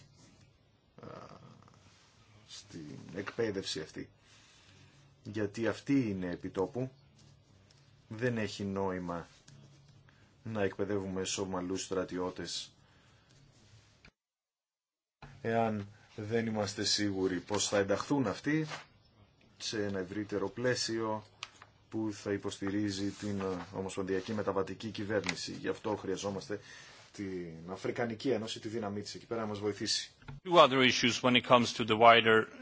στην εκπαίδευση αυτή. Γιατί αυτή είναι επιτόπου. Δεν έχει νόημα να εκπαιδεύουμε σομαλούς στρατιώτες εάν δεν είμαστε σίγουροι πως θα ενταχθούν αυτοί σε ένα ευρύτερο πλαίσιο που θα υποστηρίζει την ε, ομοσπονδιακή μεταβατική κυβέρνηση. Γι' αυτό χρειαζόμαστε την Αφρικανική Ένωση, τη δύναμή της εκεί πέρα να μας βοηθήσει.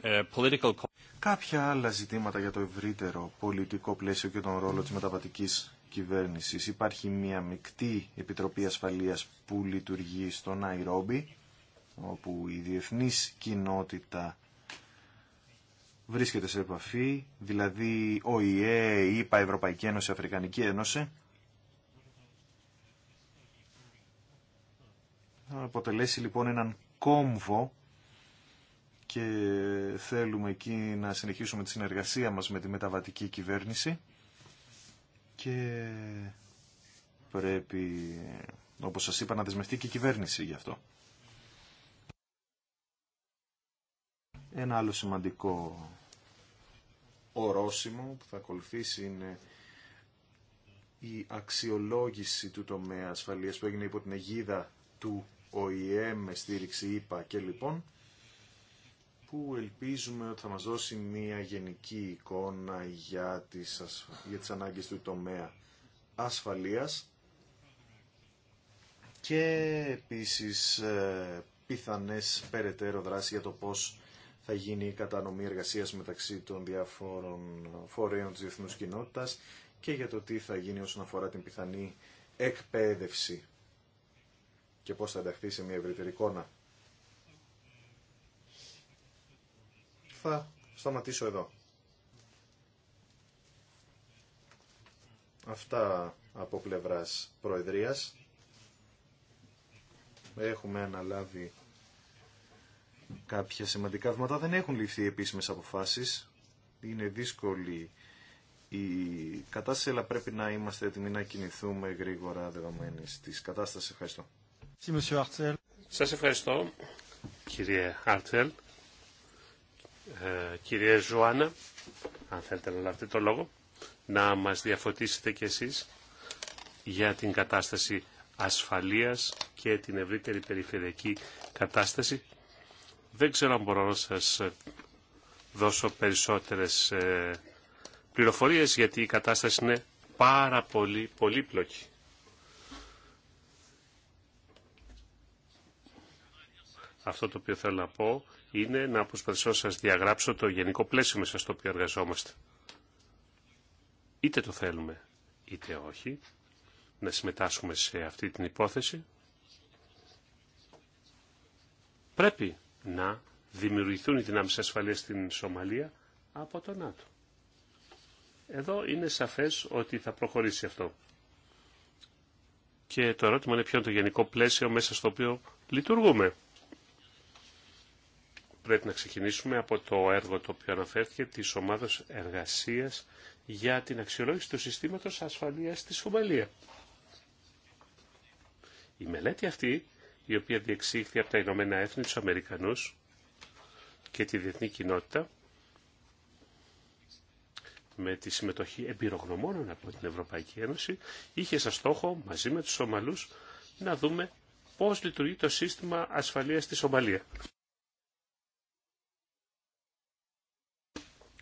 Ε, Κάποια άλλα ζητήματα για το ευρύτερο πολιτικό πλαίσιο και τον ρόλο της μεταβατικής κυβέρνησης. Υπάρχει μια μεικτή Επιτροπή Ασφαλείας που λειτουργεί στο Ναϊρόμπι, όπου η διεθνής κοινότητα βρίσκεται σε επαφή, δηλαδή ΟΗΕ, ΗΠΑ Ευρωπαϊκή Ένωση, Αφρικανική Ένωση, θα αποτελέσει λοιπόν έναν κόμβο και θέλουμε εκεί να συνεχίσουμε τη συνεργασία μας με τη μεταβατική κυβέρνηση και πρέπει, όπως σας είπα, να δεσμευτεί και η κυβέρνηση γι' αυτό. Ένα άλλο σημαντικό ορόσημο που θα ακολουθήσει είναι η αξιολόγηση του τομέα ασφαλείας που έγινε υπό την αιγίδα του ΟΗΕ με στήριξη ΕΙΠΑ και λοιπόν που ελπίζουμε ότι θα μας δώσει μια γενική εικόνα για τις, ασφα... για τις ανάγκες του τομέα ασφαλείας και επίσης ε, πιθανές περαιτέρω δράση για το πώς θα γίνει η κατανομή εργασίας μεταξύ των διαφόρων φορέων τη διεθνού κοινότητα και για το τι θα γίνει όσον αφορά την πιθανή εκπαίδευση και πώς θα ενταχθεί σε μια ευρύτερη εικόνα. Θα σταματήσω εδώ. Αυτά από πλευράς Προεδρίας. Έχουμε αναλάβει κάποια σημαντικά βήματα. Δεν έχουν ληφθεί επίσημε αποφάσει. Είναι δύσκολη η κατάσταση, αλλά πρέπει να είμαστε έτοιμοι να κινηθούμε γρήγορα δεδομένη τη κατάσταση. Ευχαριστώ. Σα ευχαριστώ, κύριε Άρτσελ. κύριε Ζωάννα, αν θέλετε να λάβετε το λόγο, να μας διαφωτίσετε κι εσείς για την κατάσταση ασφαλείας και την ευρύτερη περιφερειακή κατάσταση δεν ξέρω αν μπορώ να σας ε, δώσω περισσότερες ε, πληροφορίες γιατί η κατάσταση είναι πάρα πολύ πολύπλοκη. Αυτό το οποίο θέλω να πω είναι να προσπαθήσω να σας διαγράψω το γενικό πλαίσιο μέσα στο οποίο εργαζόμαστε. Είτε το θέλουμε, είτε όχι, να συμμετάσχουμε σε αυτή την υπόθεση. Πρέπει να δημιουργηθούν οι δυνάμεις ασφαλείας στην Σομαλία από τον ΝΑΤΟ. Εδώ είναι σαφές ότι θα προχωρήσει αυτό. Και το ερώτημα είναι ποιο είναι το γενικό πλαίσιο μέσα στο οποίο λειτουργούμε. Πρέπει να ξεκινήσουμε από το έργο το οποίο αναφέρθηκε της ομάδας εργασίας για την αξιολόγηση του συστήματος ασφαλείας στη Σομαλία. Η μελέτη αυτή η οποία διεξήχθη από τα Ηνωμένα Έθνη, τους Αμερικανούς και τη διεθνή κοινότητα με τη συμμετοχή εμπειρογνωμόνων από την Ευρωπαϊκή Ένωση, είχε σαν στόχο μαζί με τους Σομαλούς να δούμε πώς λειτουργεί το σύστημα ασφαλείας στη Σομαλία.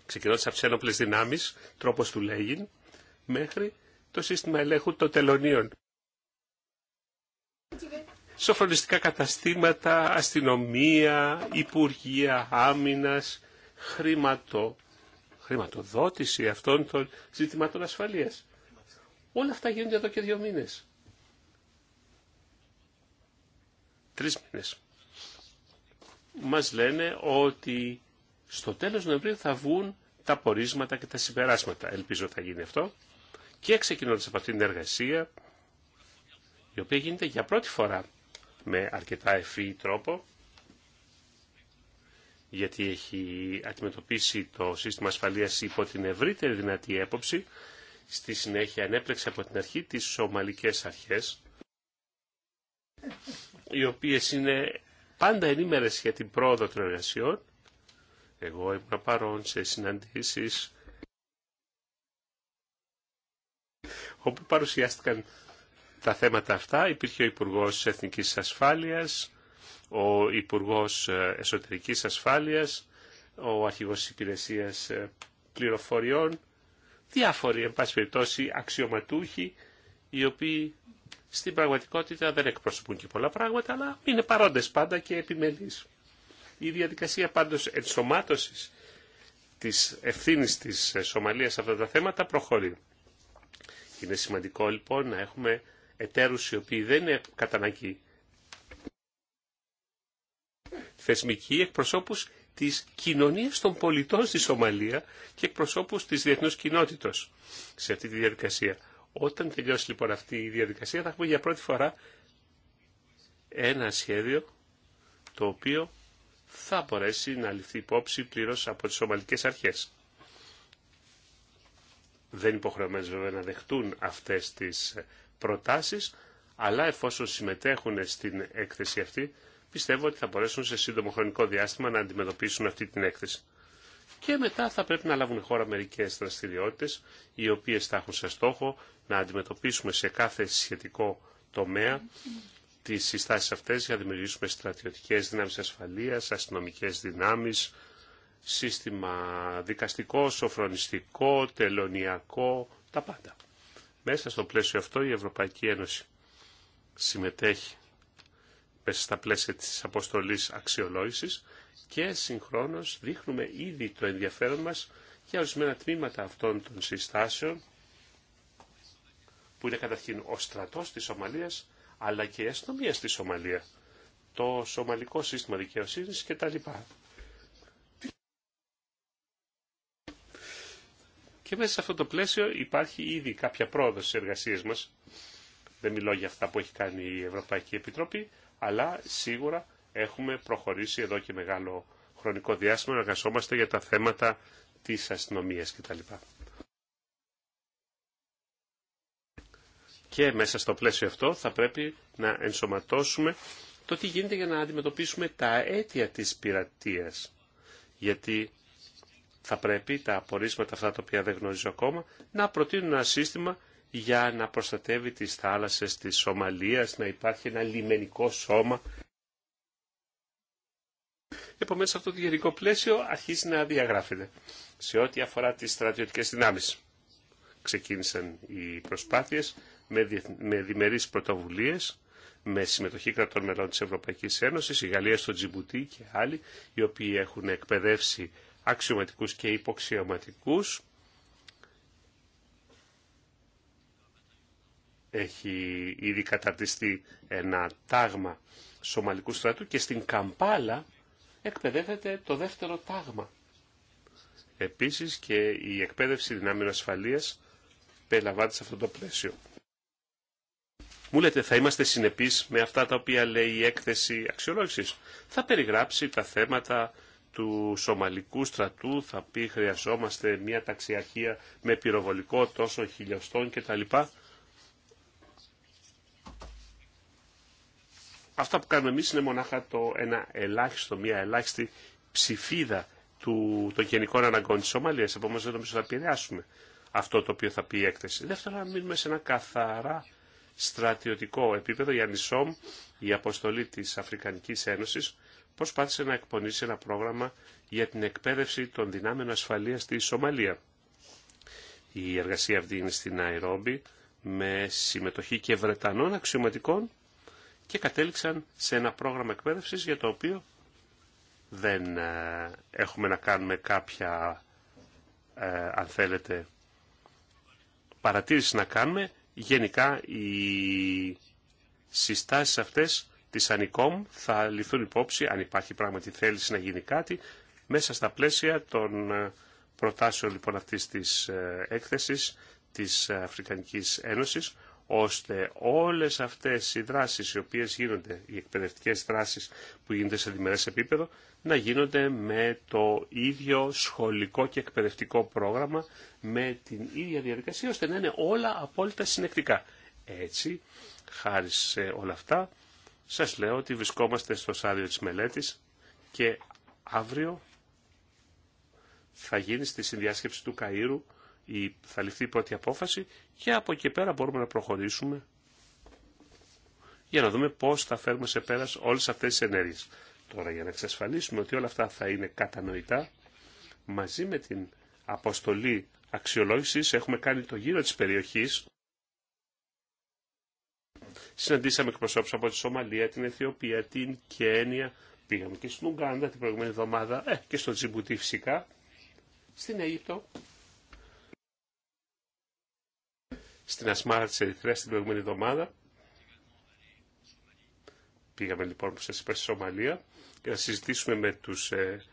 Ξεκινώντας από τις ένοπλες δυνάμεις, τρόπος του Λέγιν, μέχρι το σύστημα ελέγχου των τελωνίων σοφρονιστικά καταστήματα, αστυνομία, υπουργεία άμυνας, χρηματο, χρηματοδότηση αυτών των ζητημάτων ασφαλείας. Όλα αυτά γίνονται εδώ και δύο μήνες. Τρεις μήνες. Μας λένε ότι στο τέλος Νοεμβρίου θα βγουν τα πορίσματα και τα συμπεράσματα. Ελπίζω θα γίνει αυτό. Και ξεκινώντας από αυτήν την εργασία, η οποία γίνεται για πρώτη φορά με αρκετά ευφύ τρόπο γιατί έχει αντιμετωπίσει το σύστημα ασφαλείας υπό την ευρύτερη δυνατή έποψη. Στη συνέχεια ανέπλεξε από την αρχή τις σομαλικές αρχές, οι οποίες είναι πάντα ενήμερες για την πρόοδο των εργασιών. Εγώ ήμουν παρόν σε συναντήσεις όπου παρουσιάστηκαν τα θέματα αυτά. Υπήρχε ο Υπουργός Εθνικής Ασφάλειας, ο Υπουργός ε, Εσωτερικής Ασφάλειας, ο Αρχηγός Υπηρεσία ε, Πληροφοριών, διάφοροι, εν πάση περιπτώσει, αξιωματούχοι, οι οποίοι στην πραγματικότητα δεν εκπροσωπούν και πολλά πράγματα, αλλά είναι παρόντες πάντα και επιμελείς. Η διαδικασία πάντως ενσωμάτωσης της ευθύνη της ε, Σομαλίας σε αυτά τα θέματα προχωρεί. Είναι σημαντικό λοιπόν να έχουμε εταίρους οι οποίοι δεν είναι κατά αναγκή θεσμικοί εκπροσώπους της κοινωνίας των πολιτών στη Σομαλία και εκπροσώπους της διεθνούς κοινότητος σε αυτή τη διαδικασία. Όταν τελειώσει λοιπόν αυτή η διαδικασία θα έχουμε για πρώτη φορά ένα σχέδιο το οποίο θα μπορέσει να ληφθεί υπόψη πλήρως από τις Σομαλικές αρχές. Δεν υποχρεωμένες βέβαια να δεχτούν αυτές τις προτάσεις, αλλά εφόσον συμμετέχουν στην έκθεση αυτή, πιστεύω ότι θα μπορέσουν σε σύντομο χρονικό διάστημα να αντιμετωπίσουν αυτή την έκθεση. Και μετά θα πρέπει να λάβουν χώρα μερικές δραστηριότητες, οι οποίες θα έχουν σε στόχο να αντιμετωπίσουμε σε κάθε σχετικό τομέα τις συστάσεις αυτές για να δημιουργήσουμε στρατιωτικές δυνάμεις ασφαλείας, αστυνομικές δυνάμεις, σύστημα δικαστικό, σοφρονιστικό, τελωνιακό, τα πάντα. Μέσα στο πλαίσιο αυτό η Ευρωπαϊκή Ένωση συμμετέχει μέσα στα πλαίσια της αποστολής αξιολόγησης και συγχρόνως δείχνουμε ήδη το ενδιαφέρον μας για ορισμένα τμήματα αυτών των συστάσεων που είναι καταρχήν ο στρατός της Σομαλίας αλλά και η αστυνομία στη Σομαλία, το σομαλικό σύστημα δικαιοσύνης κτλ. Και μέσα σε αυτό το πλαίσιο υπάρχει ήδη κάποια πρόοδο στι εργασίε μα. Δεν μιλώ για αυτά που έχει κάνει η Ευρωπαϊκή Επιτροπή, αλλά σίγουρα έχουμε προχωρήσει εδώ και μεγάλο χρονικό διάστημα να εργαζόμαστε για τα θέματα της αστυνομία κτλ. Και μέσα στο πλαίσιο αυτό θα πρέπει να ενσωματώσουμε το τι γίνεται για να αντιμετωπίσουμε τα αίτια της πειρατείας. Γιατί θα πρέπει τα απορίσματα αυτά τα οποία δεν γνωρίζω ακόμα να προτείνουν ένα σύστημα για να προστατεύει τις θάλασσες της Σομαλίας, να υπάρχει ένα λιμενικό σώμα. Επομένως αυτό το γενικό πλαίσιο αρχίζει να διαγράφεται σε ό,τι αφορά τις στρατιωτικές δυνάμεις. Ξεκίνησαν οι προσπάθειες με διμερείς πρωτοβουλίες, με συμμετοχή κρατών μελών της Ευρωπαϊκής Ένωσης, η Γαλλία στο Τζιμπουτί και άλλοι, οι οποίοι έχουν εκπαιδεύσει αξιωματικούς και υποξιωματικούς. Έχει ήδη καταρτιστεί ένα τάγμα Σομαλικού στρατού και στην Καμπάλα εκπαιδεύεται το δεύτερο τάγμα. Επίσης και η εκπαίδευση δυνάμεων ασφαλείας περιλαμβάνεται σε αυτό το πλαίσιο. Μου λέτε θα είμαστε συνεπείς με αυτά τα οποία λέει η έκθεση αξιολόγησης. Θα περιγράψει τα θέματα του Σομαλικού στρατού θα πει χρειαζόμαστε μια ταξιαρχία με πυροβολικό τόσο χιλιοστών κτλ. Αυτά που κάνουμε εμείς είναι μονάχα το ένα ελάχιστο, μια ελάχιστη ψηφίδα του, των γενικών αναγκών της Σομαλίας. Επομένως δεν νομίζω θα επηρεάσουμε αυτό το οποίο θα πει η έκθεση. Δεύτερον, να μείνουμε σε ένα καθαρά στρατιωτικό επίπεδο. για νησόμ, η αποστολή της Αφρικανικής Ένωσης, προσπάθησε να εκπονήσει ένα πρόγραμμα για την εκπαίδευση των δυνάμεων ασφαλείας στη Σομαλία. Η εργασία αυτή είναι στην Αϊρόμπη με συμμετοχή και Βρετανών αξιωματικών και κατέληξαν σε ένα πρόγραμμα εκπαίδευσης για το οποίο δεν ε, έχουμε να κάνουμε κάποια, ε, αν θέλετε, παρατήρηση να κάνουμε. Γενικά οι συστάσεις αυτές της ΑΝΙΚΟΜ θα ληφθούν υπόψη, αν υπάρχει πράγματι θέληση να γίνει κάτι, μέσα στα πλαίσια των ε, προτάσεων λοιπόν αυτής της ε, έκθεσης της ε, Αφρικανικής Ένωσης, ώστε όλες αυτές οι δράσεις οι οποίες γίνονται, οι εκπαιδευτικές δράσεις που γίνονται σε διμερές επίπεδο, να γίνονται με το ίδιο σχολικό και εκπαιδευτικό πρόγραμμα, με την ίδια διαδικασία, ώστε να είναι όλα απόλυτα συνεκτικά. Έτσι, χάρη σε όλα αυτά, σας λέω ότι βρισκόμαστε στο σάδιο της μελέτης και αύριο θα γίνει στη συνδιάσκεψη του Καΐρου η, θα ληφθεί η πρώτη απόφαση και από εκεί πέρα μπορούμε να προχωρήσουμε για να δούμε πώς θα φέρουμε σε πέρας όλες αυτές τις ενέργειες. Τώρα για να εξασφαλίσουμε ότι όλα αυτά θα είναι κατανοητά, μαζί με την αποστολή αξιολόγησης έχουμε κάνει το γύρο της περιοχής Συναντήσαμε εκπροσώπους από τη Σομαλία, την Αιθιοπία, την Κένια, πήγαμε και στην Ουγγάντα την προηγούμενη εβδομάδα, ε, και στο Τζιμπουτί φυσικά, στην Αίγυπτο, στην Ασμάρα της Ερυθρέας την προηγούμενη εβδομάδα. Πήγαμε λοιπόν που σας είπα στη Σομαλία και να συζητήσουμε με τους ε,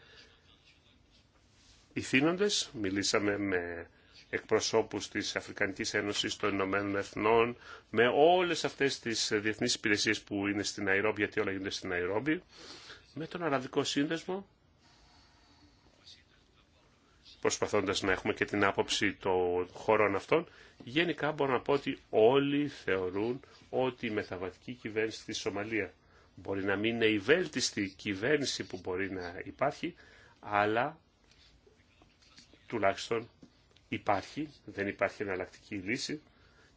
ηθήνοντες. Μιλήσαμε με εκπροσώπους της Αφρικανικής Ένωσης των Ηνωμένων Εθνών, με όλες αυτές τις διεθνείς υπηρεσίες που είναι στην Αϊρόμπη, γιατί όλα γίνονται στην Αϊρόμπη, με τον Αραβικό Σύνδεσμο, προσπαθώντας να έχουμε και την άποψη των χωρών αυτών, γενικά μπορώ να πω ότι όλοι θεωρούν ότι η μεταβατική κυβέρνηση στη Σομαλία μπορεί να μην είναι η βέλτιστη κυβέρνηση που μπορεί να υπάρχει, αλλά τουλάχιστον υπάρχει, δεν υπάρχει εναλλακτική λύση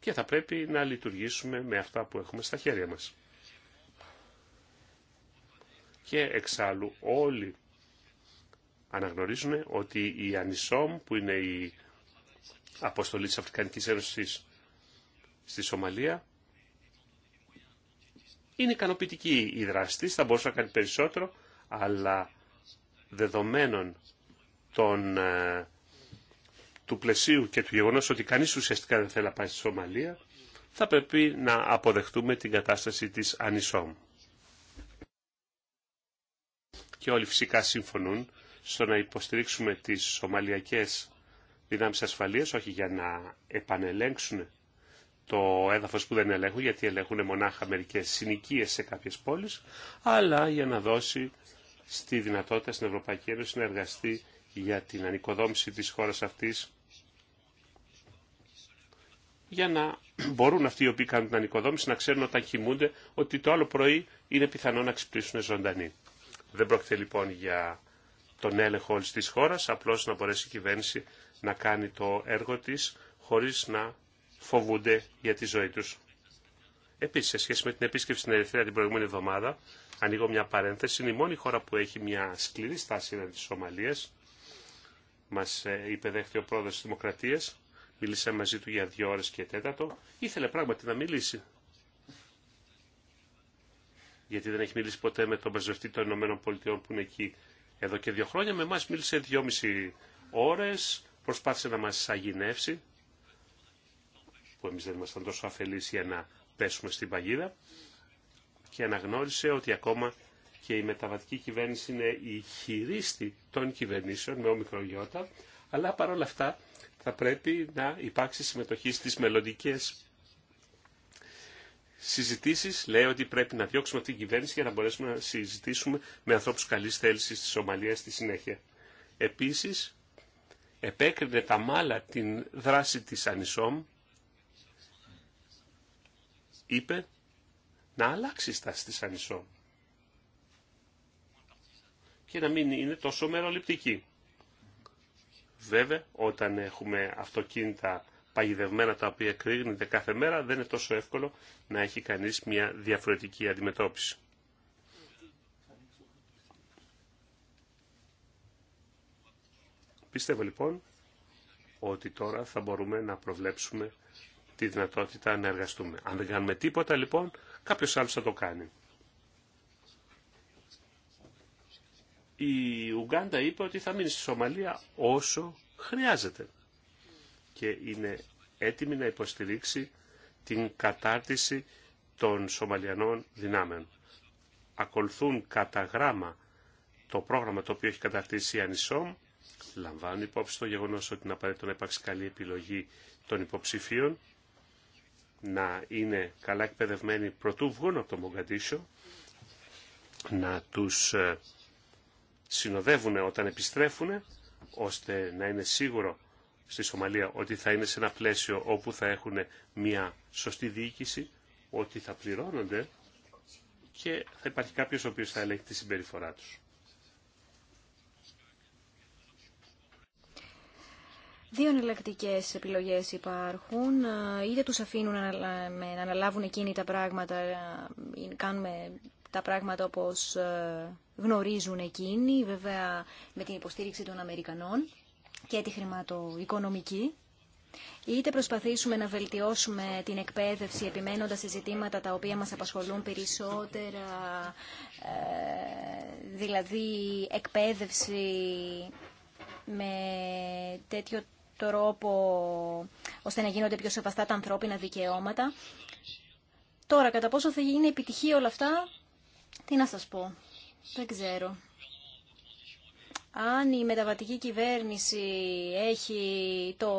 και θα πρέπει να λειτουργήσουμε με αυτά που έχουμε στα χέρια μας. Και εξάλλου όλοι αναγνωρίζουν ότι η Ανισόμ που είναι η αποστολή της Αφρικανικής Ένωσης στη Σομαλία είναι ικανοποιητική η δράση θα μπορούσε να κάνει περισσότερο, αλλά δεδομένων των ε, του πλαισίου και του γεγονός ότι κανείς ουσιαστικά δεν θέλει να πάει στη Σομαλία, θα πρέπει να αποδεχτούμε την κατάσταση της ανισόμ. Και όλοι φυσικά συμφωνούν στο να υποστηρίξουμε τις σομαλιακές δυνάμεις ασφαλείας, όχι για να επανελέγξουν το έδαφος που δεν ελέγχουν, γιατί ελέγχουν μονάχα μερικές συνοικίες σε κάποιες πόλεις, αλλά για να δώσει στη δυνατότητα στην Ευρωπαϊκή Ένωση να εργαστεί για την ανοικοδόμηση της χώρας αυτής για να μπορούν αυτοί οι οποίοι κάνουν την ανοικοδόμηση να ξέρουν όταν κοιμούνται ότι το άλλο πρωί είναι πιθανό να ξυπνήσουν ζωντανοί. Δεν πρόκειται λοιπόν για τον έλεγχο όλη της χώρας, απλώς να μπορέσει η κυβέρνηση να κάνει το έργο τη χωρί να φοβούνται για τη ζωή του. Επίση, σε σχέση με την επίσκεψη στην Ερυθρέα την προηγούμενη εβδομάδα, ανοίγω μια παρένθεση, είναι η μόνη χώρα που έχει μια σκληρή στάση έναντι της μα μας υπεδέχθη ε, ο πρόεδρο τη Δημοκρατία, Μίλησα μαζί του για δύο ώρες και τέταρτο. Ήθελε πράγματι να μιλήσει. Γιατί δεν έχει μιλήσει ποτέ με τον πρεσβευτή των Ηνωμένων Πολιτειών που είναι εκεί εδώ και δύο χρόνια. Με εμά μίλησε δυόμιση ώρες, προσπάθησε να μας αγινεύσει, που εμείς δεν ήμασταν τόσο αφελείς για να πέσουμε στην παγίδα, και αναγνώρισε ότι ακόμα και η μεταβατική κυβέρνηση είναι η χειρίστη των κυβερνήσεων με όμικρο γιώτα, αλλά παρόλα αυτά θα πρέπει να υπάρξει συμμετοχή στις μελλοντικέ συζητήσεις. Λέει ότι πρέπει να διώξουμε αυτή την κυβέρνηση για να μπορέσουμε να συζητήσουμε με ανθρώπους καλής θέλησης της Σομαλίας στη συνέχεια. Επίσης, επέκρινε τα μάλα την δράση της Ανισόμ, είπε να αλλάξει στάση της Ανισόμ και να μην είναι τόσο μεροληπτική. Βέβαια, όταν έχουμε αυτοκίνητα παγιδευμένα τα οποία κρύγνεται κάθε μέρα, δεν είναι τόσο εύκολο να έχει κανείς μια διαφορετική αντιμετώπιση. Πιστεύω λοιπόν ότι τώρα θα μπορούμε να προβλέψουμε τη δυνατότητα να εργαστούμε. Αν δεν κάνουμε τίποτα λοιπόν, κάποιος άλλος θα το κάνει. η Ουγγάντα είπε ότι θα μείνει στη Σομαλία όσο χρειάζεται και είναι έτοιμη να υποστηρίξει την κατάρτιση των Σομαλιανών δυνάμεων. Ακολουθούν κατά γράμμα το πρόγραμμα το οποίο έχει καταρτήσει η Ανισόμ, λαμβάνουν υπόψη το γεγονός ότι είναι απαραίτητο να υπάρξει καλή επιλογή των υποψηφίων, να είναι καλά εκπαιδευμένοι πρωτού βγουν από το Μογκαντήσιο, να τους ε, συνοδεύουν όταν επιστρέφουν, ώστε να είναι σίγουρο στη Σομαλία ότι θα είναι σε ένα πλαίσιο όπου θα έχουν μια σωστή διοίκηση, ότι θα πληρώνονται και θα υπάρχει κάποιος ο οποίος θα ελέγχει τη συμπεριφορά τους. Δύο εναλλακτικέ επιλογέ υπάρχουν. Είτε του αφήνουν να αναλάβουν εκείνοι τα πράγματα, ε, κάνουμε τα πράγματα όπως ε, γνωρίζουν εκείνοι, βέβαια με την υποστήριξη των Αμερικανών και τη χρηματοοικονομική. Είτε προσπαθήσουμε να βελτιώσουμε την εκπαίδευση επιμένοντας σε ζητήματα τα οποία μας απασχολούν περισσότερα, ε, δηλαδή εκπαίδευση με τέτοιο τρόπο ώστε να γίνονται πιο σεβαστά τα ανθρώπινα δικαιώματα. Τώρα, κατά πόσο θα γίνει επιτυχία όλα αυτά, τι να σας πω, δεν ξέρω. Αν η μεταβατική κυβέρνηση έχει το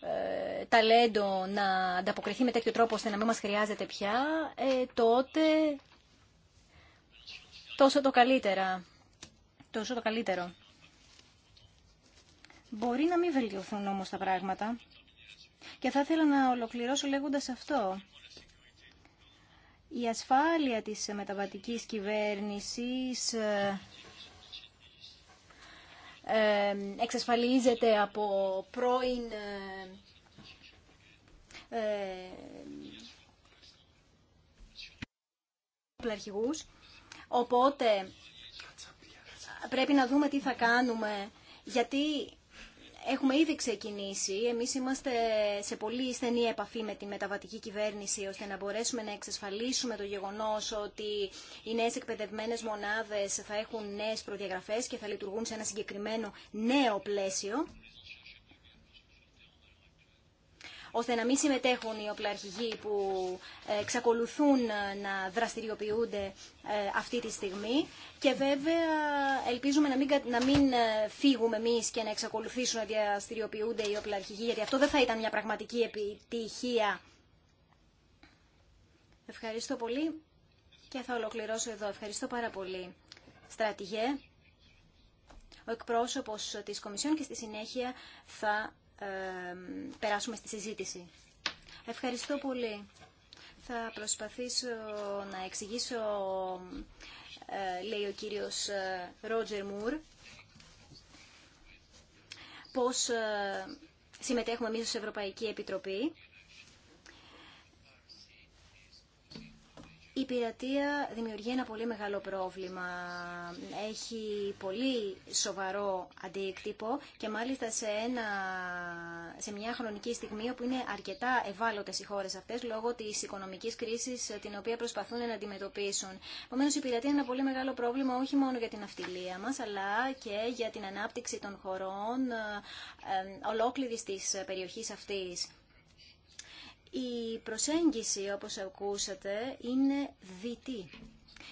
ε, ταλέντο να ανταποκριθεί με τέτοιο τρόπο ώστε να μην μας χρειάζεται πια, ε, τότε τόσο το καλύτερα. Τόσο το καλύτερο. Μπορεί να μην βελτιωθούν όμως τα πράγματα. Και θα ήθελα να ολοκληρώσω λέγοντας αυτό. Η ασφάλεια της μεταβατικής κυβέρνησης ε, ε, εξασφαλίζεται από πρώην ε, αρχηγούς. Οπότε πρέπει να δούμε τι θα κάνουμε γιατί έχουμε ήδη ξεκινήσει. Εμείς είμαστε σε πολύ στενή επαφή με τη μεταβατική κυβέρνηση ώστε να μπορέσουμε να εξασφαλίσουμε το γεγονός ότι οι νέε εκπαιδευμένε μονάδες θα έχουν νέες προδιαγραφέ και θα λειτουργούν σε ένα συγκεκριμένο νέο πλαίσιο. ώστε να μην συμμετέχουν οι οπλαρχηγοί που ε, εξακολουθούν ε, να δραστηριοποιούνται ε, αυτή τη στιγμή και βέβαια ελπίζουμε να μην, φύγουμε εμεί και να εξακολουθήσουν να διαστηριοποιούνται οι οπλαρχηγοί γιατί αυτό δεν θα ήταν μια πραγματική επιτυχία. Ευχαριστώ πολύ και θα ολοκληρώσω εδώ. Ευχαριστώ πάρα πολύ. Στρατηγέ, ο εκπρόσωπος της Κομισιόν και στη συνέχεια θα περάσουμε στη συζήτηση. Ευχαριστώ πολύ. Θα προσπαθήσω να εξηγήσω, ε, λέει ο κύριος ε, Ρότζερ Μουρ, πώς ε, συμμετέχουμε εμείς ως Ευρωπαϊκή Επιτροπή. Η πειρατεία δημιουργεί ένα πολύ μεγάλο πρόβλημα. Έχει πολύ σοβαρό αντίκτυπο και μάλιστα σε, ένα, σε μια χρονική στιγμή όπου είναι αρκετά ευάλωτες οι χώρες αυτές λόγω της οικονομικής κρίσης ε, την οποία προσπαθούν να αντιμετωπίσουν. Επομένω, η πειρατεία είναι ένα πολύ μεγάλο πρόβλημα όχι μόνο για την αυτιλία μας αλλά και για την ανάπτυξη των χωρών ε, ε, ολόκληρης της περιοχής αυτής. Η προσέγγιση, όπως ακούσατε, είναι δυτή.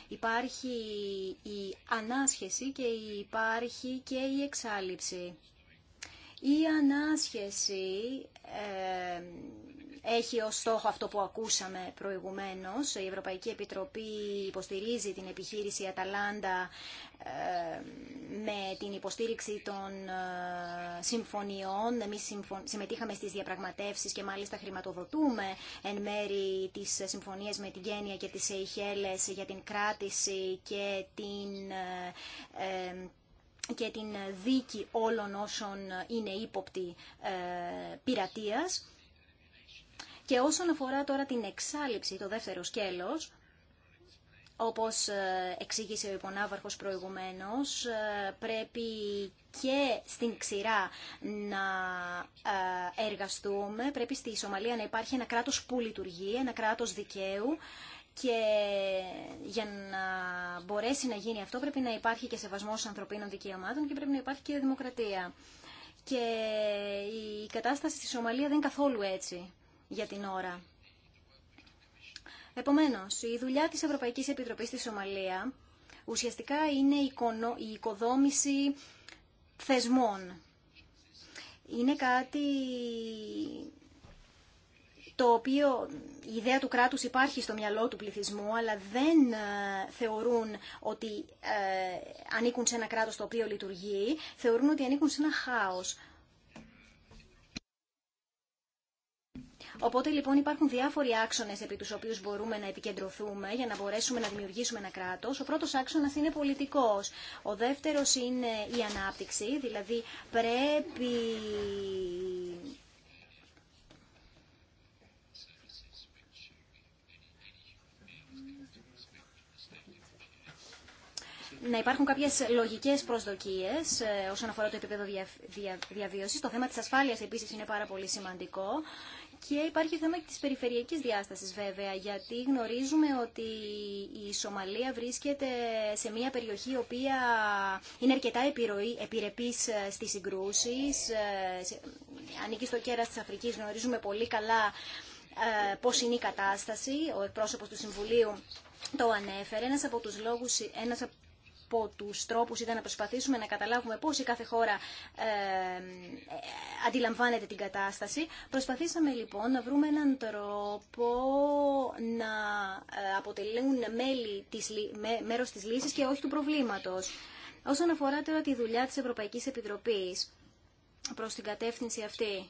Υπάρχει η ανάσχεση και υπάρχει και η εξάλληψη. Η ανάσχεση ε, έχει ως στόχο αυτό που ακούσαμε προηγουμένως. Η Ευρωπαϊκή Επιτροπή υποστηρίζει την επιχείρηση Αταλάντα ε, με την υποστήριξη των ε, συμφωνιών. Εμείς συμμετείχαμε στις διαπραγματεύσεις και μάλιστα χρηματοδοτούμε εν μέρη τις συμφωνίες με την Γένεια και τις Σεϊχέλες για την κράτηση και την ε, και την δίκη όλων όσων είναι ύποπτοι πειρατείας. Και όσον αφορά τώρα την εξάλληψη, το δεύτερο σκέλος, όπως ε, εξήγησε ο υπονάβαρχος προηγουμένως, ε, πρέπει και στην ξηρά να ε, εργαστούμε. Πρέπει στη Σομαλία να υπάρχει ένα κράτος που λειτουργεί, ένα κράτος δικαίου και για να μπορέσει να γίνει αυτό πρέπει να υπάρχει και σεβασμός ανθρωπίνων δικαιωμάτων και πρέπει να υπάρχει και δημοκρατία. Και η κατάσταση στη Σομαλία δεν είναι καθόλου έτσι για την ώρα. Επομένως, η δουλειά της Ευρωπαϊκής Επιτροπής στη Σομαλία ουσιαστικά είναι η οικοδόμηση θεσμών. Είναι κάτι το οποίο η ιδέα του κράτους υπάρχει στο μυαλό του πληθυσμού, αλλά δεν ε, θεωρούν ότι ε, ανήκουν σε ένα κράτος το οποίο λειτουργεί, θεωρούν ότι ανήκουν σε ένα χάος. Οπότε λοιπόν υπάρχουν διάφοροι άξονε επί του οποίου μπορούμε να επικεντρωθούμε για να μπορέσουμε να δημιουργήσουμε ένα κράτο. Ο πρώτο άξονα είναι πολιτικό. Ο δεύτερο είναι η ανάπτυξη, δηλαδή πρέπει. να υπάρχουν κάποιε λογικέ προσδοκίε ε, όσον αφορά το επίπεδο διαβίωση. Το θέμα τη ασφάλεια επίση είναι πάρα πολύ σημαντικό. Και υπάρχει θέμα και της περιφερειακής διάστασης βέβαια, γιατί γνωρίζουμε ότι η Σομαλία βρίσκεται σε μια περιοχή η οποία είναι αρκετά επιρροή, επιρρεπής ε, στις συγκρούσεις, ε, ανήκει στο κέρα τη Αφρική, γνωρίζουμε πολύ καλά ε, πώς είναι η κατάσταση, ο εκπρόσωπος του Συμβουλίου το ανέφερε. Ένας από τους λόγους, ένας από του τρόπους ήταν να προσπαθήσουμε να καταλάβουμε πώς η κάθε χώρα ε, αντιλαμβάνεται την κατάσταση. Προσπαθήσαμε λοιπόν να βρούμε έναν τρόπο να ε, αποτελούν μέλη της, με, μέρος της λύσης και όχι του προβλήματος. Όσον αφορά τώρα τη δουλειά της Ευρωπαϊκής Επιτροπής προς την κατεύθυνση αυτή,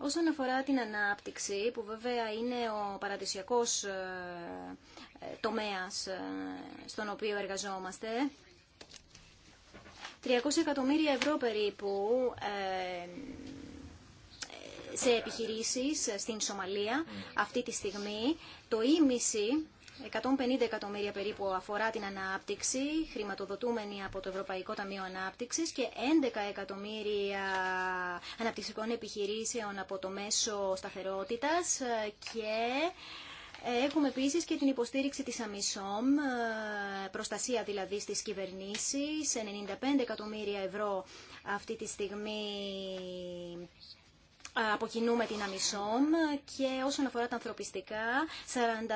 Όσον αφορά την ανάπτυξη, που βέβαια είναι ο παραδοσιακός ε, τομέας ε, στον οποίο εργαζόμαστε, 300 εκατομμύρια ευρώ περίπου ε, σε επιχειρήσεις στην Σομαλία αυτή τη στιγμή, το ίμιση 150 εκατομμύρια περίπου αφορά την ανάπτυξη, χρηματοδοτούμενη από το Ευρωπαϊκό Ταμείο Ανάπτυξης και 11 εκατομμύρια αναπτυξικών επιχειρήσεων από το μέσο σταθερότητας και Έχουμε επίσης και την υποστήριξη της Αμισόμ, προστασία δηλαδή στις κυβερνήσεις, 95 εκατομμύρια ευρώ αυτή τη στιγμή αποκινούμε την Αμισόμ και όσον αφορά τα ανθρωπιστικά 44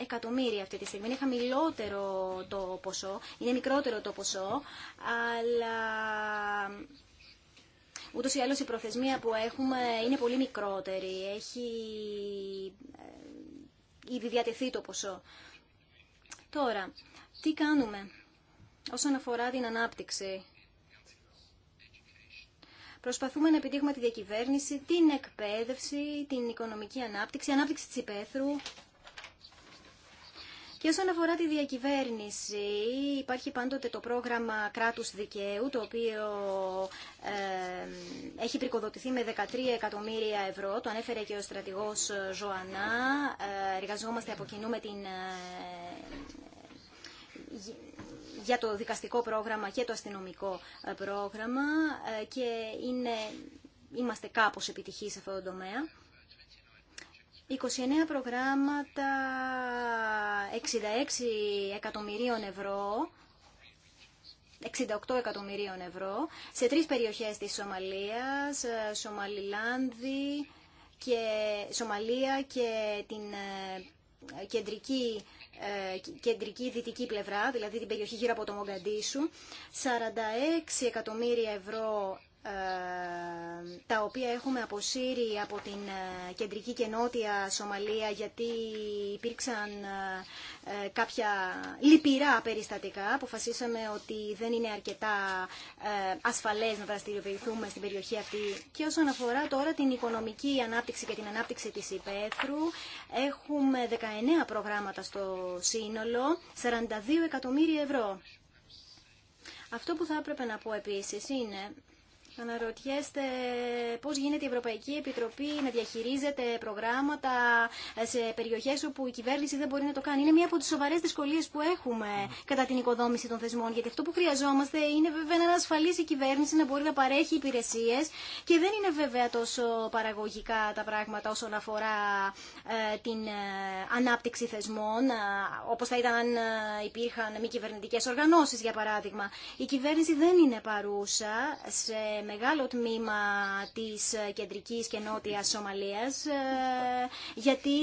εκατομμύρια αυτή τη στιγμή. Είναι χαμηλότερο το ποσό, είναι μικρότερο το ποσό, αλλά ούτως ή άλλως η προθεσμία που έχουμε είναι πολύ μικρότερη. Έχει ε, ήδη διατεθεί το ποσό. Τώρα, τι κάνουμε όσον αφορά την ανάπτυξη Προσπαθούμε να επιτύχουμε τη διακυβέρνηση, την εκπαίδευση, την οικονομική ανάπτυξη, ανάπτυξη της υπαίθρου. Και όσον αφορά τη διακυβέρνηση, υπάρχει πάντοτε το πρόγραμμα κράτους δικαίου, το οποίο ε, έχει πρικοδοτηθεί με 13 εκατομμύρια ευρώ. Το ανέφερε και ο στρατηγός Ζωανά. Ε, εργαζόμαστε από κοινού με την ε, για το δικαστικό πρόγραμμα και το αστυνομικό ε, πρόγραμμα ε, και είμαστε κάπως επιτυχείς σε αυτό το τομέα. 29 προγράμματα, 66 εκατομμυρίων ευρώ, 68 εκατομμυρίων ευρώ, σε τρεις περιοχές της Σομαλίας, ε, Σομαλιλάνδη, και Σομαλία και την κεντρική ε, κεντρική δυτική πλευρά, δηλαδή την περιοχή γύρω από το Μογκαντήσου, 46 εκατομμύρια ευρώ ε, τα οποία έχουμε αποσύρει από την ε, κεντρική και νότια Σομαλία γιατί υπήρξαν ε, κάποια λυπηρά περιστατικά. Αποφασίσαμε ότι δεν είναι αρκετά ασφαλές να δραστηριοποιηθούμε στην περιοχή αυτή. Και όσον αφορά τώρα την οικονομική ανάπτυξη και την ανάπτυξη της υπαίθρου, έχουμε 19 προγράμματα στο σύνολο, 42 εκατομμύρια ευρώ. Αυτό που θα έπρεπε να πω επίσης είναι Αναρωτιέστε πώς γίνεται η Ευρωπαϊκή Επιτροπή να διαχειρίζεται προγράμματα σε περιοχές όπου η κυβέρνηση δεν μπορεί να το κάνει. Είναι μία από τις σοβαρές δυσκολίες που έχουμε κατά την οικοδόμηση των θεσμών, γιατί αυτό που χρειαζόμαστε είναι βέβαια να ασφαλίσει η κυβέρνηση να μπορεί να παρέχει υπηρεσίες και δεν είναι βέβαια τόσο παραγωγικά τα πράγματα όσον αφορά ε, την ε, ανάπτυξη θεσμών, ε, όπως θα ήταν αν υπήρχαν μη κυβερνητικέ οργανώσεις, για παράδειγμα. Η κυβέρνηση δεν είναι παρούσα σε μεγάλο τμήμα της κεντρικής και νότιας Σομαλίας ε, γιατί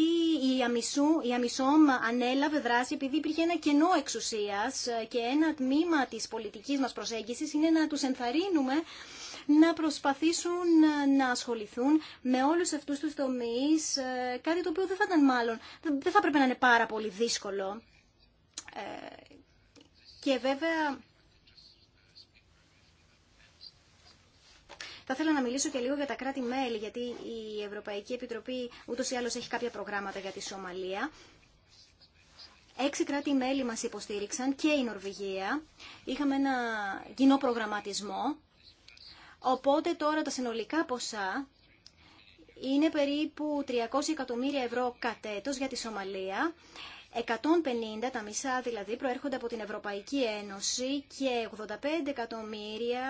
η, Αμισού, η Αμισόμ ανέλαβε δράση επειδή υπήρχε ένα κενό εξουσίας ε, και ένα τμήμα της πολιτικής μας προσέγγισης είναι να τους ενθαρρύνουμε να προσπαθήσουν ε, να ασχοληθούν με όλους αυτούς τους τομείς, κάτι το οποίο δεν θα ήταν μάλλον, δεν θα πρέπει να είναι πάρα πολύ δύσκολο. Και βέβαια Θα ήθελα να μιλήσω και λίγο για τα κράτη-μέλη, γιατί η Ευρωπαϊκή Επιτροπή ούτως ή άλλως έχει κάποια προγράμματα για τη Σομαλία. Έξι κράτη-μέλη μας υποστήριξαν και η Νορβηγία. Είχαμε ένα κοινό προγραμματισμό. Οπότε τώρα τα συνολικά ποσά είναι περίπου 300 εκατομμύρια ευρώ κατέτος για τη Σομαλία 150, τα μισά δηλαδή, προέρχονται από την Ευρωπαϊκή Ένωση και 85 εκατομμύρια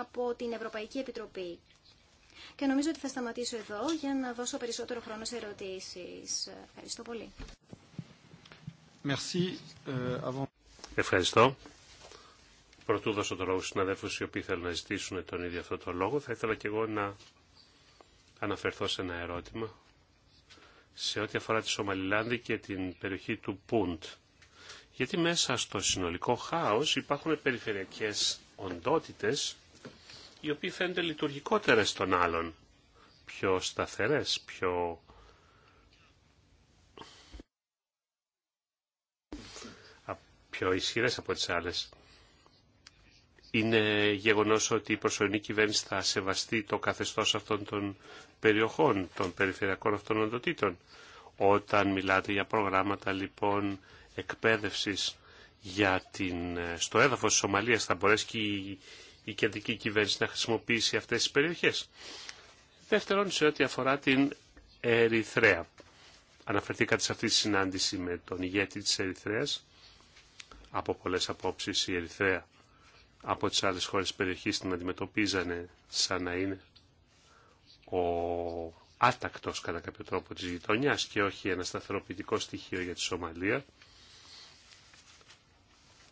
από την Ευρωπαϊκή Επιτροπή. Και νομίζω ότι θα σταματήσω εδώ για να δώσω περισσότερο χρόνο σε ερωτήσεις. Ευχαριστώ πολύ. Ε, Ευχαριστώ. Πρωτού δώσω το λόγο στους συναδέλφους οι οποίοι θέλουν να ζητήσουν τον ίδιο αυτό το λόγο, θα ήθελα και εγώ να αναφερθώ σε ένα ερώτημα σε ό,τι αφορά τη Σομαλιλάνδη και την περιοχή του Πούντ. Γιατί μέσα στο συνολικό χάος υπάρχουν περιφερειακές οντότητες οι οποίοι φαίνονται λειτουργικότερες των άλλων, πιο σταθερές, πιο... πιο ισχυρές από τις άλλες. Είναι γεγονός ότι η προσωρινή κυβέρνηση θα σεβαστεί το καθεστώς αυτών των περιοχών, των περιφερειακών αυτών οντοτήτων. Όταν μιλάτε για προγράμματα λοιπόν εκπαίδευσης για την, στο έδαφος της Σομαλίας, θα μπορέσει και η, η κεντρική κυβέρνηση να χρησιμοποιήσει αυτές τις περιοχές. Δεύτερον, σε ό,τι αφορά την Ερυθρέα. Αναφερθήκατε σε αυτή τη συνάντηση με τον ηγέτη της Ερυθρέας. Από πολλές απόψεις η Ερυθρέα από τις άλλες χώρες της περιοχής την αντιμετωπίζανε σαν να είναι ο άτακτος κατά κάποιο τρόπο της γειτονιάς και όχι ένα σταθεροποιητικό στοιχείο για τη Σομαλία.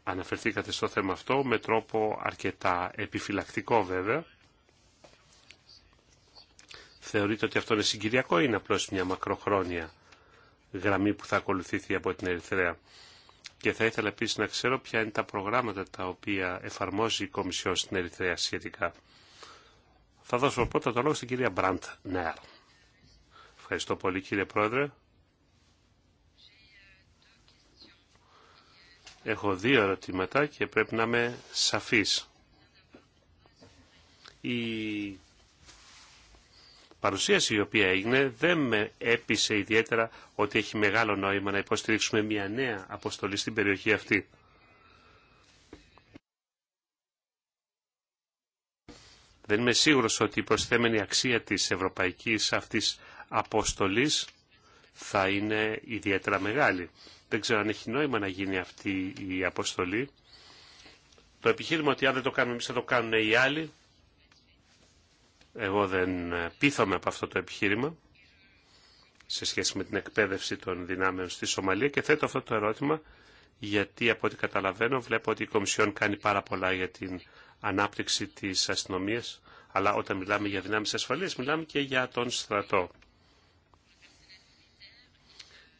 Αναφερθήκατε στο θέμα αυτό με τρόπο αρκετά επιφυλακτικό βέβαια. Θεωρείτε ότι αυτό είναι συγκυριακό ή είναι απλώς μια μακροχρόνια γραμμή που θα ακολουθηθεί από την Ερυθρέα. Και θα ήθελα επίσης να ξέρω ποια είναι τα προγράμματα τα οποία εφαρμόζει η Κομισιόν στην Ερυθρέα σχετικά. Θα δώσω πρώτα το λόγο στην κυρία Μπραντ Νέαρ. Ευχαριστώ πολύ κύριε Πρόεδρε. Έχω δύο ερωτήματα και πρέπει να είμαι σαφής. Η παρουσίαση η οποία έγινε δεν με έπεισε ιδιαίτερα ότι έχει μεγάλο νόημα να υποστηρίξουμε μια νέα αποστολή στην περιοχή αυτή. Δεν είμαι σίγουρος ότι η προσθέμενη αξία της ευρωπαϊκής αυτής αποστολής θα είναι ιδιαίτερα μεγάλη. Δεν ξέρω αν έχει νόημα να γίνει αυτή η αποστολή. Το επιχείρημα ότι αν δεν το κάνουμε εμείς θα το κάνουν οι άλλοι εγώ δεν ε, πείθομαι από αυτό το επιχείρημα σε σχέση με την εκπαίδευση των δυνάμεων στη Σομαλία και θέτω αυτό το ερώτημα γιατί από ό,τι καταλαβαίνω βλέπω ότι η Κομισιόν κάνει πάρα πολλά για την ανάπτυξη της αστυνομίας αλλά όταν μιλάμε για δυνάμεις ασφαλείας μιλάμε και για τον στρατό.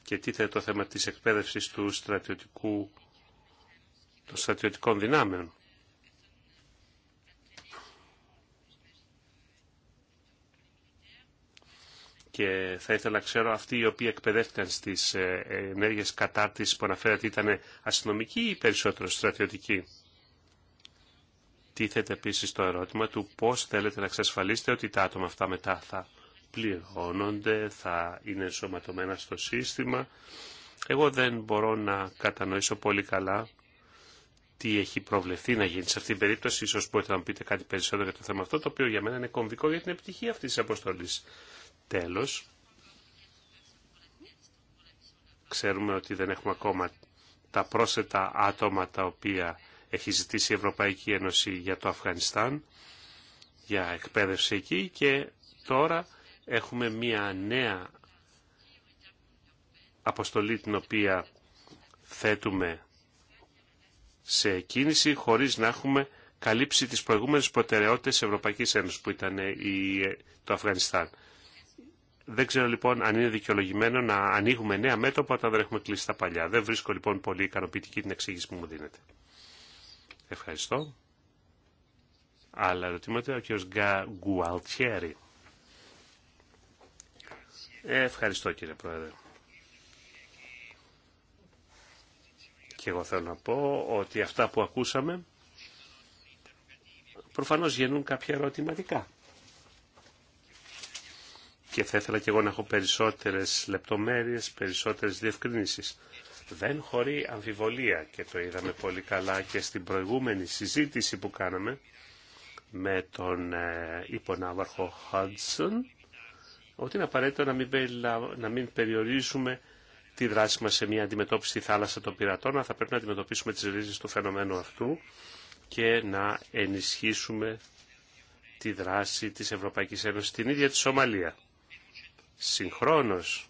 Και τίθεται το θέμα της εκπαίδευσης του στρατιωτικού, των στρατιωτικών δυνάμεων. και θα ήθελα να ξέρω αυτοί οι οποίοι εκπαιδεύτηκαν στις ε, ενέργειες κατάρτισης που αναφέρατε ήταν αστυνομικοί ή περισσότερο στρατιωτικοί. Τίθεται επίση το ερώτημα του πώς θέλετε να εξασφαλίσετε ότι τα άτομα αυτά μετά θα πληρώνονται, θα είναι ενσωματωμένα στο σύστημα. Εγώ δεν μπορώ να κατανοήσω πολύ καλά τι έχει προβλεφθεί να γίνει σε αυτήν την περίπτωση. Ίσως μπορείτε να μου πείτε κάτι περισσότερο για το θέμα αυτό, το οποίο για μένα είναι κομβικό για την επιτυχία αυτής της αποστολής. Τέλος, ξέρουμε ότι δεν έχουμε ακόμα τα πρόσθετα άτομα τα οποία έχει ζητήσει η Ευρωπαϊκή Ένωση για το Αφγανιστάν, για εκπαίδευση εκεί και τώρα έχουμε μία νέα αποστολή την οποία θέτουμε σε κίνηση χωρίς να έχουμε καλύψει τις προηγούμενες προτεραιότητες Ευρωπαϊκής Ένωσης που ήταν η, το Αφγανιστάν. Δεν ξέρω λοιπόν αν είναι δικαιολογημένο να ανοίγουμε νέα μέτωπα όταν δεν έχουμε κλείσει τα παλιά. Δεν βρίσκω λοιπόν πολύ ικανοποιητική την εξήγηση που μου δίνεται. Ευχαριστώ. Άλλα ερωτήματα, ο κ. Γκουαλτιέρη. Ευχαριστώ κύριε Πρόεδρε. Και εγώ θέλω να πω ότι αυτά που ακούσαμε προφανώς γεννούν κάποια ερωτηματικά και θα ήθελα και εγώ να έχω περισσότερες λεπτομέρειες, περισσότερες διευκρινήσεις. Δεν χωρεί αμφιβολία και το είδαμε πολύ καλά και στην προηγούμενη συζήτηση που κάναμε με τον ε, υπονάβαρχο Χάντσον ότι είναι απαραίτητο να μην, να μην περιορίζουμε τη δράση μας σε μια αντιμετώπιση στη θάλασσα των πειρατών, αλλά θα πρέπει να αντιμετωπίσουμε τις ρίζες του φαινομένου αυτού και να ενισχύσουμε τη δράση της Ευρωπαϊκής Ένωσης στην ίδια τη Σομαλία. Συγχρόνως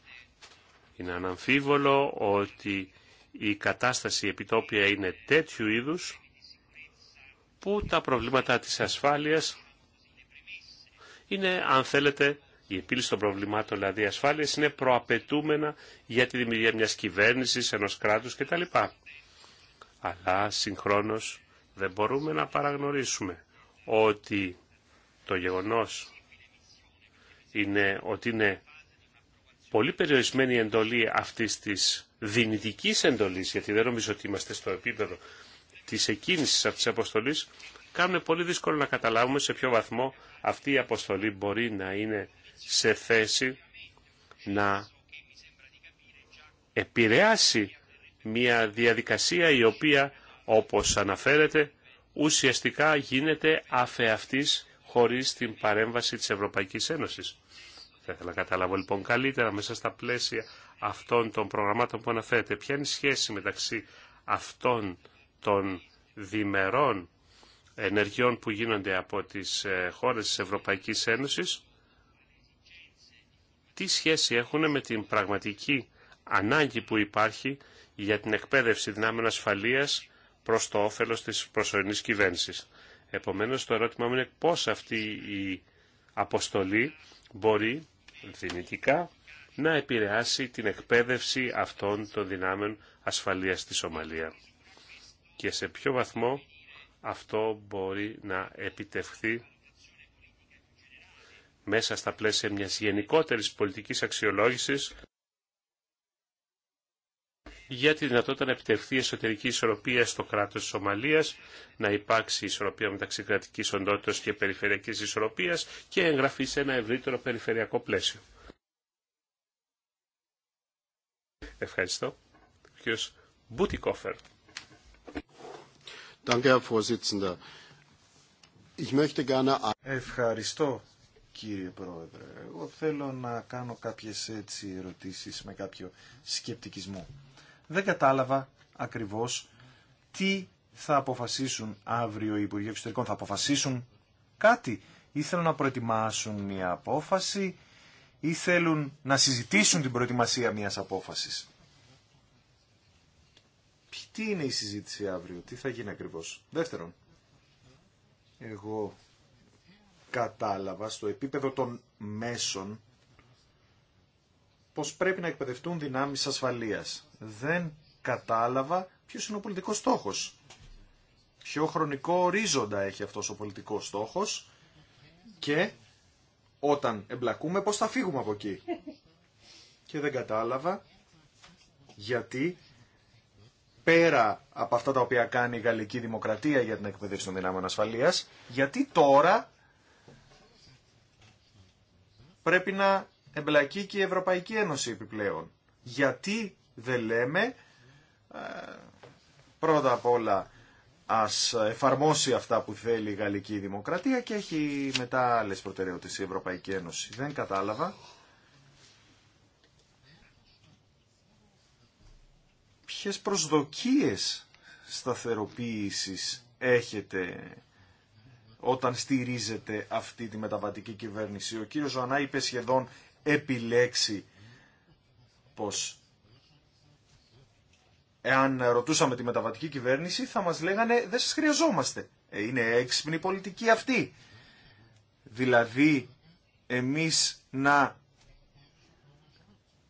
είναι αναμφίβολο ότι η κατάσταση επιτόπια είναι τέτοιου είδους που τα προβλήματα της ασφάλειας είναι, αν θέλετε, η επίλυση των προβλημάτων, δηλαδή ασφάλειας, είναι προαπαιτούμενα για τη δημιουργία μιας κυβέρνησης, ενός κράτους κτλ. Αλλά συγχρόνως δεν μπορούμε να παραγνωρίσουμε ότι το γεγονός είναι ότι είναι πολύ περιορισμένη εντολή αυτής της δυνητικής εντολής, γιατί δεν νομίζω ότι είμαστε στο επίπεδο της εκκίνησης αυτής της αποστολής, κάνουν πολύ δύσκολο να καταλάβουμε σε ποιο βαθμό αυτή η αποστολή μπορεί να είναι σε θέση να επηρεάσει μια διαδικασία η οποία, όπως αναφέρεται, ουσιαστικά γίνεται αφεαυτής χωρίς την παρέμβαση της Ευρωπαϊκής Ένωσης. Θα ήθελα να καταλάβω λοιπόν καλύτερα μέσα στα πλαίσια αυτών των προγραμμάτων που αναφέρεται Ποια είναι η σχέση μεταξύ αυτών των διμερών ενεργειών που γίνονται από τις ε, χώρες της Ευρωπαϊκής Ένωσης, τι σχέση έχουν με την πραγματική ανάγκη που υπάρχει για την εκπαίδευση δυνάμεων ασφαλείας προς το όφελος της προσωρινής κυβέρνησης. Επομένως, το ερώτημα μου είναι πώς αυτή η αποστολή μπορεί δυνητικά να επηρεάσει την εκπαίδευση αυτών των δυνάμεων ασφαλείας στη Σομαλία. Και σε ποιο βαθμό αυτό μπορεί να επιτευχθεί μέσα στα πλαίσια μιας γενικότερης πολιτικής αξιολόγησης για τη δυνατότητα να επιτευχθεί εσωτερική ισορροπία στο κράτος της Σομαλίας, να υπάρξει ισορροπία μεταξύ κρατική οντότητα και περιφερειακής ισορροπία και εγγραφή σε ένα ευρύτερο περιφερειακό πλαίσιο. Ευχαριστώ. Μπουτικόφερ. Ευχαριστώ κύριε Πρόεδρε. Εγώ θέλω να κάνω κάποιες έτσι ερωτήσεις με κάποιο σκεπτικισμό δεν κατάλαβα ακριβώς τι θα αποφασίσουν αύριο οι Υπουργοί Εξωτερικών. Θα αποφασίσουν κάτι ή θέλουν να προετοιμάσουν μια απόφαση ή θέλουν να συζητήσουν την προετοιμασία μιας απόφασης. Τι είναι η συζήτηση αύριο, τι θα γίνει ακριβώς. Δεύτερον, εγώ κατάλαβα στο επίπεδο των μέσων πως πρέπει να εκπαιδευτούν δυνάμεις ασφαλείας δεν κατάλαβα ποιος είναι ο πολιτικός στόχος. Ποιο χρονικό ορίζοντα έχει αυτός ο πολιτικός στόχος και όταν εμπλακούμε πώς θα φύγουμε από εκεί. Και δεν κατάλαβα γιατί πέρα από αυτά τα οποία κάνει η Γαλλική Δημοκρατία για την εκπαίδευση των δυνάμεων ασφαλείας, γιατί τώρα πρέπει να εμπλακεί και η Ευρωπαϊκή Ένωση επιπλέον. Γιατί δεν λέμε. Ε, πρώτα απ' όλα ας εφαρμόσει αυτά που θέλει η Γαλλική Δημοκρατία και έχει μετά άλλε προτεραιότητες η Ευρωπαϊκή Ένωση. Δεν κατάλαβα. Ποιες προσδοκίες σταθεροποίησης έχετε όταν στηρίζετε αυτή τη μεταβατική κυβέρνηση. Ο κύριος Ζωανά είπε σχεδόν επιλέξει πως εάν ρωτούσαμε τη μεταβατική κυβέρνηση θα μας λέγανε δεν σας χρειαζόμαστε. Ε, είναι έξυπνη πολιτική αυτή. Δηλαδή εμείς να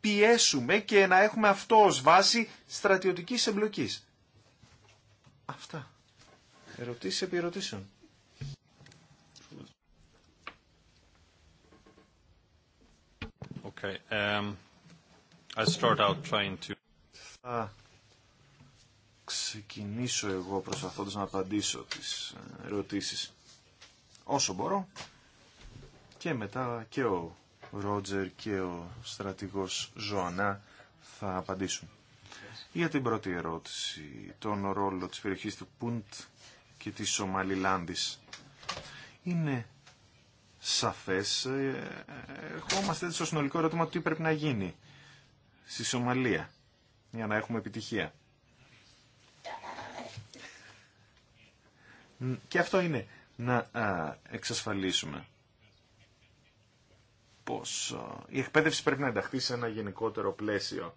πιέσουμε και να έχουμε αυτό ως βάση στρατιωτικής εμπλοκής. Αυτά. Ερωτήσεις επί ερωτήσεων. Okay, um, start out trying to... Θα ξεκινήσω εγώ προσπαθώντας να απαντήσω τις ερωτήσεις όσο μπορώ και μετά και ο Ρότζερ και ο στρατηγός Ζωανά θα απαντήσουν. Για την πρώτη ερώτηση, τον ρόλο της περιοχής του Πούντ και της Σομαλιλάνδης. Είναι σαφές, ε, ερχόμαστε στο συνολικό ερώτημα του τι πρέπει να γίνει στη Σομαλία για να έχουμε επιτυχία. Και αυτό είναι να εξασφαλίσουμε πως η εκπαίδευση πρέπει να ενταχθεί σε ένα γενικότερο πλαίσιο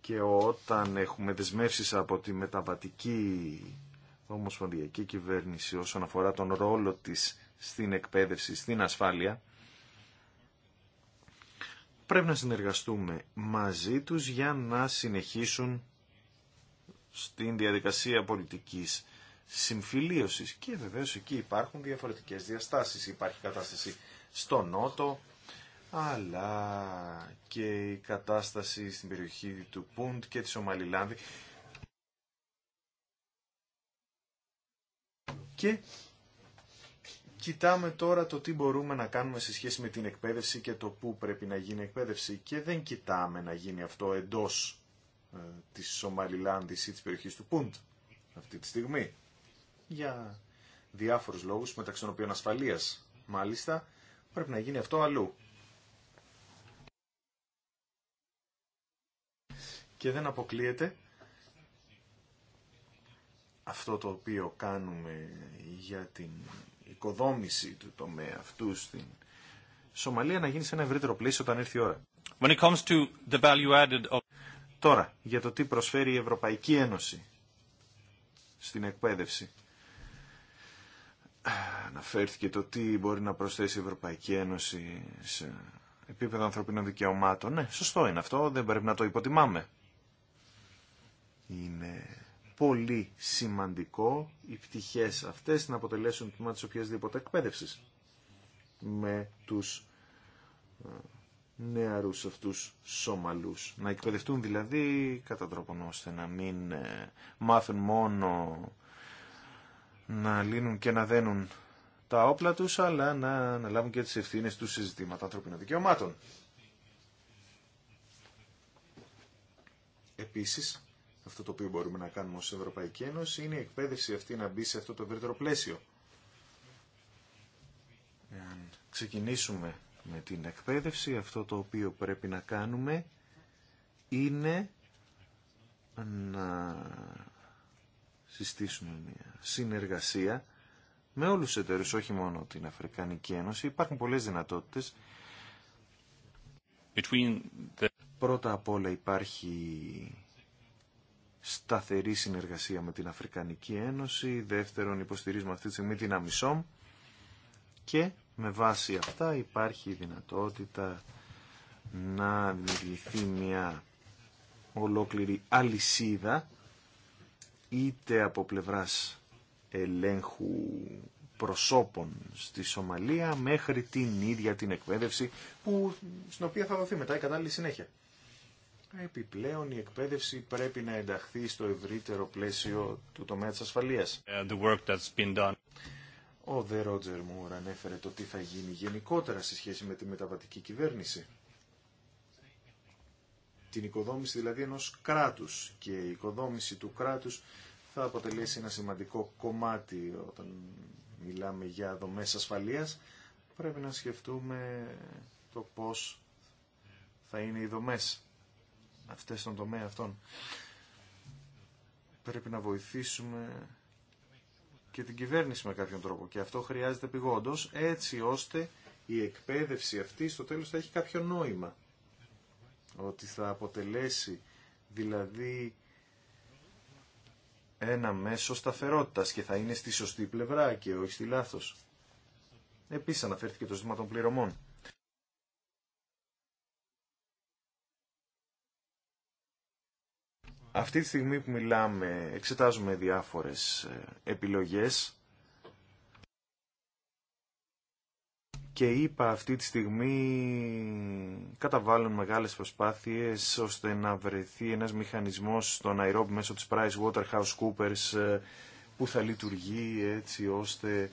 και όταν έχουμε δεσμεύσεις από τη μεταβατική ομοσπονδιακή κυβέρνηση όσον αφορά τον ρόλο της στην εκπαίδευση, στην ασφάλεια, πρέπει να συνεργαστούμε μαζί τους για να συνεχίσουν στην διαδικασία πολιτικής συμφιλίωσης και βεβαίω εκεί υπάρχουν διαφορετικές διαστάσεις. Υπάρχει κατάσταση στο Νότο αλλά και η κατάσταση στην περιοχή του Πούντ και της Ομαλιλάνδη και κοιτάμε τώρα το τι μπορούμε να κάνουμε σε σχέση με την εκπαίδευση και το πού πρέπει να γίνει εκπαίδευση και δεν κοιτάμε να γίνει αυτό εντός ε, της Σομαλιλάνδης ή της περιοχής του Πούντ αυτή τη στιγμή για διάφορους λόγους, μεταξύ των οποίων ασφαλείας μάλιστα, πρέπει να γίνει αυτό αλλού. Και δεν αποκλείεται αυτό το οποίο κάνουμε για την οικοδόμηση του τομέα αυτού στην Σομαλία να γίνει σε ένα ευρύτερο πλαίσιο όταν έρθει η ώρα. the value added of... Τώρα, για το τι προσφέρει η Ευρωπαϊκή Ένωση στην εκπαίδευση αναφέρθηκε το τι μπορεί να προσθέσει η Ευρωπαϊκή Ένωση σε επίπεδο ανθρωπίνων δικαιωμάτων. Ναι, σωστό είναι αυτό, δεν πρέπει να το υποτιμάμε. Είναι πολύ σημαντικό οι πτυχές αυτές να αποτελέσουν τμήμα της οποιασδήποτε εκπαίδευση με τους ε, νεαρούς αυτούς σομαλούς. Να εκπαιδευτούν δηλαδή κατά τρόπον ώστε να μην ε, μάθουν μόνο να λύνουν και να δένουν τα όπλα τους, αλλά να αναλάβουν και τις ευθύνες του συζητήματα ανθρωπίνων δικαιωμάτων. Επίσης, αυτό το οποίο μπορούμε να κάνουμε ως Ευρωπαϊκή Ένωση είναι η εκπαίδευση αυτή να μπει σε αυτό το ευρύτερο πλαίσιο. Εάν ξεκινήσουμε με την εκπαίδευση, αυτό το οποίο πρέπει να κάνουμε είναι να συστήσουμε μια συνεργασία με όλους τους εταίρους, όχι μόνο την Αφρικανική Ένωση. Υπάρχουν πολλές δυνατότητες. Πρώτα απ' όλα υπάρχει σταθερή συνεργασία με την Αφρικανική Ένωση. Δεύτερον, υποστηρίζουμε αυτή τη στιγμή την Αμισόμ. Και με βάση αυτά υπάρχει η δυνατότητα να δημιουργηθεί μια ολόκληρη αλυσίδα είτε από πλευράς ελέγχου προσώπων στη Σομαλία μέχρι την ίδια την εκπαίδευση που, στην οποία θα δοθεί μετά η κατάλληλη συνέχεια. Επιπλέον η εκπαίδευση πρέπει να ενταχθεί στο ευρύτερο πλαίσιο του τομέα της ασφαλείας. The work that's been done. Ο Δε Ρότζερ Μουρ ανέφερε το τι θα γίνει γενικότερα σε σχέση με τη μεταβατική κυβέρνηση την οικοδόμηση δηλαδή ενός κράτους και η οικοδόμηση του κράτους θα αποτελέσει ένα σημαντικό κομμάτι όταν μιλάμε για δομές ασφαλείας. Πρέπει να σκεφτούμε το πώς θα είναι οι δομές αυτές στον τομέα αυτών. Πρέπει να βοηθήσουμε και την κυβέρνηση με κάποιον τρόπο και αυτό χρειάζεται πηγόντως έτσι ώστε η εκπαίδευση αυτή στο τέλος θα έχει κάποιο νόημα ότι θα αποτελέσει δηλαδή ένα μέσο σταθερότητας και θα είναι στη σωστή πλευρά και όχι στη λάθος. Επίσης αναφέρθηκε το ζήτημα των πληρωμών. Αυτή τη στιγμή που μιλάμε εξετάζουμε διάφορες ε, επιλογές και είπα αυτή τη στιγμή καταβάλουν μεγάλες προσπάθειες ώστε να βρεθεί ένας μηχανισμός στον Ναϊρόμπι μέσω της PricewaterhouseCoopers ε, που θα λειτουργεί έτσι ώστε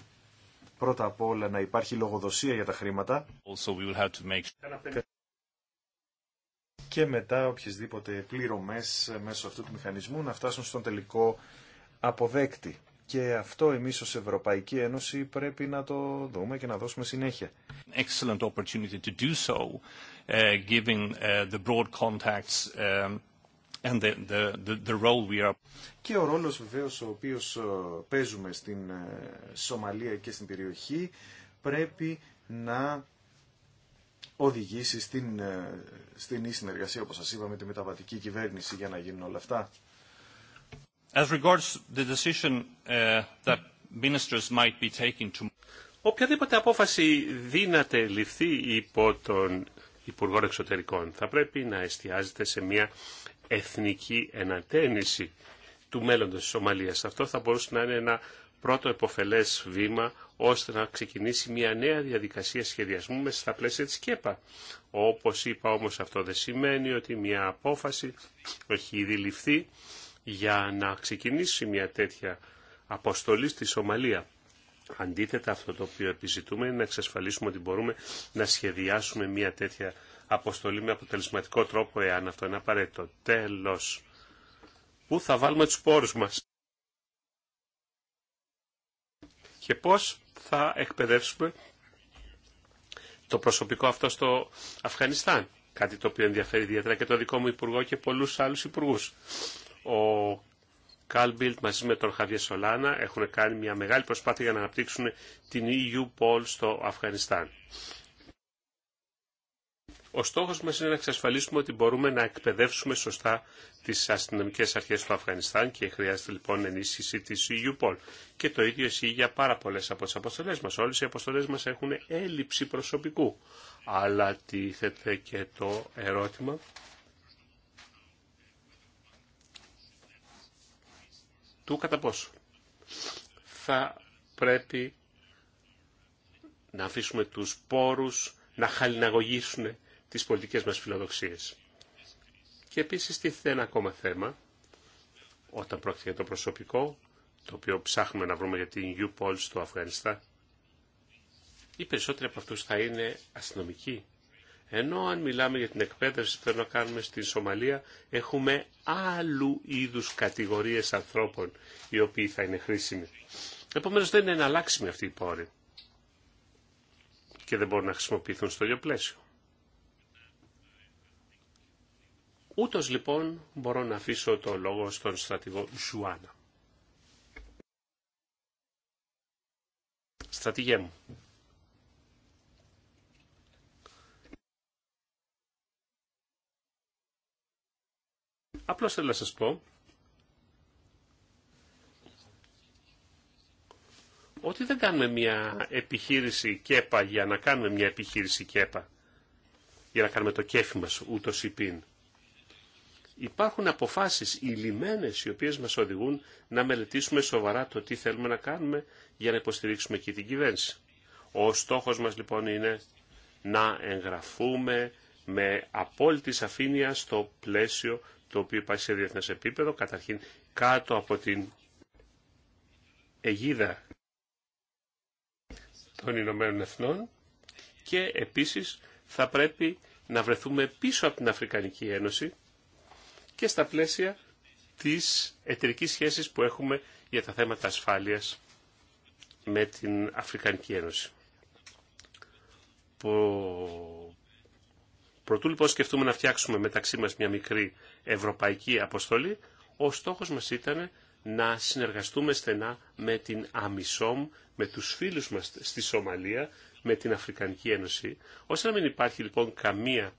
πρώτα απ' όλα να υπάρχει λογοδοσία για τα χρήματα και μετά οποιασδήποτε πληρωμές μέσω αυτού του μηχανισμού να φτάσουν στον τελικό αποδέκτη. Και αυτό εμείς ως Ευρωπαϊκή Ένωση πρέπει να το δούμε και να δώσουμε συνέχεια. Excellent opportunity to do so, uh, uh, the broad contacts um, and the, the, the, role we are. Και ο ρόλος βεβαίως ο οποίος uh, παίζουμε στην Σομαλία και στην περιοχή πρέπει να οδηγήσει στην συνεργασία, όπως σας είπαμε, τη μεταβατική κυβέρνηση για να γίνουν όλα αυτά. As regards the decision uh, that ministers might be taking to... Οποιαδήποτε απόφαση δύναται ληφθεί υπό τον Υπουργό Εξωτερικών θα πρέπει να εστιάζεται σε μια εθνική ενατένιση του μέλλοντος της Σομαλίας. Αυτό θα μπορούσε να είναι ένα πρώτο εποφελές βήμα ώστε να ξεκινήσει μια νέα διαδικασία σχεδιασμού μέσα στα πλαίσια της ΚΕΠΑ. Όπως είπα όμως αυτό δεν σημαίνει ότι μια απόφαση έχει ήδη ληφθεί για να ξεκινήσει μια τέτοια αποστολή στη Σομαλία. Αντίθετα, αυτό το οποίο επιζητούμε είναι να εξασφαλίσουμε ότι μπορούμε να σχεδιάσουμε μια τέτοια αποστολή με αποτελεσματικό τρόπο, εάν αυτό είναι απαραίτητο. Τέλος, πού θα βάλουμε τους πόρους μας και πώς θα εκπαιδεύσουμε το προσωπικό αυτό στο Αφγανιστάν. Κάτι το οποίο ενδιαφέρει ιδιαίτερα και το δικό μου Υπουργό και πολλούς άλλους Υπουργούς ο Καλμπιλτ μαζί με τον Χαβιέ Σολάνα έχουν κάνει μια μεγάλη προσπάθεια για να αναπτύξουν την EU pol στο Αφγανιστάν. Ο στόχος μας είναι να εξασφαλίσουμε ότι μπορούμε να εκπαιδεύσουμε σωστά τις αστυνομικές αρχές του Αφγανιστάν και χρειάζεται λοιπόν ενίσχυση της EU-POL. Και το ίδιο ισχύει για πάρα πολλές από τις αποστολές μας. Όλες οι αποστολές μας έχουν έλλειψη προσωπικού. Αλλά τίθεται και το ερώτημα του κατά πόσο θα πρέπει να αφήσουμε τους πόρους να χαλιναγωγήσουν τις πολιτικές μας φιλοδοξίες. Και επίσης τίθεται ένα ακόμα θέμα, όταν πρόκειται για το προσωπικό, το οποίο ψάχνουμε να βρούμε για την U-Pol στο Αφγανιστάν. Οι περισσότεροι από αυτούς θα είναι αστυνομικοί ενώ αν μιλάμε για την εκπαίδευση που θέλουμε να κάνουμε στη Σομαλία, έχουμε άλλου είδους κατηγορίες ανθρώπων οι οποίοι θα είναι χρήσιμοι. Επομένως δεν είναι εναλλάξιμοι αυτοί οι πόροι και δεν μπορούν να χρησιμοποιηθούν στο ίδιο πλαίσιο. Ούτως λοιπόν μπορώ να αφήσω το λόγο στον στρατηγό Ζουάνα. Στρατηγέ μου, Απλώς θέλω να σας πω ότι δεν κάνουμε μια επιχείρηση ΚΕΠΑ για να κάνουμε μια επιχείρηση ΚΕΠΑ, για να κάνουμε το κέφι μας ούτως πίν. Υπάρχουν αποφάσεις ηλιμένες οι οποίες μας οδηγούν να μελετήσουμε σοβαρά το τι θέλουμε να κάνουμε για να υποστηρίξουμε και την κυβέρνηση. Ο στόχος μας λοιπόν είναι να εγγραφούμε με απόλυτη σαφήνεια στο πλαίσιο το οποίο υπάρχει σε διεθνές επίπεδο, καταρχήν κάτω από την αιγίδα των Ηνωμένων Εθνών και επίσης θα πρέπει να βρεθούμε πίσω από την Αφρικανική Ένωση και στα πλαίσια της εταιρικής σχέσης που έχουμε για τα θέματα ασφάλειας με την Αφρικανική Ένωση. Προτού λοιπόν σκεφτούμε να φτιάξουμε μεταξύ μας μια μικρή ευρωπαϊκή αποστολή, ο στόχος μας ήταν να συνεργαστούμε στενά με την Αμισόμ, με τους φίλους μας στη Σομαλία, με την Αφρικανική Ένωση, ώστε να μην υπάρχει λοιπόν καμία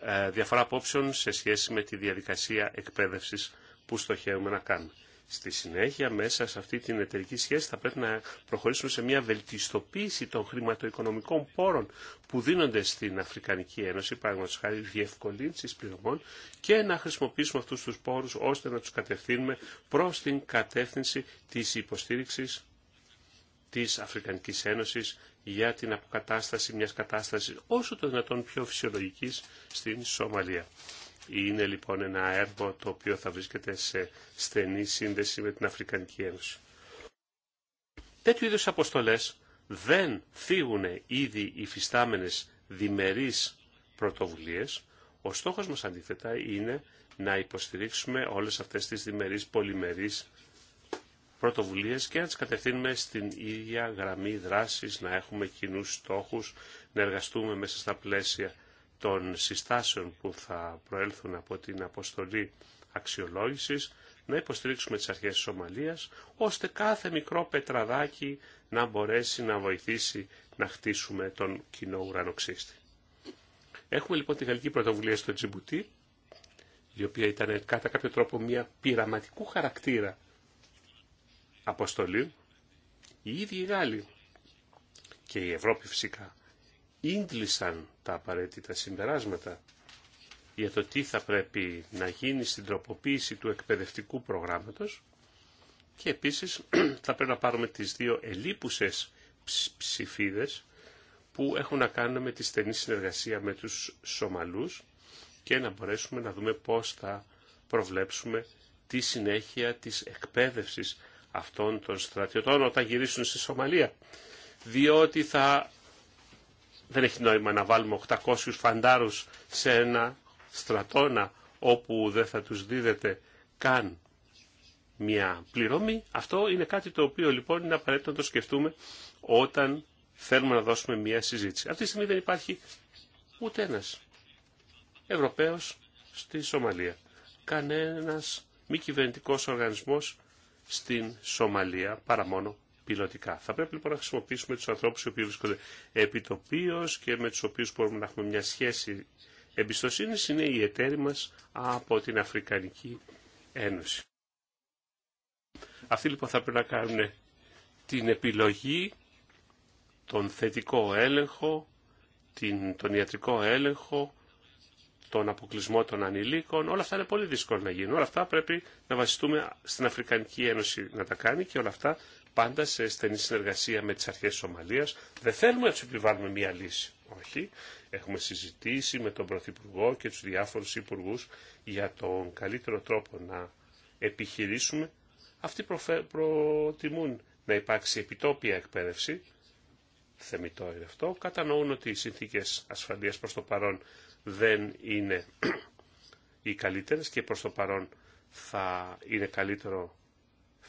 ε, διαφορά απόψεων σε σχέση με τη διαδικασία εκπαίδευσης που στοχεύουμε να κάνουμε. Στη συνέχεια, μέσα σε αυτή την εταιρική σχέση θα πρέπει να προχωρήσουμε σε μια βελτιστοποίηση των χρηματοοικονομικών πόρων που δίνονται στην Αφρικανική Ένωση, παραδείγματος χάρη διευκολύνσεις πληρωμών και να χρησιμοποιήσουμε αυτούς τους πόρους ώστε να τους κατευθύνουμε προς την κατεύθυνση της υποστήριξης της Αφρικανικής Ένωσης για την αποκατάσταση μιας κατάστασης όσο το δυνατόν πιο φυσιολογικής στην Σομαλία. Είναι λοιπόν ένα έργο το οποίο θα βρίσκεται σε στενή σύνδεση με την Αφρικανική Ένωση. Τέτοιου είδους αποστολές δεν φύγουν ήδη οι φυστάμενες διμερείς πρωτοβουλίες. Ο στόχος μας αντίθετα είναι να υποστηρίξουμε όλες αυτές τις διμερείς πολυμερείς πρωτοβουλίες και να τις κατευθύνουμε στην ίδια γραμμή δράσης, να έχουμε κοινούς στόχους, να εργαστούμε μέσα στα πλαίσια των συστάσεων που θα προέλθουν από την αποστολή αξιολόγησης, να υποστηρίξουμε τις αρχές της Σομαλίας, ώστε κάθε μικρό πετραδάκι να μπορέσει να βοηθήσει να χτίσουμε τον κοινό ουρανοξύστη. Έχουμε λοιπόν τη Γαλλική Πρωτοβουλία στο Τζιμπουτί, η οποία ήταν κατά κάποιο τρόπο μια πειραματικού χαρακτήρα αποστολή. Οι ίδιοι οι Γάλλοι και η Ευρώπη φυσικά ίντλησαν τα απαραίτητα συμπεράσματα για το τι θα πρέπει να γίνει στην τροποποίηση του εκπαιδευτικού προγράμματος και επίσης θα πρέπει να πάρουμε τις δύο ελίπουσες ψηφίδες που έχουν να κάνουν με τη στενή συνεργασία με τους Σομαλούς και να μπορέσουμε να δούμε πώς θα προβλέψουμε τη συνέχεια της εκπαίδευσης αυτών των στρατιωτών όταν γυρίσουν στη Σομαλία. Διότι θα δεν έχει νόημα να βάλουμε 800 φαντάρους σε ένα στρατόνα όπου δεν θα τους δίδεται καν μια πληρωμή. Αυτό είναι κάτι το οποίο λοιπόν είναι απαραίτητο να το σκεφτούμε όταν θέλουμε να δώσουμε μια συζήτηση. Αυτή τη στιγμή δεν υπάρχει ούτε ένας Ευρωπαίος στη Σομαλία. Κανένας μη κυβερνητικό οργανισμός στην Σομαλία παρά μόνο πιλωτικά. Θα πρέπει λοιπόν να χρησιμοποιήσουμε τους ανθρώπους οι οποίοι βρίσκονται επιτοπίως και με τους οποίους μπορούμε να έχουμε μια σχέση εμπιστοσύνης είναι η εταίροι μας από την Αφρικανική Ένωση. Αυτοί λοιπόν θα πρέπει να κάνουν την επιλογή, τον θετικό έλεγχο, την, τον ιατρικό έλεγχο, τον αποκλεισμό των ανηλίκων. Όλα αυτά είναι πολύ δύσκολα να γίνουν. Όλα αυτά πρέπει να βασιστούμε στην Αφρικανική Ένωση να τα κάνει και όλα αυτά πάντα σε στενή συνεργασία με τις αρχές της Σομαλίας. Δεν θέλουμε να τους επιβάλλουμε μία λύση. Όχι. Έχουμε συζητήσει με τον Πρωθυπουργό και τους διάφορους υπουργούς για τον καλύτερο τρόπο να επιχειρήσουμε. Αυτοί προφε... προτιμούν να υπάρξει επιτόπια εκπαίδευση. Θεμητό είναι αυτό. Κατανοούν ότι οι συνθήκες ασφαλείας προς το παρόν δεν είναι οι καλύτερες και προς το παρόν θα είναι καλύτερο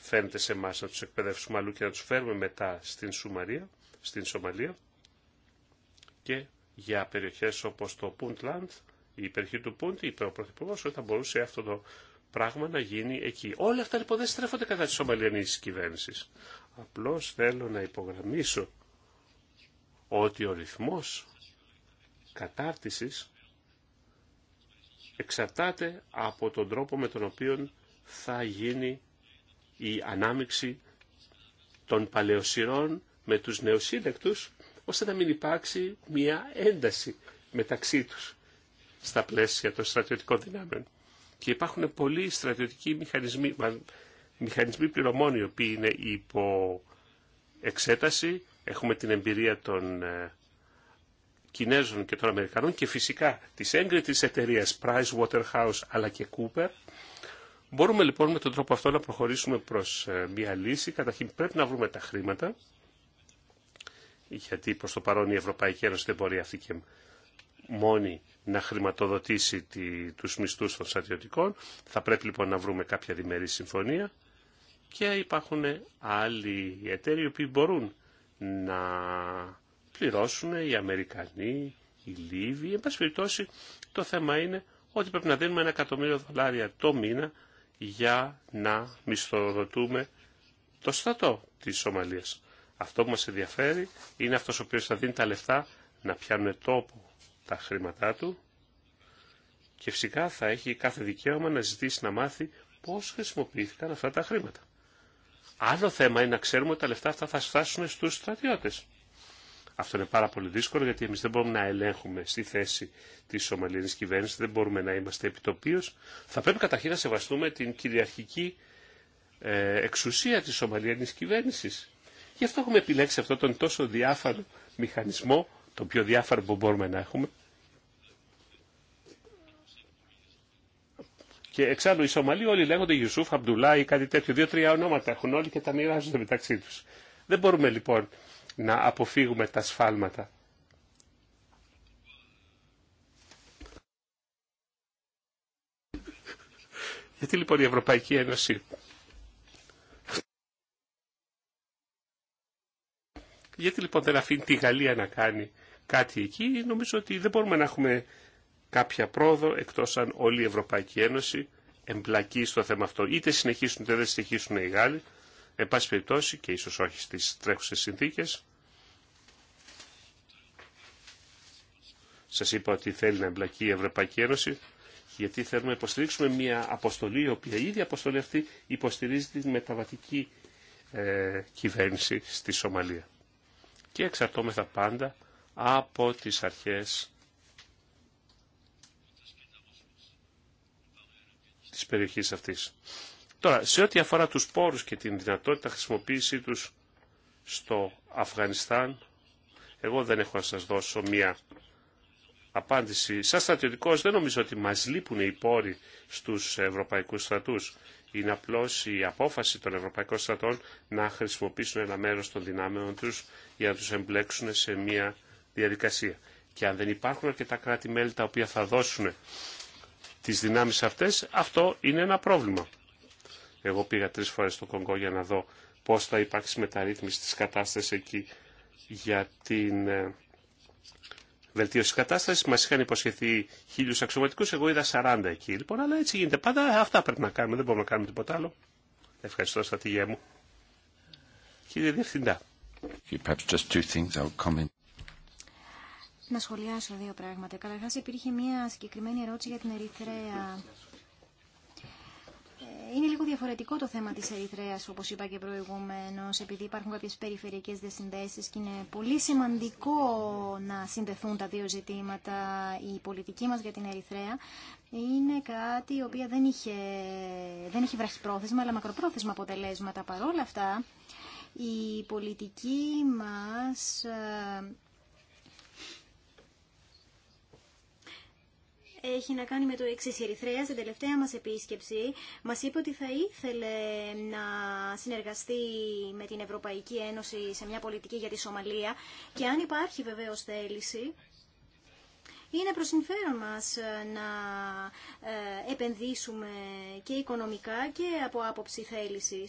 φαίνεται σε εμά να του εκπαιδεύσουμε αλλού και να του φέρουμε μετά στην, Σουμαρία, στην Σομαλία και για περιοχέ όπω το Πούντλαντ, η υπερχή του Πούντ, είπε ο Πρωθυπουργό ότι θα μπορούσε αυτό το πράγμα να γίνει εκεί. Όλα αυτά λοιπόν δεν στρέφονται κατά τη Σομαλιανή κυβέρνηση. Απλώ θέλω να υπογραμμίσω ότι ο ρυθμό κατάρτισης εξαρτάται από τον τρόπο με τον οποίο θα γίνει η ανάμειξη των παλαιοσυρών με τους νεοσύλλεκτους, ώστε να μην υπάρξει μια ένταση μεταξύ τους στα πλαίσια των στρατιωτικών δυνάμεων. Και υπάρχουν πολλοί στρατιωτικοί μηχανισμοί, μηχανισμοί πληρωμών οι οποίοι είναι υπό εξέταση. Έχουμε την εμπειρία των ε, Κινέζων και των Αμερικανών και φυσικά της έγκριτης εταιρείας Pricewaterhouse αλλά και Cooper Μπορούμε λοιπόν με τον τρόπο αυτό να προχωρήσουμε προς ε, μια λύση. Καταρχήν πρέπει να βρούμε τα χρήματα, γιατί προς το παρόν η Ευρωπαϊκή Ένωση δεν μπορεί αυτή και μόνη να χρηματοδοτήσει τη, τους μισθούς των στρατιωτικών. Θα πρέπει λοιπόν να βρούμε κάποια διμερή συμφωνία και υπάρχουν άλλοι εταίροι οι οποίοι μπορούν να πληρώσουν οι Αμερικανοί, οι Λίβοι. Εν πάση περιπτώσει το θέμα είναι ότι πρέπει να δίνουμε ένα εκατομμύριο δολάρια το μήνα για να μισθοδοτούμε το στρατό της Σομαλίας. Αυτό που μας ενδιαφέρει είναι αυτός ο οποίος θα δίνει τα λεφτά να πιάνουν τόπο τα χρήματά του και φυσικά θα έχει κάθε δικαίωμα να ζητήσει να μάθει πώς χρησιμοποιήθηκαν αυτά τα χρήματα. Άλλο θέμα είναι να ξέρουμε ότι τα λεφτά αυτά θα φτάσουν στους στρατιώτες. Αυτό είναι πάρα πολύ δύσκολο γιατί εμείς δεν μπορούμε να ελέγχουμε στη θέση της Σομαλίνης κυβέρνησης, δεν μπορούμε να είμαστε επιτοπίως. Θα πρέπει καταρχήν να σεβαστούμε την κυριαρχική ε, εξουσία της Σομαλιανής κυβέρνησης. Γι' αυτό έχουμε επιλέξει αυτόν τον τόσο διάφανο μηχανισμό, τον πιο διάφανο που μπορούμε να έχουμε. Και εξάλλου οι Σομαλοί όλοι λέγονται Ιουσούφ, Αμπτουλά ή κάτι τέτοιο. Δύο-τρία ονόματα έχουν όλοι και τα μοιράζονται μεταξύ του. Δεν μπορούμε λοιπόν να αποφύγουμε τα σφάλματα. Γιατί λοιπόν η Ευρωπαϊκή Ένωση Γιατί λοιπόν δεν αφήνει τη Γαλλία να κάνει κάτι εκεί. Νομίζω ότι δεν μπορούμε να έχουμε κάποια πρόοδο εκτός αν όλη η Ευρωπαϊκή Ένωση εμπλακεί στο θέμα αυτό. Είτε συνεχίσουν είτε δεν συνεχίσουν οι Γάλλοι. Εν πάση περιπτώσει και ίσως όχι στις τρέχουσες συνθήκες, σας είπα ότι θέλει να εμπλακεί η Ευρωπαϊκή Ένωση, γιατί θέλουμε να υποστηρίξουμε μια αποστολή, η οποία ήδη ίδια αυτή υποστηρίζει τη μεταβατική ε, κυβέρνηση στη Σομαλία. Και εξαρτώμεθα πάντα από τις αρχές της περιοχής αυτής. Τώρα, σε ό,τι αφορά τους πόρους και την δυνατότητα χρησιμοποίησή τους στο Αφγανιστάν, εγώ δεν έχω να σας δώσω μία απάντηση. Σαν στρατιωτικός δεν νομίζω ότι μας λείπουν οι πόροι στους ευρωπαϊκούς στρατούς. Είναι απλώς η απόφαση των ευρωπαϊκών στρατών να χρησιμοποιήσουν ένα μέρος των δυνάμεων τους για να τους εμπλέξουν σε μία διαδικασία. Και αν δεν υπάρχουν αρκετά κράτη-μέλη τα οποία θα δώσουν τις δυνάμεις αυτές, αυτό είναι ένα πρόβλημα. Εγώ πήγα τρεις φορές στο Κονγκό για να δω πώς θα υπάρξει μεταρρύθμιση της κατάστασης εκεί για την ε, βελτίωση της κατάστασης. Μας είχαν υποσχεθεί χίλιους αξιωματικούς, εγώ είδα 40 εκεί λοιπόν, αλλά έτσι γίνεται πάντα. Αυτά πρέπει να κάνουμε, δεν μπορούμε να κάνουμε τίποτα άλλο. Ευχαριστώ στρατηγέ μου. Κύριε Διευθυντά. Να σχολιάσω δύο πράγματα. Καταρχά υπήρχε μια συγκεκριμένη ερώτηση για την Ερυθρέα είναι λίγο διαφορετικό το θέμα της Ερυθρέας, όπως είπα και προηγουμένως, επειδή υπάρχουν κάποιες περιφερειακές διασυνδέσεις και είναι πολύ σημαντικό να συνδεθούν τα δύο ζητήματα. Η πολιτική μας για την Ερυθρέα είναι κάτι η οποία δεν, είχε, δεν έχει βραχυπρόθεσμα, αλλά μακροπρόθεσμα αποτελέσματα. Παρόλα αυτά, η πολιτική μας ε, έχει να κάνει με το εξή. Η Ερυθρέα στην τελευταία μα επίσκεψη μα είπε ότι θα ήθελε να συνεργαστεί με την Ευρωπαϊκή Ένωση σε μια πολιτική για τη Σομαλία και αν υπάρχει βεβαίω θέληση. Είναι προ συμφέρον μας ε, να ε, επενδύσουμε και οικονομικά και από άποψη θέληση.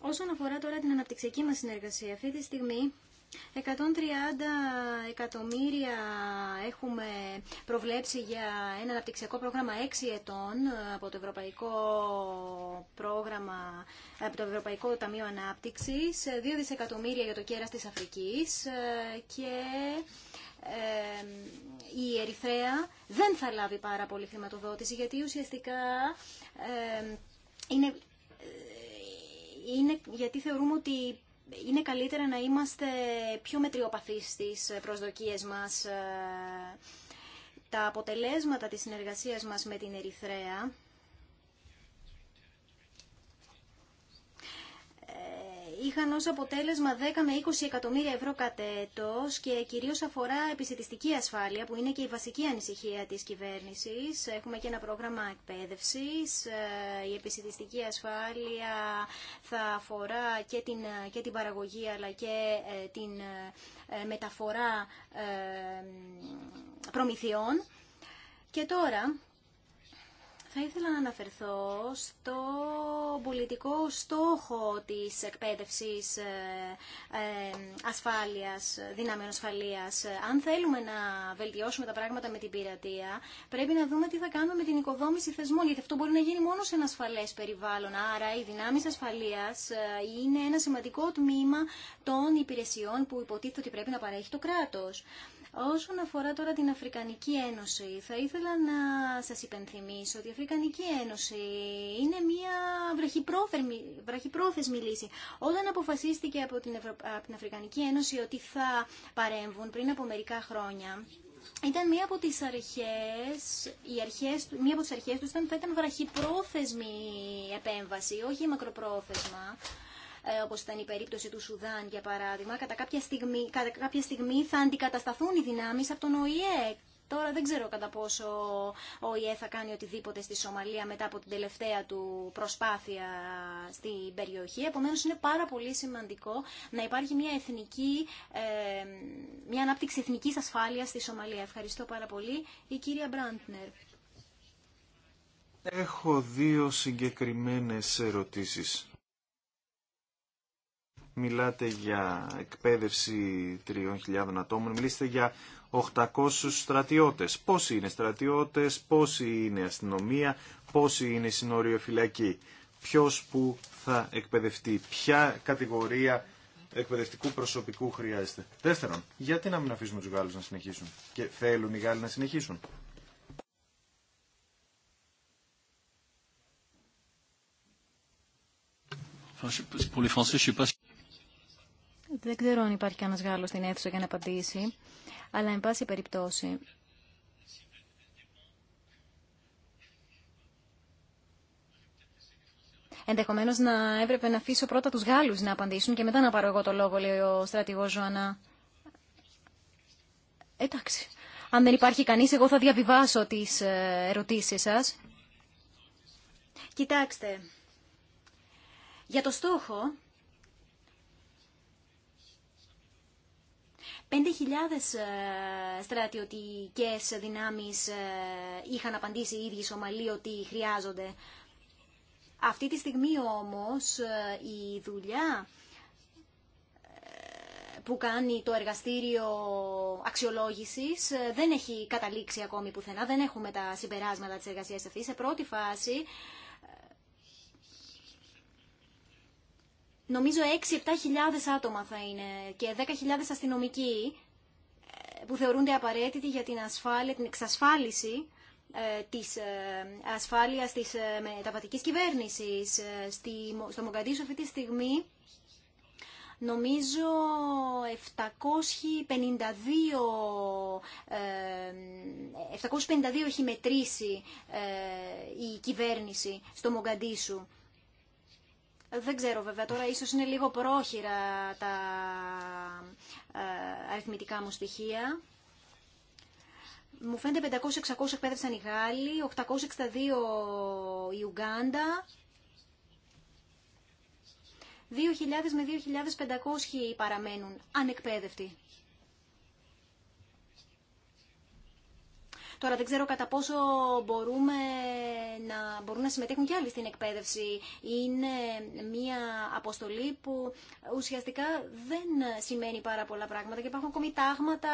Όσον αφορά τώρα την αναπτυξιακή μας συνεργασία, αυτή τη στιγμή 130 εκατομμύρια έχουμε προβλέψει για ένα αναπτυξιακό πρόγραμμα 6 ετών από το Ευρωπαϊκό, πρόγραμμα, το Ευρωπαϊκό Ταμείο Ανάπτυξης, 2 δισεκατομμύρια για το κέρας της Αφρικής και η Ερυθρέα δεν θα λάβει πάρα πολύ χρηματοδότηση γιατί ουσιαστικά είναι, ε, είναι γιατί θεωρούμε ότι είναι καλύτερα να είμαστε πιο μετριοπαθείς στις προσδοκίες μας. Ε, τα αποτελέσματα της συνεργασίας μας με την Ερυθρέα είχαν ως αποτέλεσμα 10 με 20 εκατομμύρια ευρώ κατέτος και κυρίως αφορά επισητιστική ασφάλεια που είναι και η βασική ανησυχία της κυβέρνησης. Έχουμε και ένα πρόγραμμα εκπαίδευσης. Ε, η επισητιστική ασφάλεια θα αφορά και την, και την παραγωγή αλλά και ε, την ε, μεταφορά προμηθειών. Και τώρα θα ήθελα να αναφερθώ στο πολιτικό στόχο της εκπαίδευσης ε, ε, ασφάλειας, δυνάμεων ασφαλείας. Αν θέλουμε να βελτιώσουμε τα πράγματα με την πειρατεία, πρέπει να δούμε τι θα κάνουμε με την οικοδόμηση θεσμών, γιατί αυτό μπορεί να γίνει μόνο σε ένα ασφαλές περιβάλλον. Άρα οι δυνάμεις ασφαλείας ε, είναι ένα σημαντικό τμήμα των υπηρεσιών που υποτίθεται ότι πρέπει να παρέχει το κράτος. Όσον αφορά τώρα την Αφρικανική Ένωση, θα ήθελα να σας υπενθυμίσω ότι η Αφρικανική Ένωση είναι μια βραχυπρόθεσμη λύση. Όταν αποφασίστηκε από την, από την Αφρικανική Ένωση ότι θα παρέμβουν πριν από μερικά χρόνια, ήταν μία από τις αρχές, οι αρχές, μία από τις αρχές του ήταν, θα ήταν βραχυπρόθεσμη επέμβαση, όχι μακροπρόθεσμα. Ε, όπως ήταν η περίπτωση του Σουδάν για παράδειγμα, κατά κάποια στιγμή, κατά κάποια στιγμή θα αντικατασταθούν οι δυνάμεις από τον ΟΗΕ. Τώρα δεν ξέρω κατά πόσο ο ΙΕ θα κάνει οτιδήποτε στη Σομαλία μετά από την τελευταία του προσπάθεια στην περιοχή. Επομένως είναι πάρα πολύ σημαντικό να υπάρχει μια, εθνική, ε, μια ανάπτυξη εθνικής ασφάλειας στη Σομαλία. Ευχαριστώ πάρα πολύ. Η κυρία Μπραντνερ. Έχω δύο συγκεκριμένες ερωτήσεις μιλάτε για εκπαίδευση 3.000 ατόμων, μιλήσετε για 800 στρατιώτες. Πόσοι είναι στρατιώτες, πόσοι είναι αστυνομία, πόσοι είναι συνοριοφυλακοί. Ποιος που θα εκπαιδευτεί, ποια κατηγορία εκπαιδευτικού προσωπικού χρειάζεται. Δεύτερον, γιατί να μην αφήσουμε τους Γάλλους να συνεχίσουν και θέλουν οι Γάλλοι να συνεχίσουν. Δεν ξέρω αν υπάρχει κανένας Γάλλος στην αίθουσα για να απαντήσει, αλλά εν πάση περιπτώσει... Ενδεχομένω να έπρεπε να αφήσω πρώτα του Γάλλου να απαντήσουν και μετά να πάρω εγώ το λόγο, λέει ο στρατηγό Ζωανά. Εντάξει. Αν δεν υπάρχει κανεί εγώ θα διαβιβάσω τις ε, ερωτήσεις σας. Κοιτάξτε, για το στόχο 5.000 ε, στρατιωτικές δυνάμεις ε, είχαν απαντήσει οι ίδιοι Σομαλοί ότι χρειάζονται. Αυτή τη στιγμή όμως ε, η δουλειά που κάνει το εργαστήριο αξιολόγησης δεν έχει καταλήξει ακόμη πουθενά, δεν έχουμε τα συμπεράσματα της εργασίας αυτής. Σε πρώτη φάση νομίζω 6-7 άτομα θα είναι και 10.000 αστυνομικοί ε, που θεωρούνται απαραίτητοι για την, ασφάλεια, την εξασφάλιση ε, της ε, ασφάλειας της μεταβατικής κυβέρνησης. Στη, στο Μογκαντήσου αυτή τη στιγμή νομίζω 752, 752 έχει μετρήσει η κυβέρνηση στο Μογκαντήσου. Δεν ξέρω βέβαια τώρα, ίσως είναι λίγο πρόχειρα τα ε, αριθμητικά μου στοιχεία. Μου φαίνεται 500-600 εκπαίδευσαν οι Γάλλοι, 862 η Ουγγάντα, 2.000 με 2.500 παραμένουν ανεκπαίδευτοι. Τώρα δεν ξέρω κατά πόσο μπορούμε να, μπορούν να συμμετέχουν και άλλοι στην εκπαίδευση. Είναι μια αποστολή που ουσιαστικά δεν σημαίνει πάρα πολλά πράγματα και υπάρχουν ακόμη τάγματα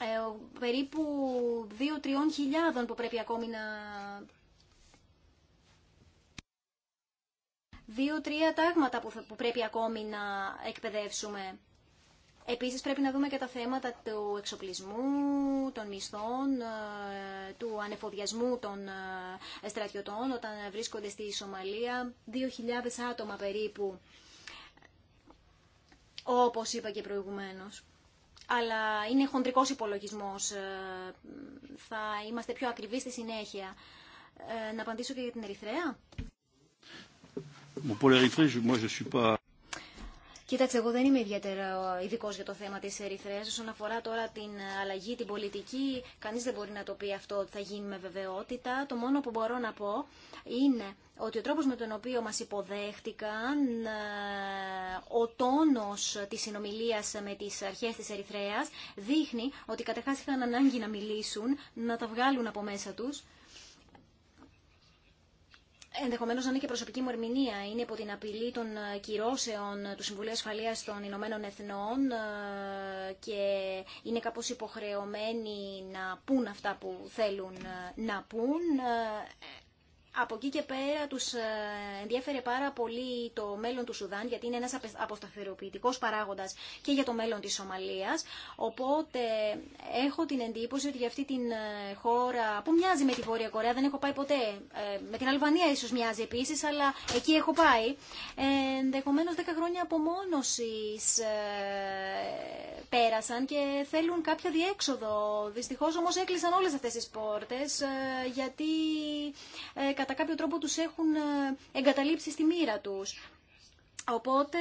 ε, περίπου 2-3 χιλιάδων που πρέπει ακόμη να 2-3 τάγματα που, που πρέπει ακόμη να εκπαιδεύσουμε. Επίσης πρέπει να δούμε και τα θέματα του εξοπλισμού, των μισθών, ε, του ανεφοδιασμού των ε, στρατιωτών όταν βρίσκονται στη Σομαλία. 2.000 άτομα περίπου, όπως είπα και προηγουμένως. Αλλά είναι χοντρικός υπολογισμός. Ε, θα είμαστε πιο ακριβείς στη συνέχεια. Να απαντήσω και για την Ερυθρέα. Κοίταξε, εγώ δεν είμαι ιδιαίτερα ειδικό για το θέμα τη Ερυθρέα. Όσον αφορά τώρα την αλλαγή, την πολιτική, κανεί δεν μπορεί να το πει αυτό ότι θα γίνει με βεβαιότητα. Το μόνο που μπορώ να πω είναι ότι ο τρόπος με τον οποίο μας υποδέχτηκαν, ε, ο τόνος της συνομιλία με τις αρχές της Ερυθρέα, δείχνει ότι καταρχά είχαν ανάγκη να μιλήσουν, να τα βγάλουν από μέσα του ενδεχομένως να είναι και προσωπική μου ερμηνεία, είναι υπό την απειλή των ε, κυρώσεων του Συμβουλίου Ασφαλείας των Ηνωμένων Εθνών ε, και είναι κάπως υποχρεωμένοι να πούν αυτά που θέλουν ε, να πούν από εκεί και πέρα τους ε, ενδιέφερε πάρα πολύ το μέλλον του Σουδάν γιατί είναι ένας αποσταθεροποιητικός παράγοντας και για το μέλλον της Σομαλίας. Οπότε έχω την εντύπωση ότι για αυτή την ε, χώρα που μοιάζει με τη Βόρεια Κορέα, δεν έχω πάει ποτέ, ε, με την Αλβανία ίσως μοιάζει επίσης, αλλά εκεί έχω πάει, ενδεχομένως 10 χρόνια απομόνωσης πέρασαν και θέλουν κάποια διέξοδο. Δυστυχώς όμως έκλεισαν όλες αυτές τις πόρτες γιατί κατά κάποιο τρόπο τους έχουν ε, εγκαταλείψει στη μοίρα τους. Οπότε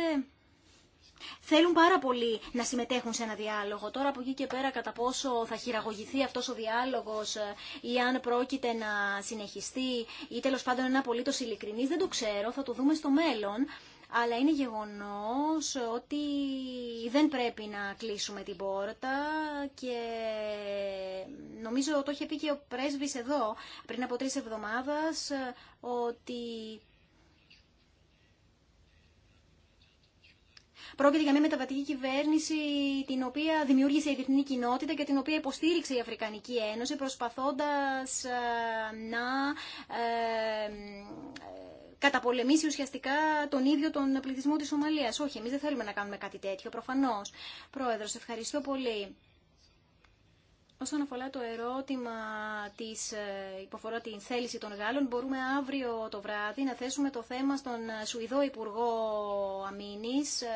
θέλουν πάρα πολύ να συμμετέχουν σε ένα διάλογο. Τώρα από εκεί και πέρα κατά πόσο θα χειραγωγηθεί αυτός ο διάλογος ε, ή αν πρόκειται να συνεχιστεί ή τέλος πάντων είναι απολύτως ειλικρινής δεν το ξέρω, θα το δούμε στο μέλλον αλλά είναι γεγονός ότι δεν πρέπει να κλείσουμε την πόρτα και νομίζω το είχε πει και ο πρέσβης εδώ πριν από τρεις εβδομάδες ότι Πρόκειται για μια μεταβατική κυβέρνηση την οποία δημιούργησε η διεθνή κοινότητα και την οποία υποστήριξε η Αφρικανική Ένωση προσπαθώντας ε, να ε, καταπολεμήσει ουσιαστικά τον ίδιο τον πληθυσμό της Σομαλίας. Όχι, εμείς δεν θέλουμε να κάνουμε κάτι τέτοιο, προφανώς. Πρόεδρος, ευχαριστώ πολύ. Όσον αφορά το ερώτημα της ε, υποφορά την θέληση των Γάλλων, μπορούμε αύριο το βράδυ να θέσουμε το θέμα στον Σουηδό Υπουργό Αμήνης, ε,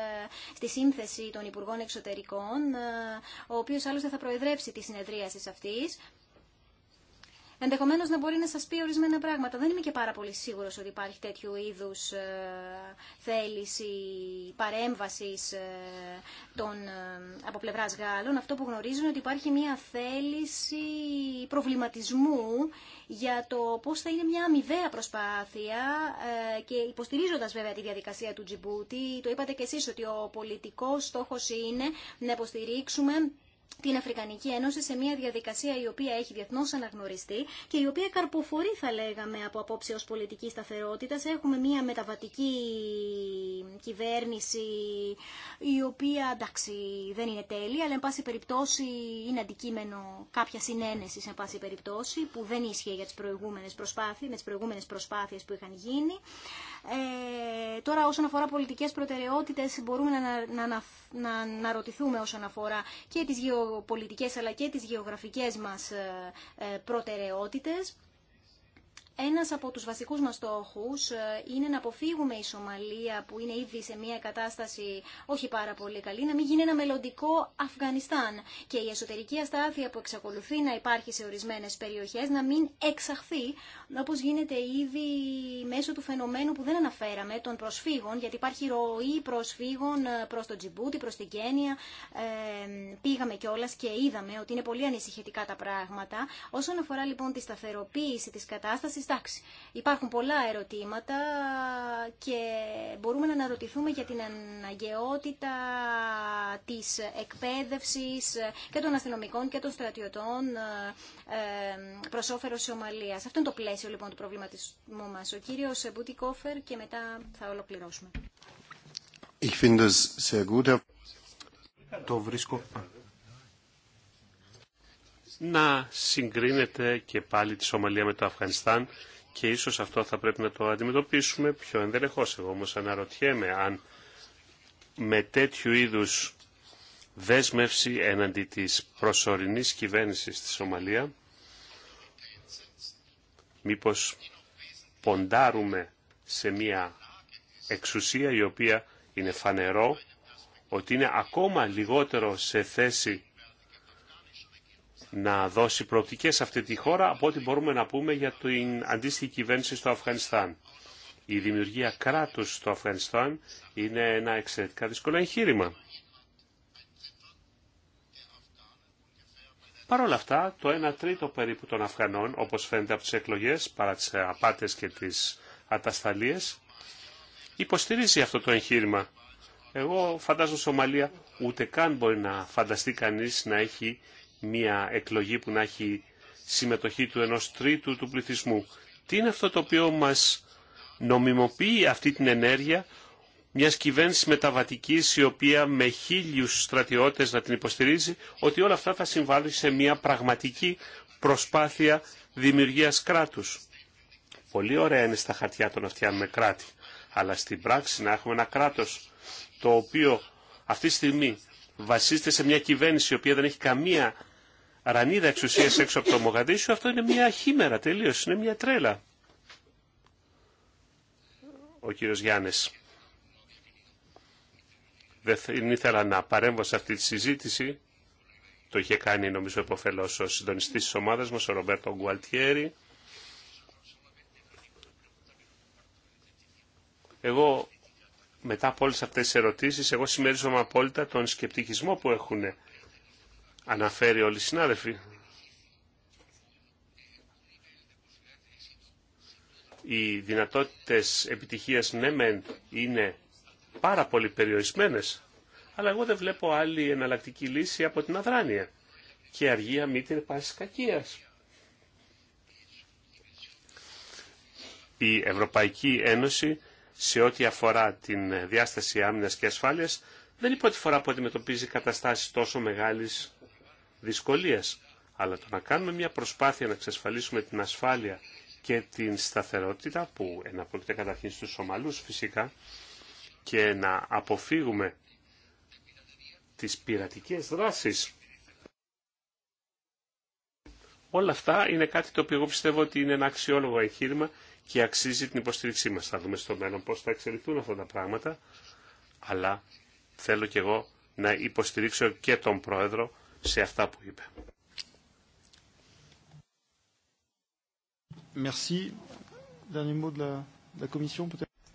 στη σύνθεση των Υπουργών Εξωτερικών, ε, ο οποίος άλλωστε θα προεδρεύσει τη συνεδρίαση αυτής ενδεχομένως να μπορεί να σας πει ορισμένα πράγματα. Δεν είμαι και πάρα πολύ σίγουρος ότι υπάρχει τέτοιου είδους ε, θέληση παρέμβασης ε, των, ε, από πλευράς Γάλλων. Αυτό που γνωρίζουν ότι υπάρχει μια θέληση προβληματισμού για το πώς θα είναι μια αμοιβαία προσπάθεια και υποστηρίζοντας βέβαια τη διαδικασία του Τζιμπούτι, Το είπατε και εσείς ότι ο πολιτικός στόχος είναι να υποστηρίξουμε την Αφρικανική Ένωση σε μια διαδικασία η οποία έχει διεθνώς αναγνωριστεί και η οποία καρποφορεί θα λέγαμε από απόψε ως πολιτική σταθερότητα. Έχουμε μια μεταβατική κυβέρνηση η οποία εντάξει δεν είναι τέλεια αλλά εν πάση περιπτώσει είναι αντικείμενο κάποια συνένεση εν πάση περιπτώσει που δεν ίσχυε για τις προηγούμενες προσπάθειες, με τις προηγούμενες προσπάθειες που είχαν γίνει. Ε, τώρα όσον αφορά πολιτικές προτεραιότητες μπορούμε να, να, να, αναρωτηθούμε όσον αφορά και τις γεωπολιτικές αλλά και τις γεωγραφικές μας ε, ε, προτεραιότητες. Ένας από τους βασικούς μας στόχους ε, είναι να αποφύγουμε η Σομαλία που είναι ήδη σε μια κατάσταση όχι πάρα πολύ καλή, να μην γίνει ένα μελλοντικό Αφγανιστάν και η εσωτερική αστάθεια που εξακολουθεί να υπάρχει σε ορισμένες περιοχές να μην εξαχθεί όπως γίνεται ήδη μέσω του φαινομένου που δεν αναφέραμε των προσφύγων γιατί υπάρχει ροή προσφύγων ε, προς το Τζιμπούτι, προς την Κένια ε, πήγαμε κιόλα και είδαμε ότι είναι πολύ ανησυχητικά τα πράγματα όσον αφορά λοιπόν τη σταθεροποίηση της κατάστασης Εντάξει, υπάρχουν πολλά ερωτήματα και μπορούμε να αναρωτηθούμε για την αναγκαιότητα της εκπαίδευσης και των αστυνομικών και των στρατιωτών ε, ε, προς όφερος Ομαλίας. Αυτό είναι το πλαίσιο λοιπόν του προβληματισμού μας. Ο κύριος Μπούτι Κόφερ και μετά θα ολοκληρώσουμε να συγκρίνεται και πάλι τη Σομαλία με το Αφγανιστάν και ίσως αυτό θα πρέπει να το αντιμετωπίσουμε πιο ενδελεχώς. Εγώ όμως αναρωτιέμαι αν με τέτοιου είδους δέσμευση έναντι της προσωρινής κυβέρνησης στη Σομαλία μήπως ποντάρουμε σε μια εξουσία η οποία είναι φανερό ότι είναι ακόμα λιγότερο σε θέση να δώσει προοπτικές σε αυτή τη χώρα από ό,τι μπορούμε να πούμε για την αντίστοιχη κυβέρνηση στο Αφγανιστάν. Η δημιουργία κράτους στο Αφγανιστάν είναι ένα εξαιρετικά δύσκολο εγχείρημα. Παρ' όλα αυτά, το 1 τρίτο περίπου των Αφγανών, όπως φαίνεται από τις εκλογές, παρά τις απάτες και τις ατασταλίες, υποστηρίζει αυτό το εγχείρημα. Εγώ φαντάζομαι Σομαλία ούτε καν μπορεί να φανταστεί κανείς να έχει μια εκλογή που να έχει συμμετοχή του ενός τρίτου του πληθυσμού. Τι είναι αυτό το οποίο μας νομιμοποιεί αυτή την ενέργεια μια κυβέρνηση μεταβατική, η οποία με χίλιου στρατιώτε να την υποστηρίζει ότι όλα αυτά θα συμβάλλουν σε μια πραγματική προσπάθεια δημιουργία κράτου. Πολύ ωραία είναι στα χαρτιά των να φτιάχνουμε κράτη, αλλά στην πράξη να έχουμε ένα κράτο το οποίο αυτή τη στιγμή βασίζεται σε μια κυβέρνηση η οποία δεν έχει καμία ρανίδα εξουσία έξω από το Μογαδίσιο, αυτό είναι μια χήμερα τελείω. είναι μια τρέλα. Ο κύριο Γιάννη. Δεν ήθελα να παρέμβω σε αυτή τη συζήτηση. Το είχε κάνει νομίζω υποφελώ ο συντονιστή τη ομάδα μα, ο Ρομπέρτο Γκουαλτιέρη. Εγώ μετά από όλες αυτές τις ερωτήσεις, εγώ συμμερίζομαι απόλυτα τον σκεπτικισμό που έχουν αναφέρει όλοι οι συνάδελφοι. Οι δυνατότητες επιτυχίας ναι μεν είναι πάρα πολύ περιορισμένες, αλλά εγώ δεν βλέπω άλλη εναλλακτική λύση από την αδράνεια και αργία μη την κακίας. Η Ευρωπαϊκή Ένωση σε ό,τι αφορά την διάσταση άμυνας και ασφάλειας δεν είναι η πρώτη φορά που αντιμετωπίζει καταστάσεις τόσο μεγάλης δυσκολίες. Αλλά το να κάνουμε μια προσπάθεια να εξασφαλίσουμε την ασφάλεια και την σταθερότητα που εναπόκειται καταρχήν στους Σομαλούς φυσικά και να αποφύγουμε τις πειρατικές δράσεις. Όλα αυτά είναι κάτι το οποίο εγώ πιστεύω ότι είναι ένα αξιόλογο εγχείρημα και αξίζει την υποστήριξή μας. Θα δούμε στο μέλλον πώς θα εξελιχθούν αυτά τα πράγματα, αλλά θέλω και εγώ να υποστηρίξω και τον Πρόεδρο σε αυτά που είπε.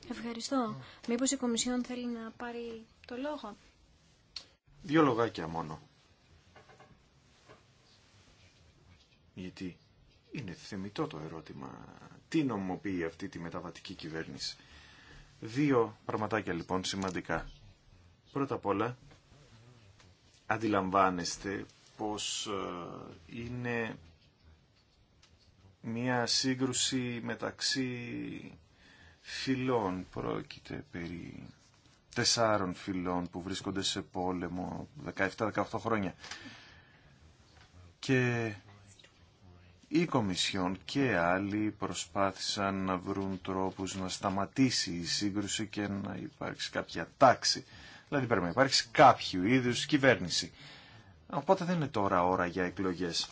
Ευχαριστώ. Μήπως η Κομισιόν θέλει να πάρει το λόγο. Δύο λογάκια μόνο. Γιατί είναι θεμητό το ερώτημα. Τι νομοποιεί αυτή τη μεταβατική κυβέρνηση. Δύο πραγματάκια λοιπόν σημαντικά. Πρώτα απ' όλα αντιλαμβάνεστε πως ε, είναι μία σύγκρουση μεταξύ φυλών. Πρόκειται περί τεσσάρων φυλών που βρίσκονται σε πόλεμο 17-18 χρόνια. Και οι Κομισιόν και άλλοι προσπάθησαν να βρουν τρόπους να σταματήσει η σύγκρουση και να υπάρξει κάποια τάξη. Δηλαδή πρέπει να υπάρξει κάποιο είδου κυβέρνηση. Οπότε δεν είναι τώρα ώρα για εκλογές.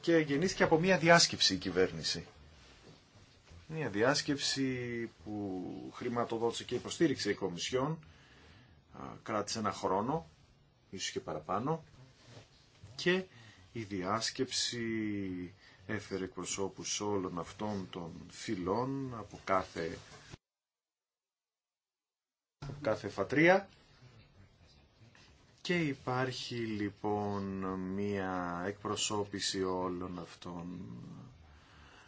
Και γεννήθηκε από μια διάσκεψη η κυβέρνηση. Μια διάσκεψη που χρηματοδότησε και υποστήριξε η Κομισιόν. Κράτησε ένα χρόνο, ίσως και παραπάνω. Και η διάσκεψη έφερε εκπροσώπους όλων αυτών των φυλών από κάθε, κάθε φατρία και υπάρχει λοιπόν μία εκπροσώπηση όλων αυτών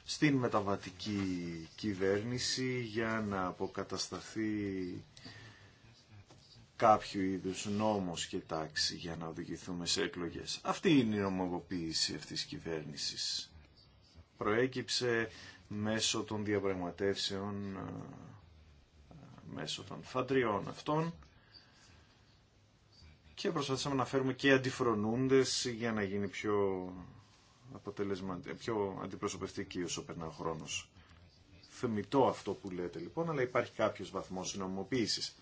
στην μεταβατική κυβέρνηση για να αποκατασταθεί κάποιο είδους νόμος και τάξη για να οδηγηθούμε σε εκλογές. Αυτή είναι η νομοποίηση αυτής της κυβέρνησης. Προέκυψε μέσω των διαπραγματεύσεων, μέσω των φαντριών αυτών και προσπαθήσαμε να φέρουμε και αντιφρονούντες για να γίνει πιο, αποτελεσμα... πιο αντιπροσωπευτική όσο περνά ο χρόνος. Θεμητό αυτό που λέτε λοιπόν, αλλά υπάρχει κάποιος βαθμός νομοποίησης.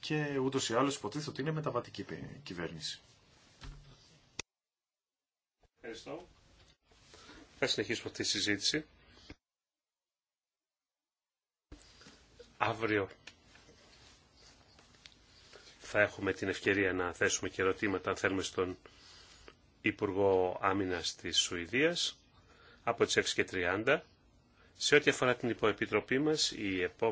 Και ούτω ή άλλω υποτίθεται ότι είναι μεταβατική κυβέρνηση. Ευχαριστώ. Θα συνεχίσουμε αυτή τη συζήτηση. Αύριο θα έχουμε την ευκαιρία να θέσουμε και ερωτήματα αν θέλουμε στον Υπουργό Άμυνα της Σουηδίας από τις 6.30. Σε ό,τι αφορά την υποεπιτροπή μας, η επόμενη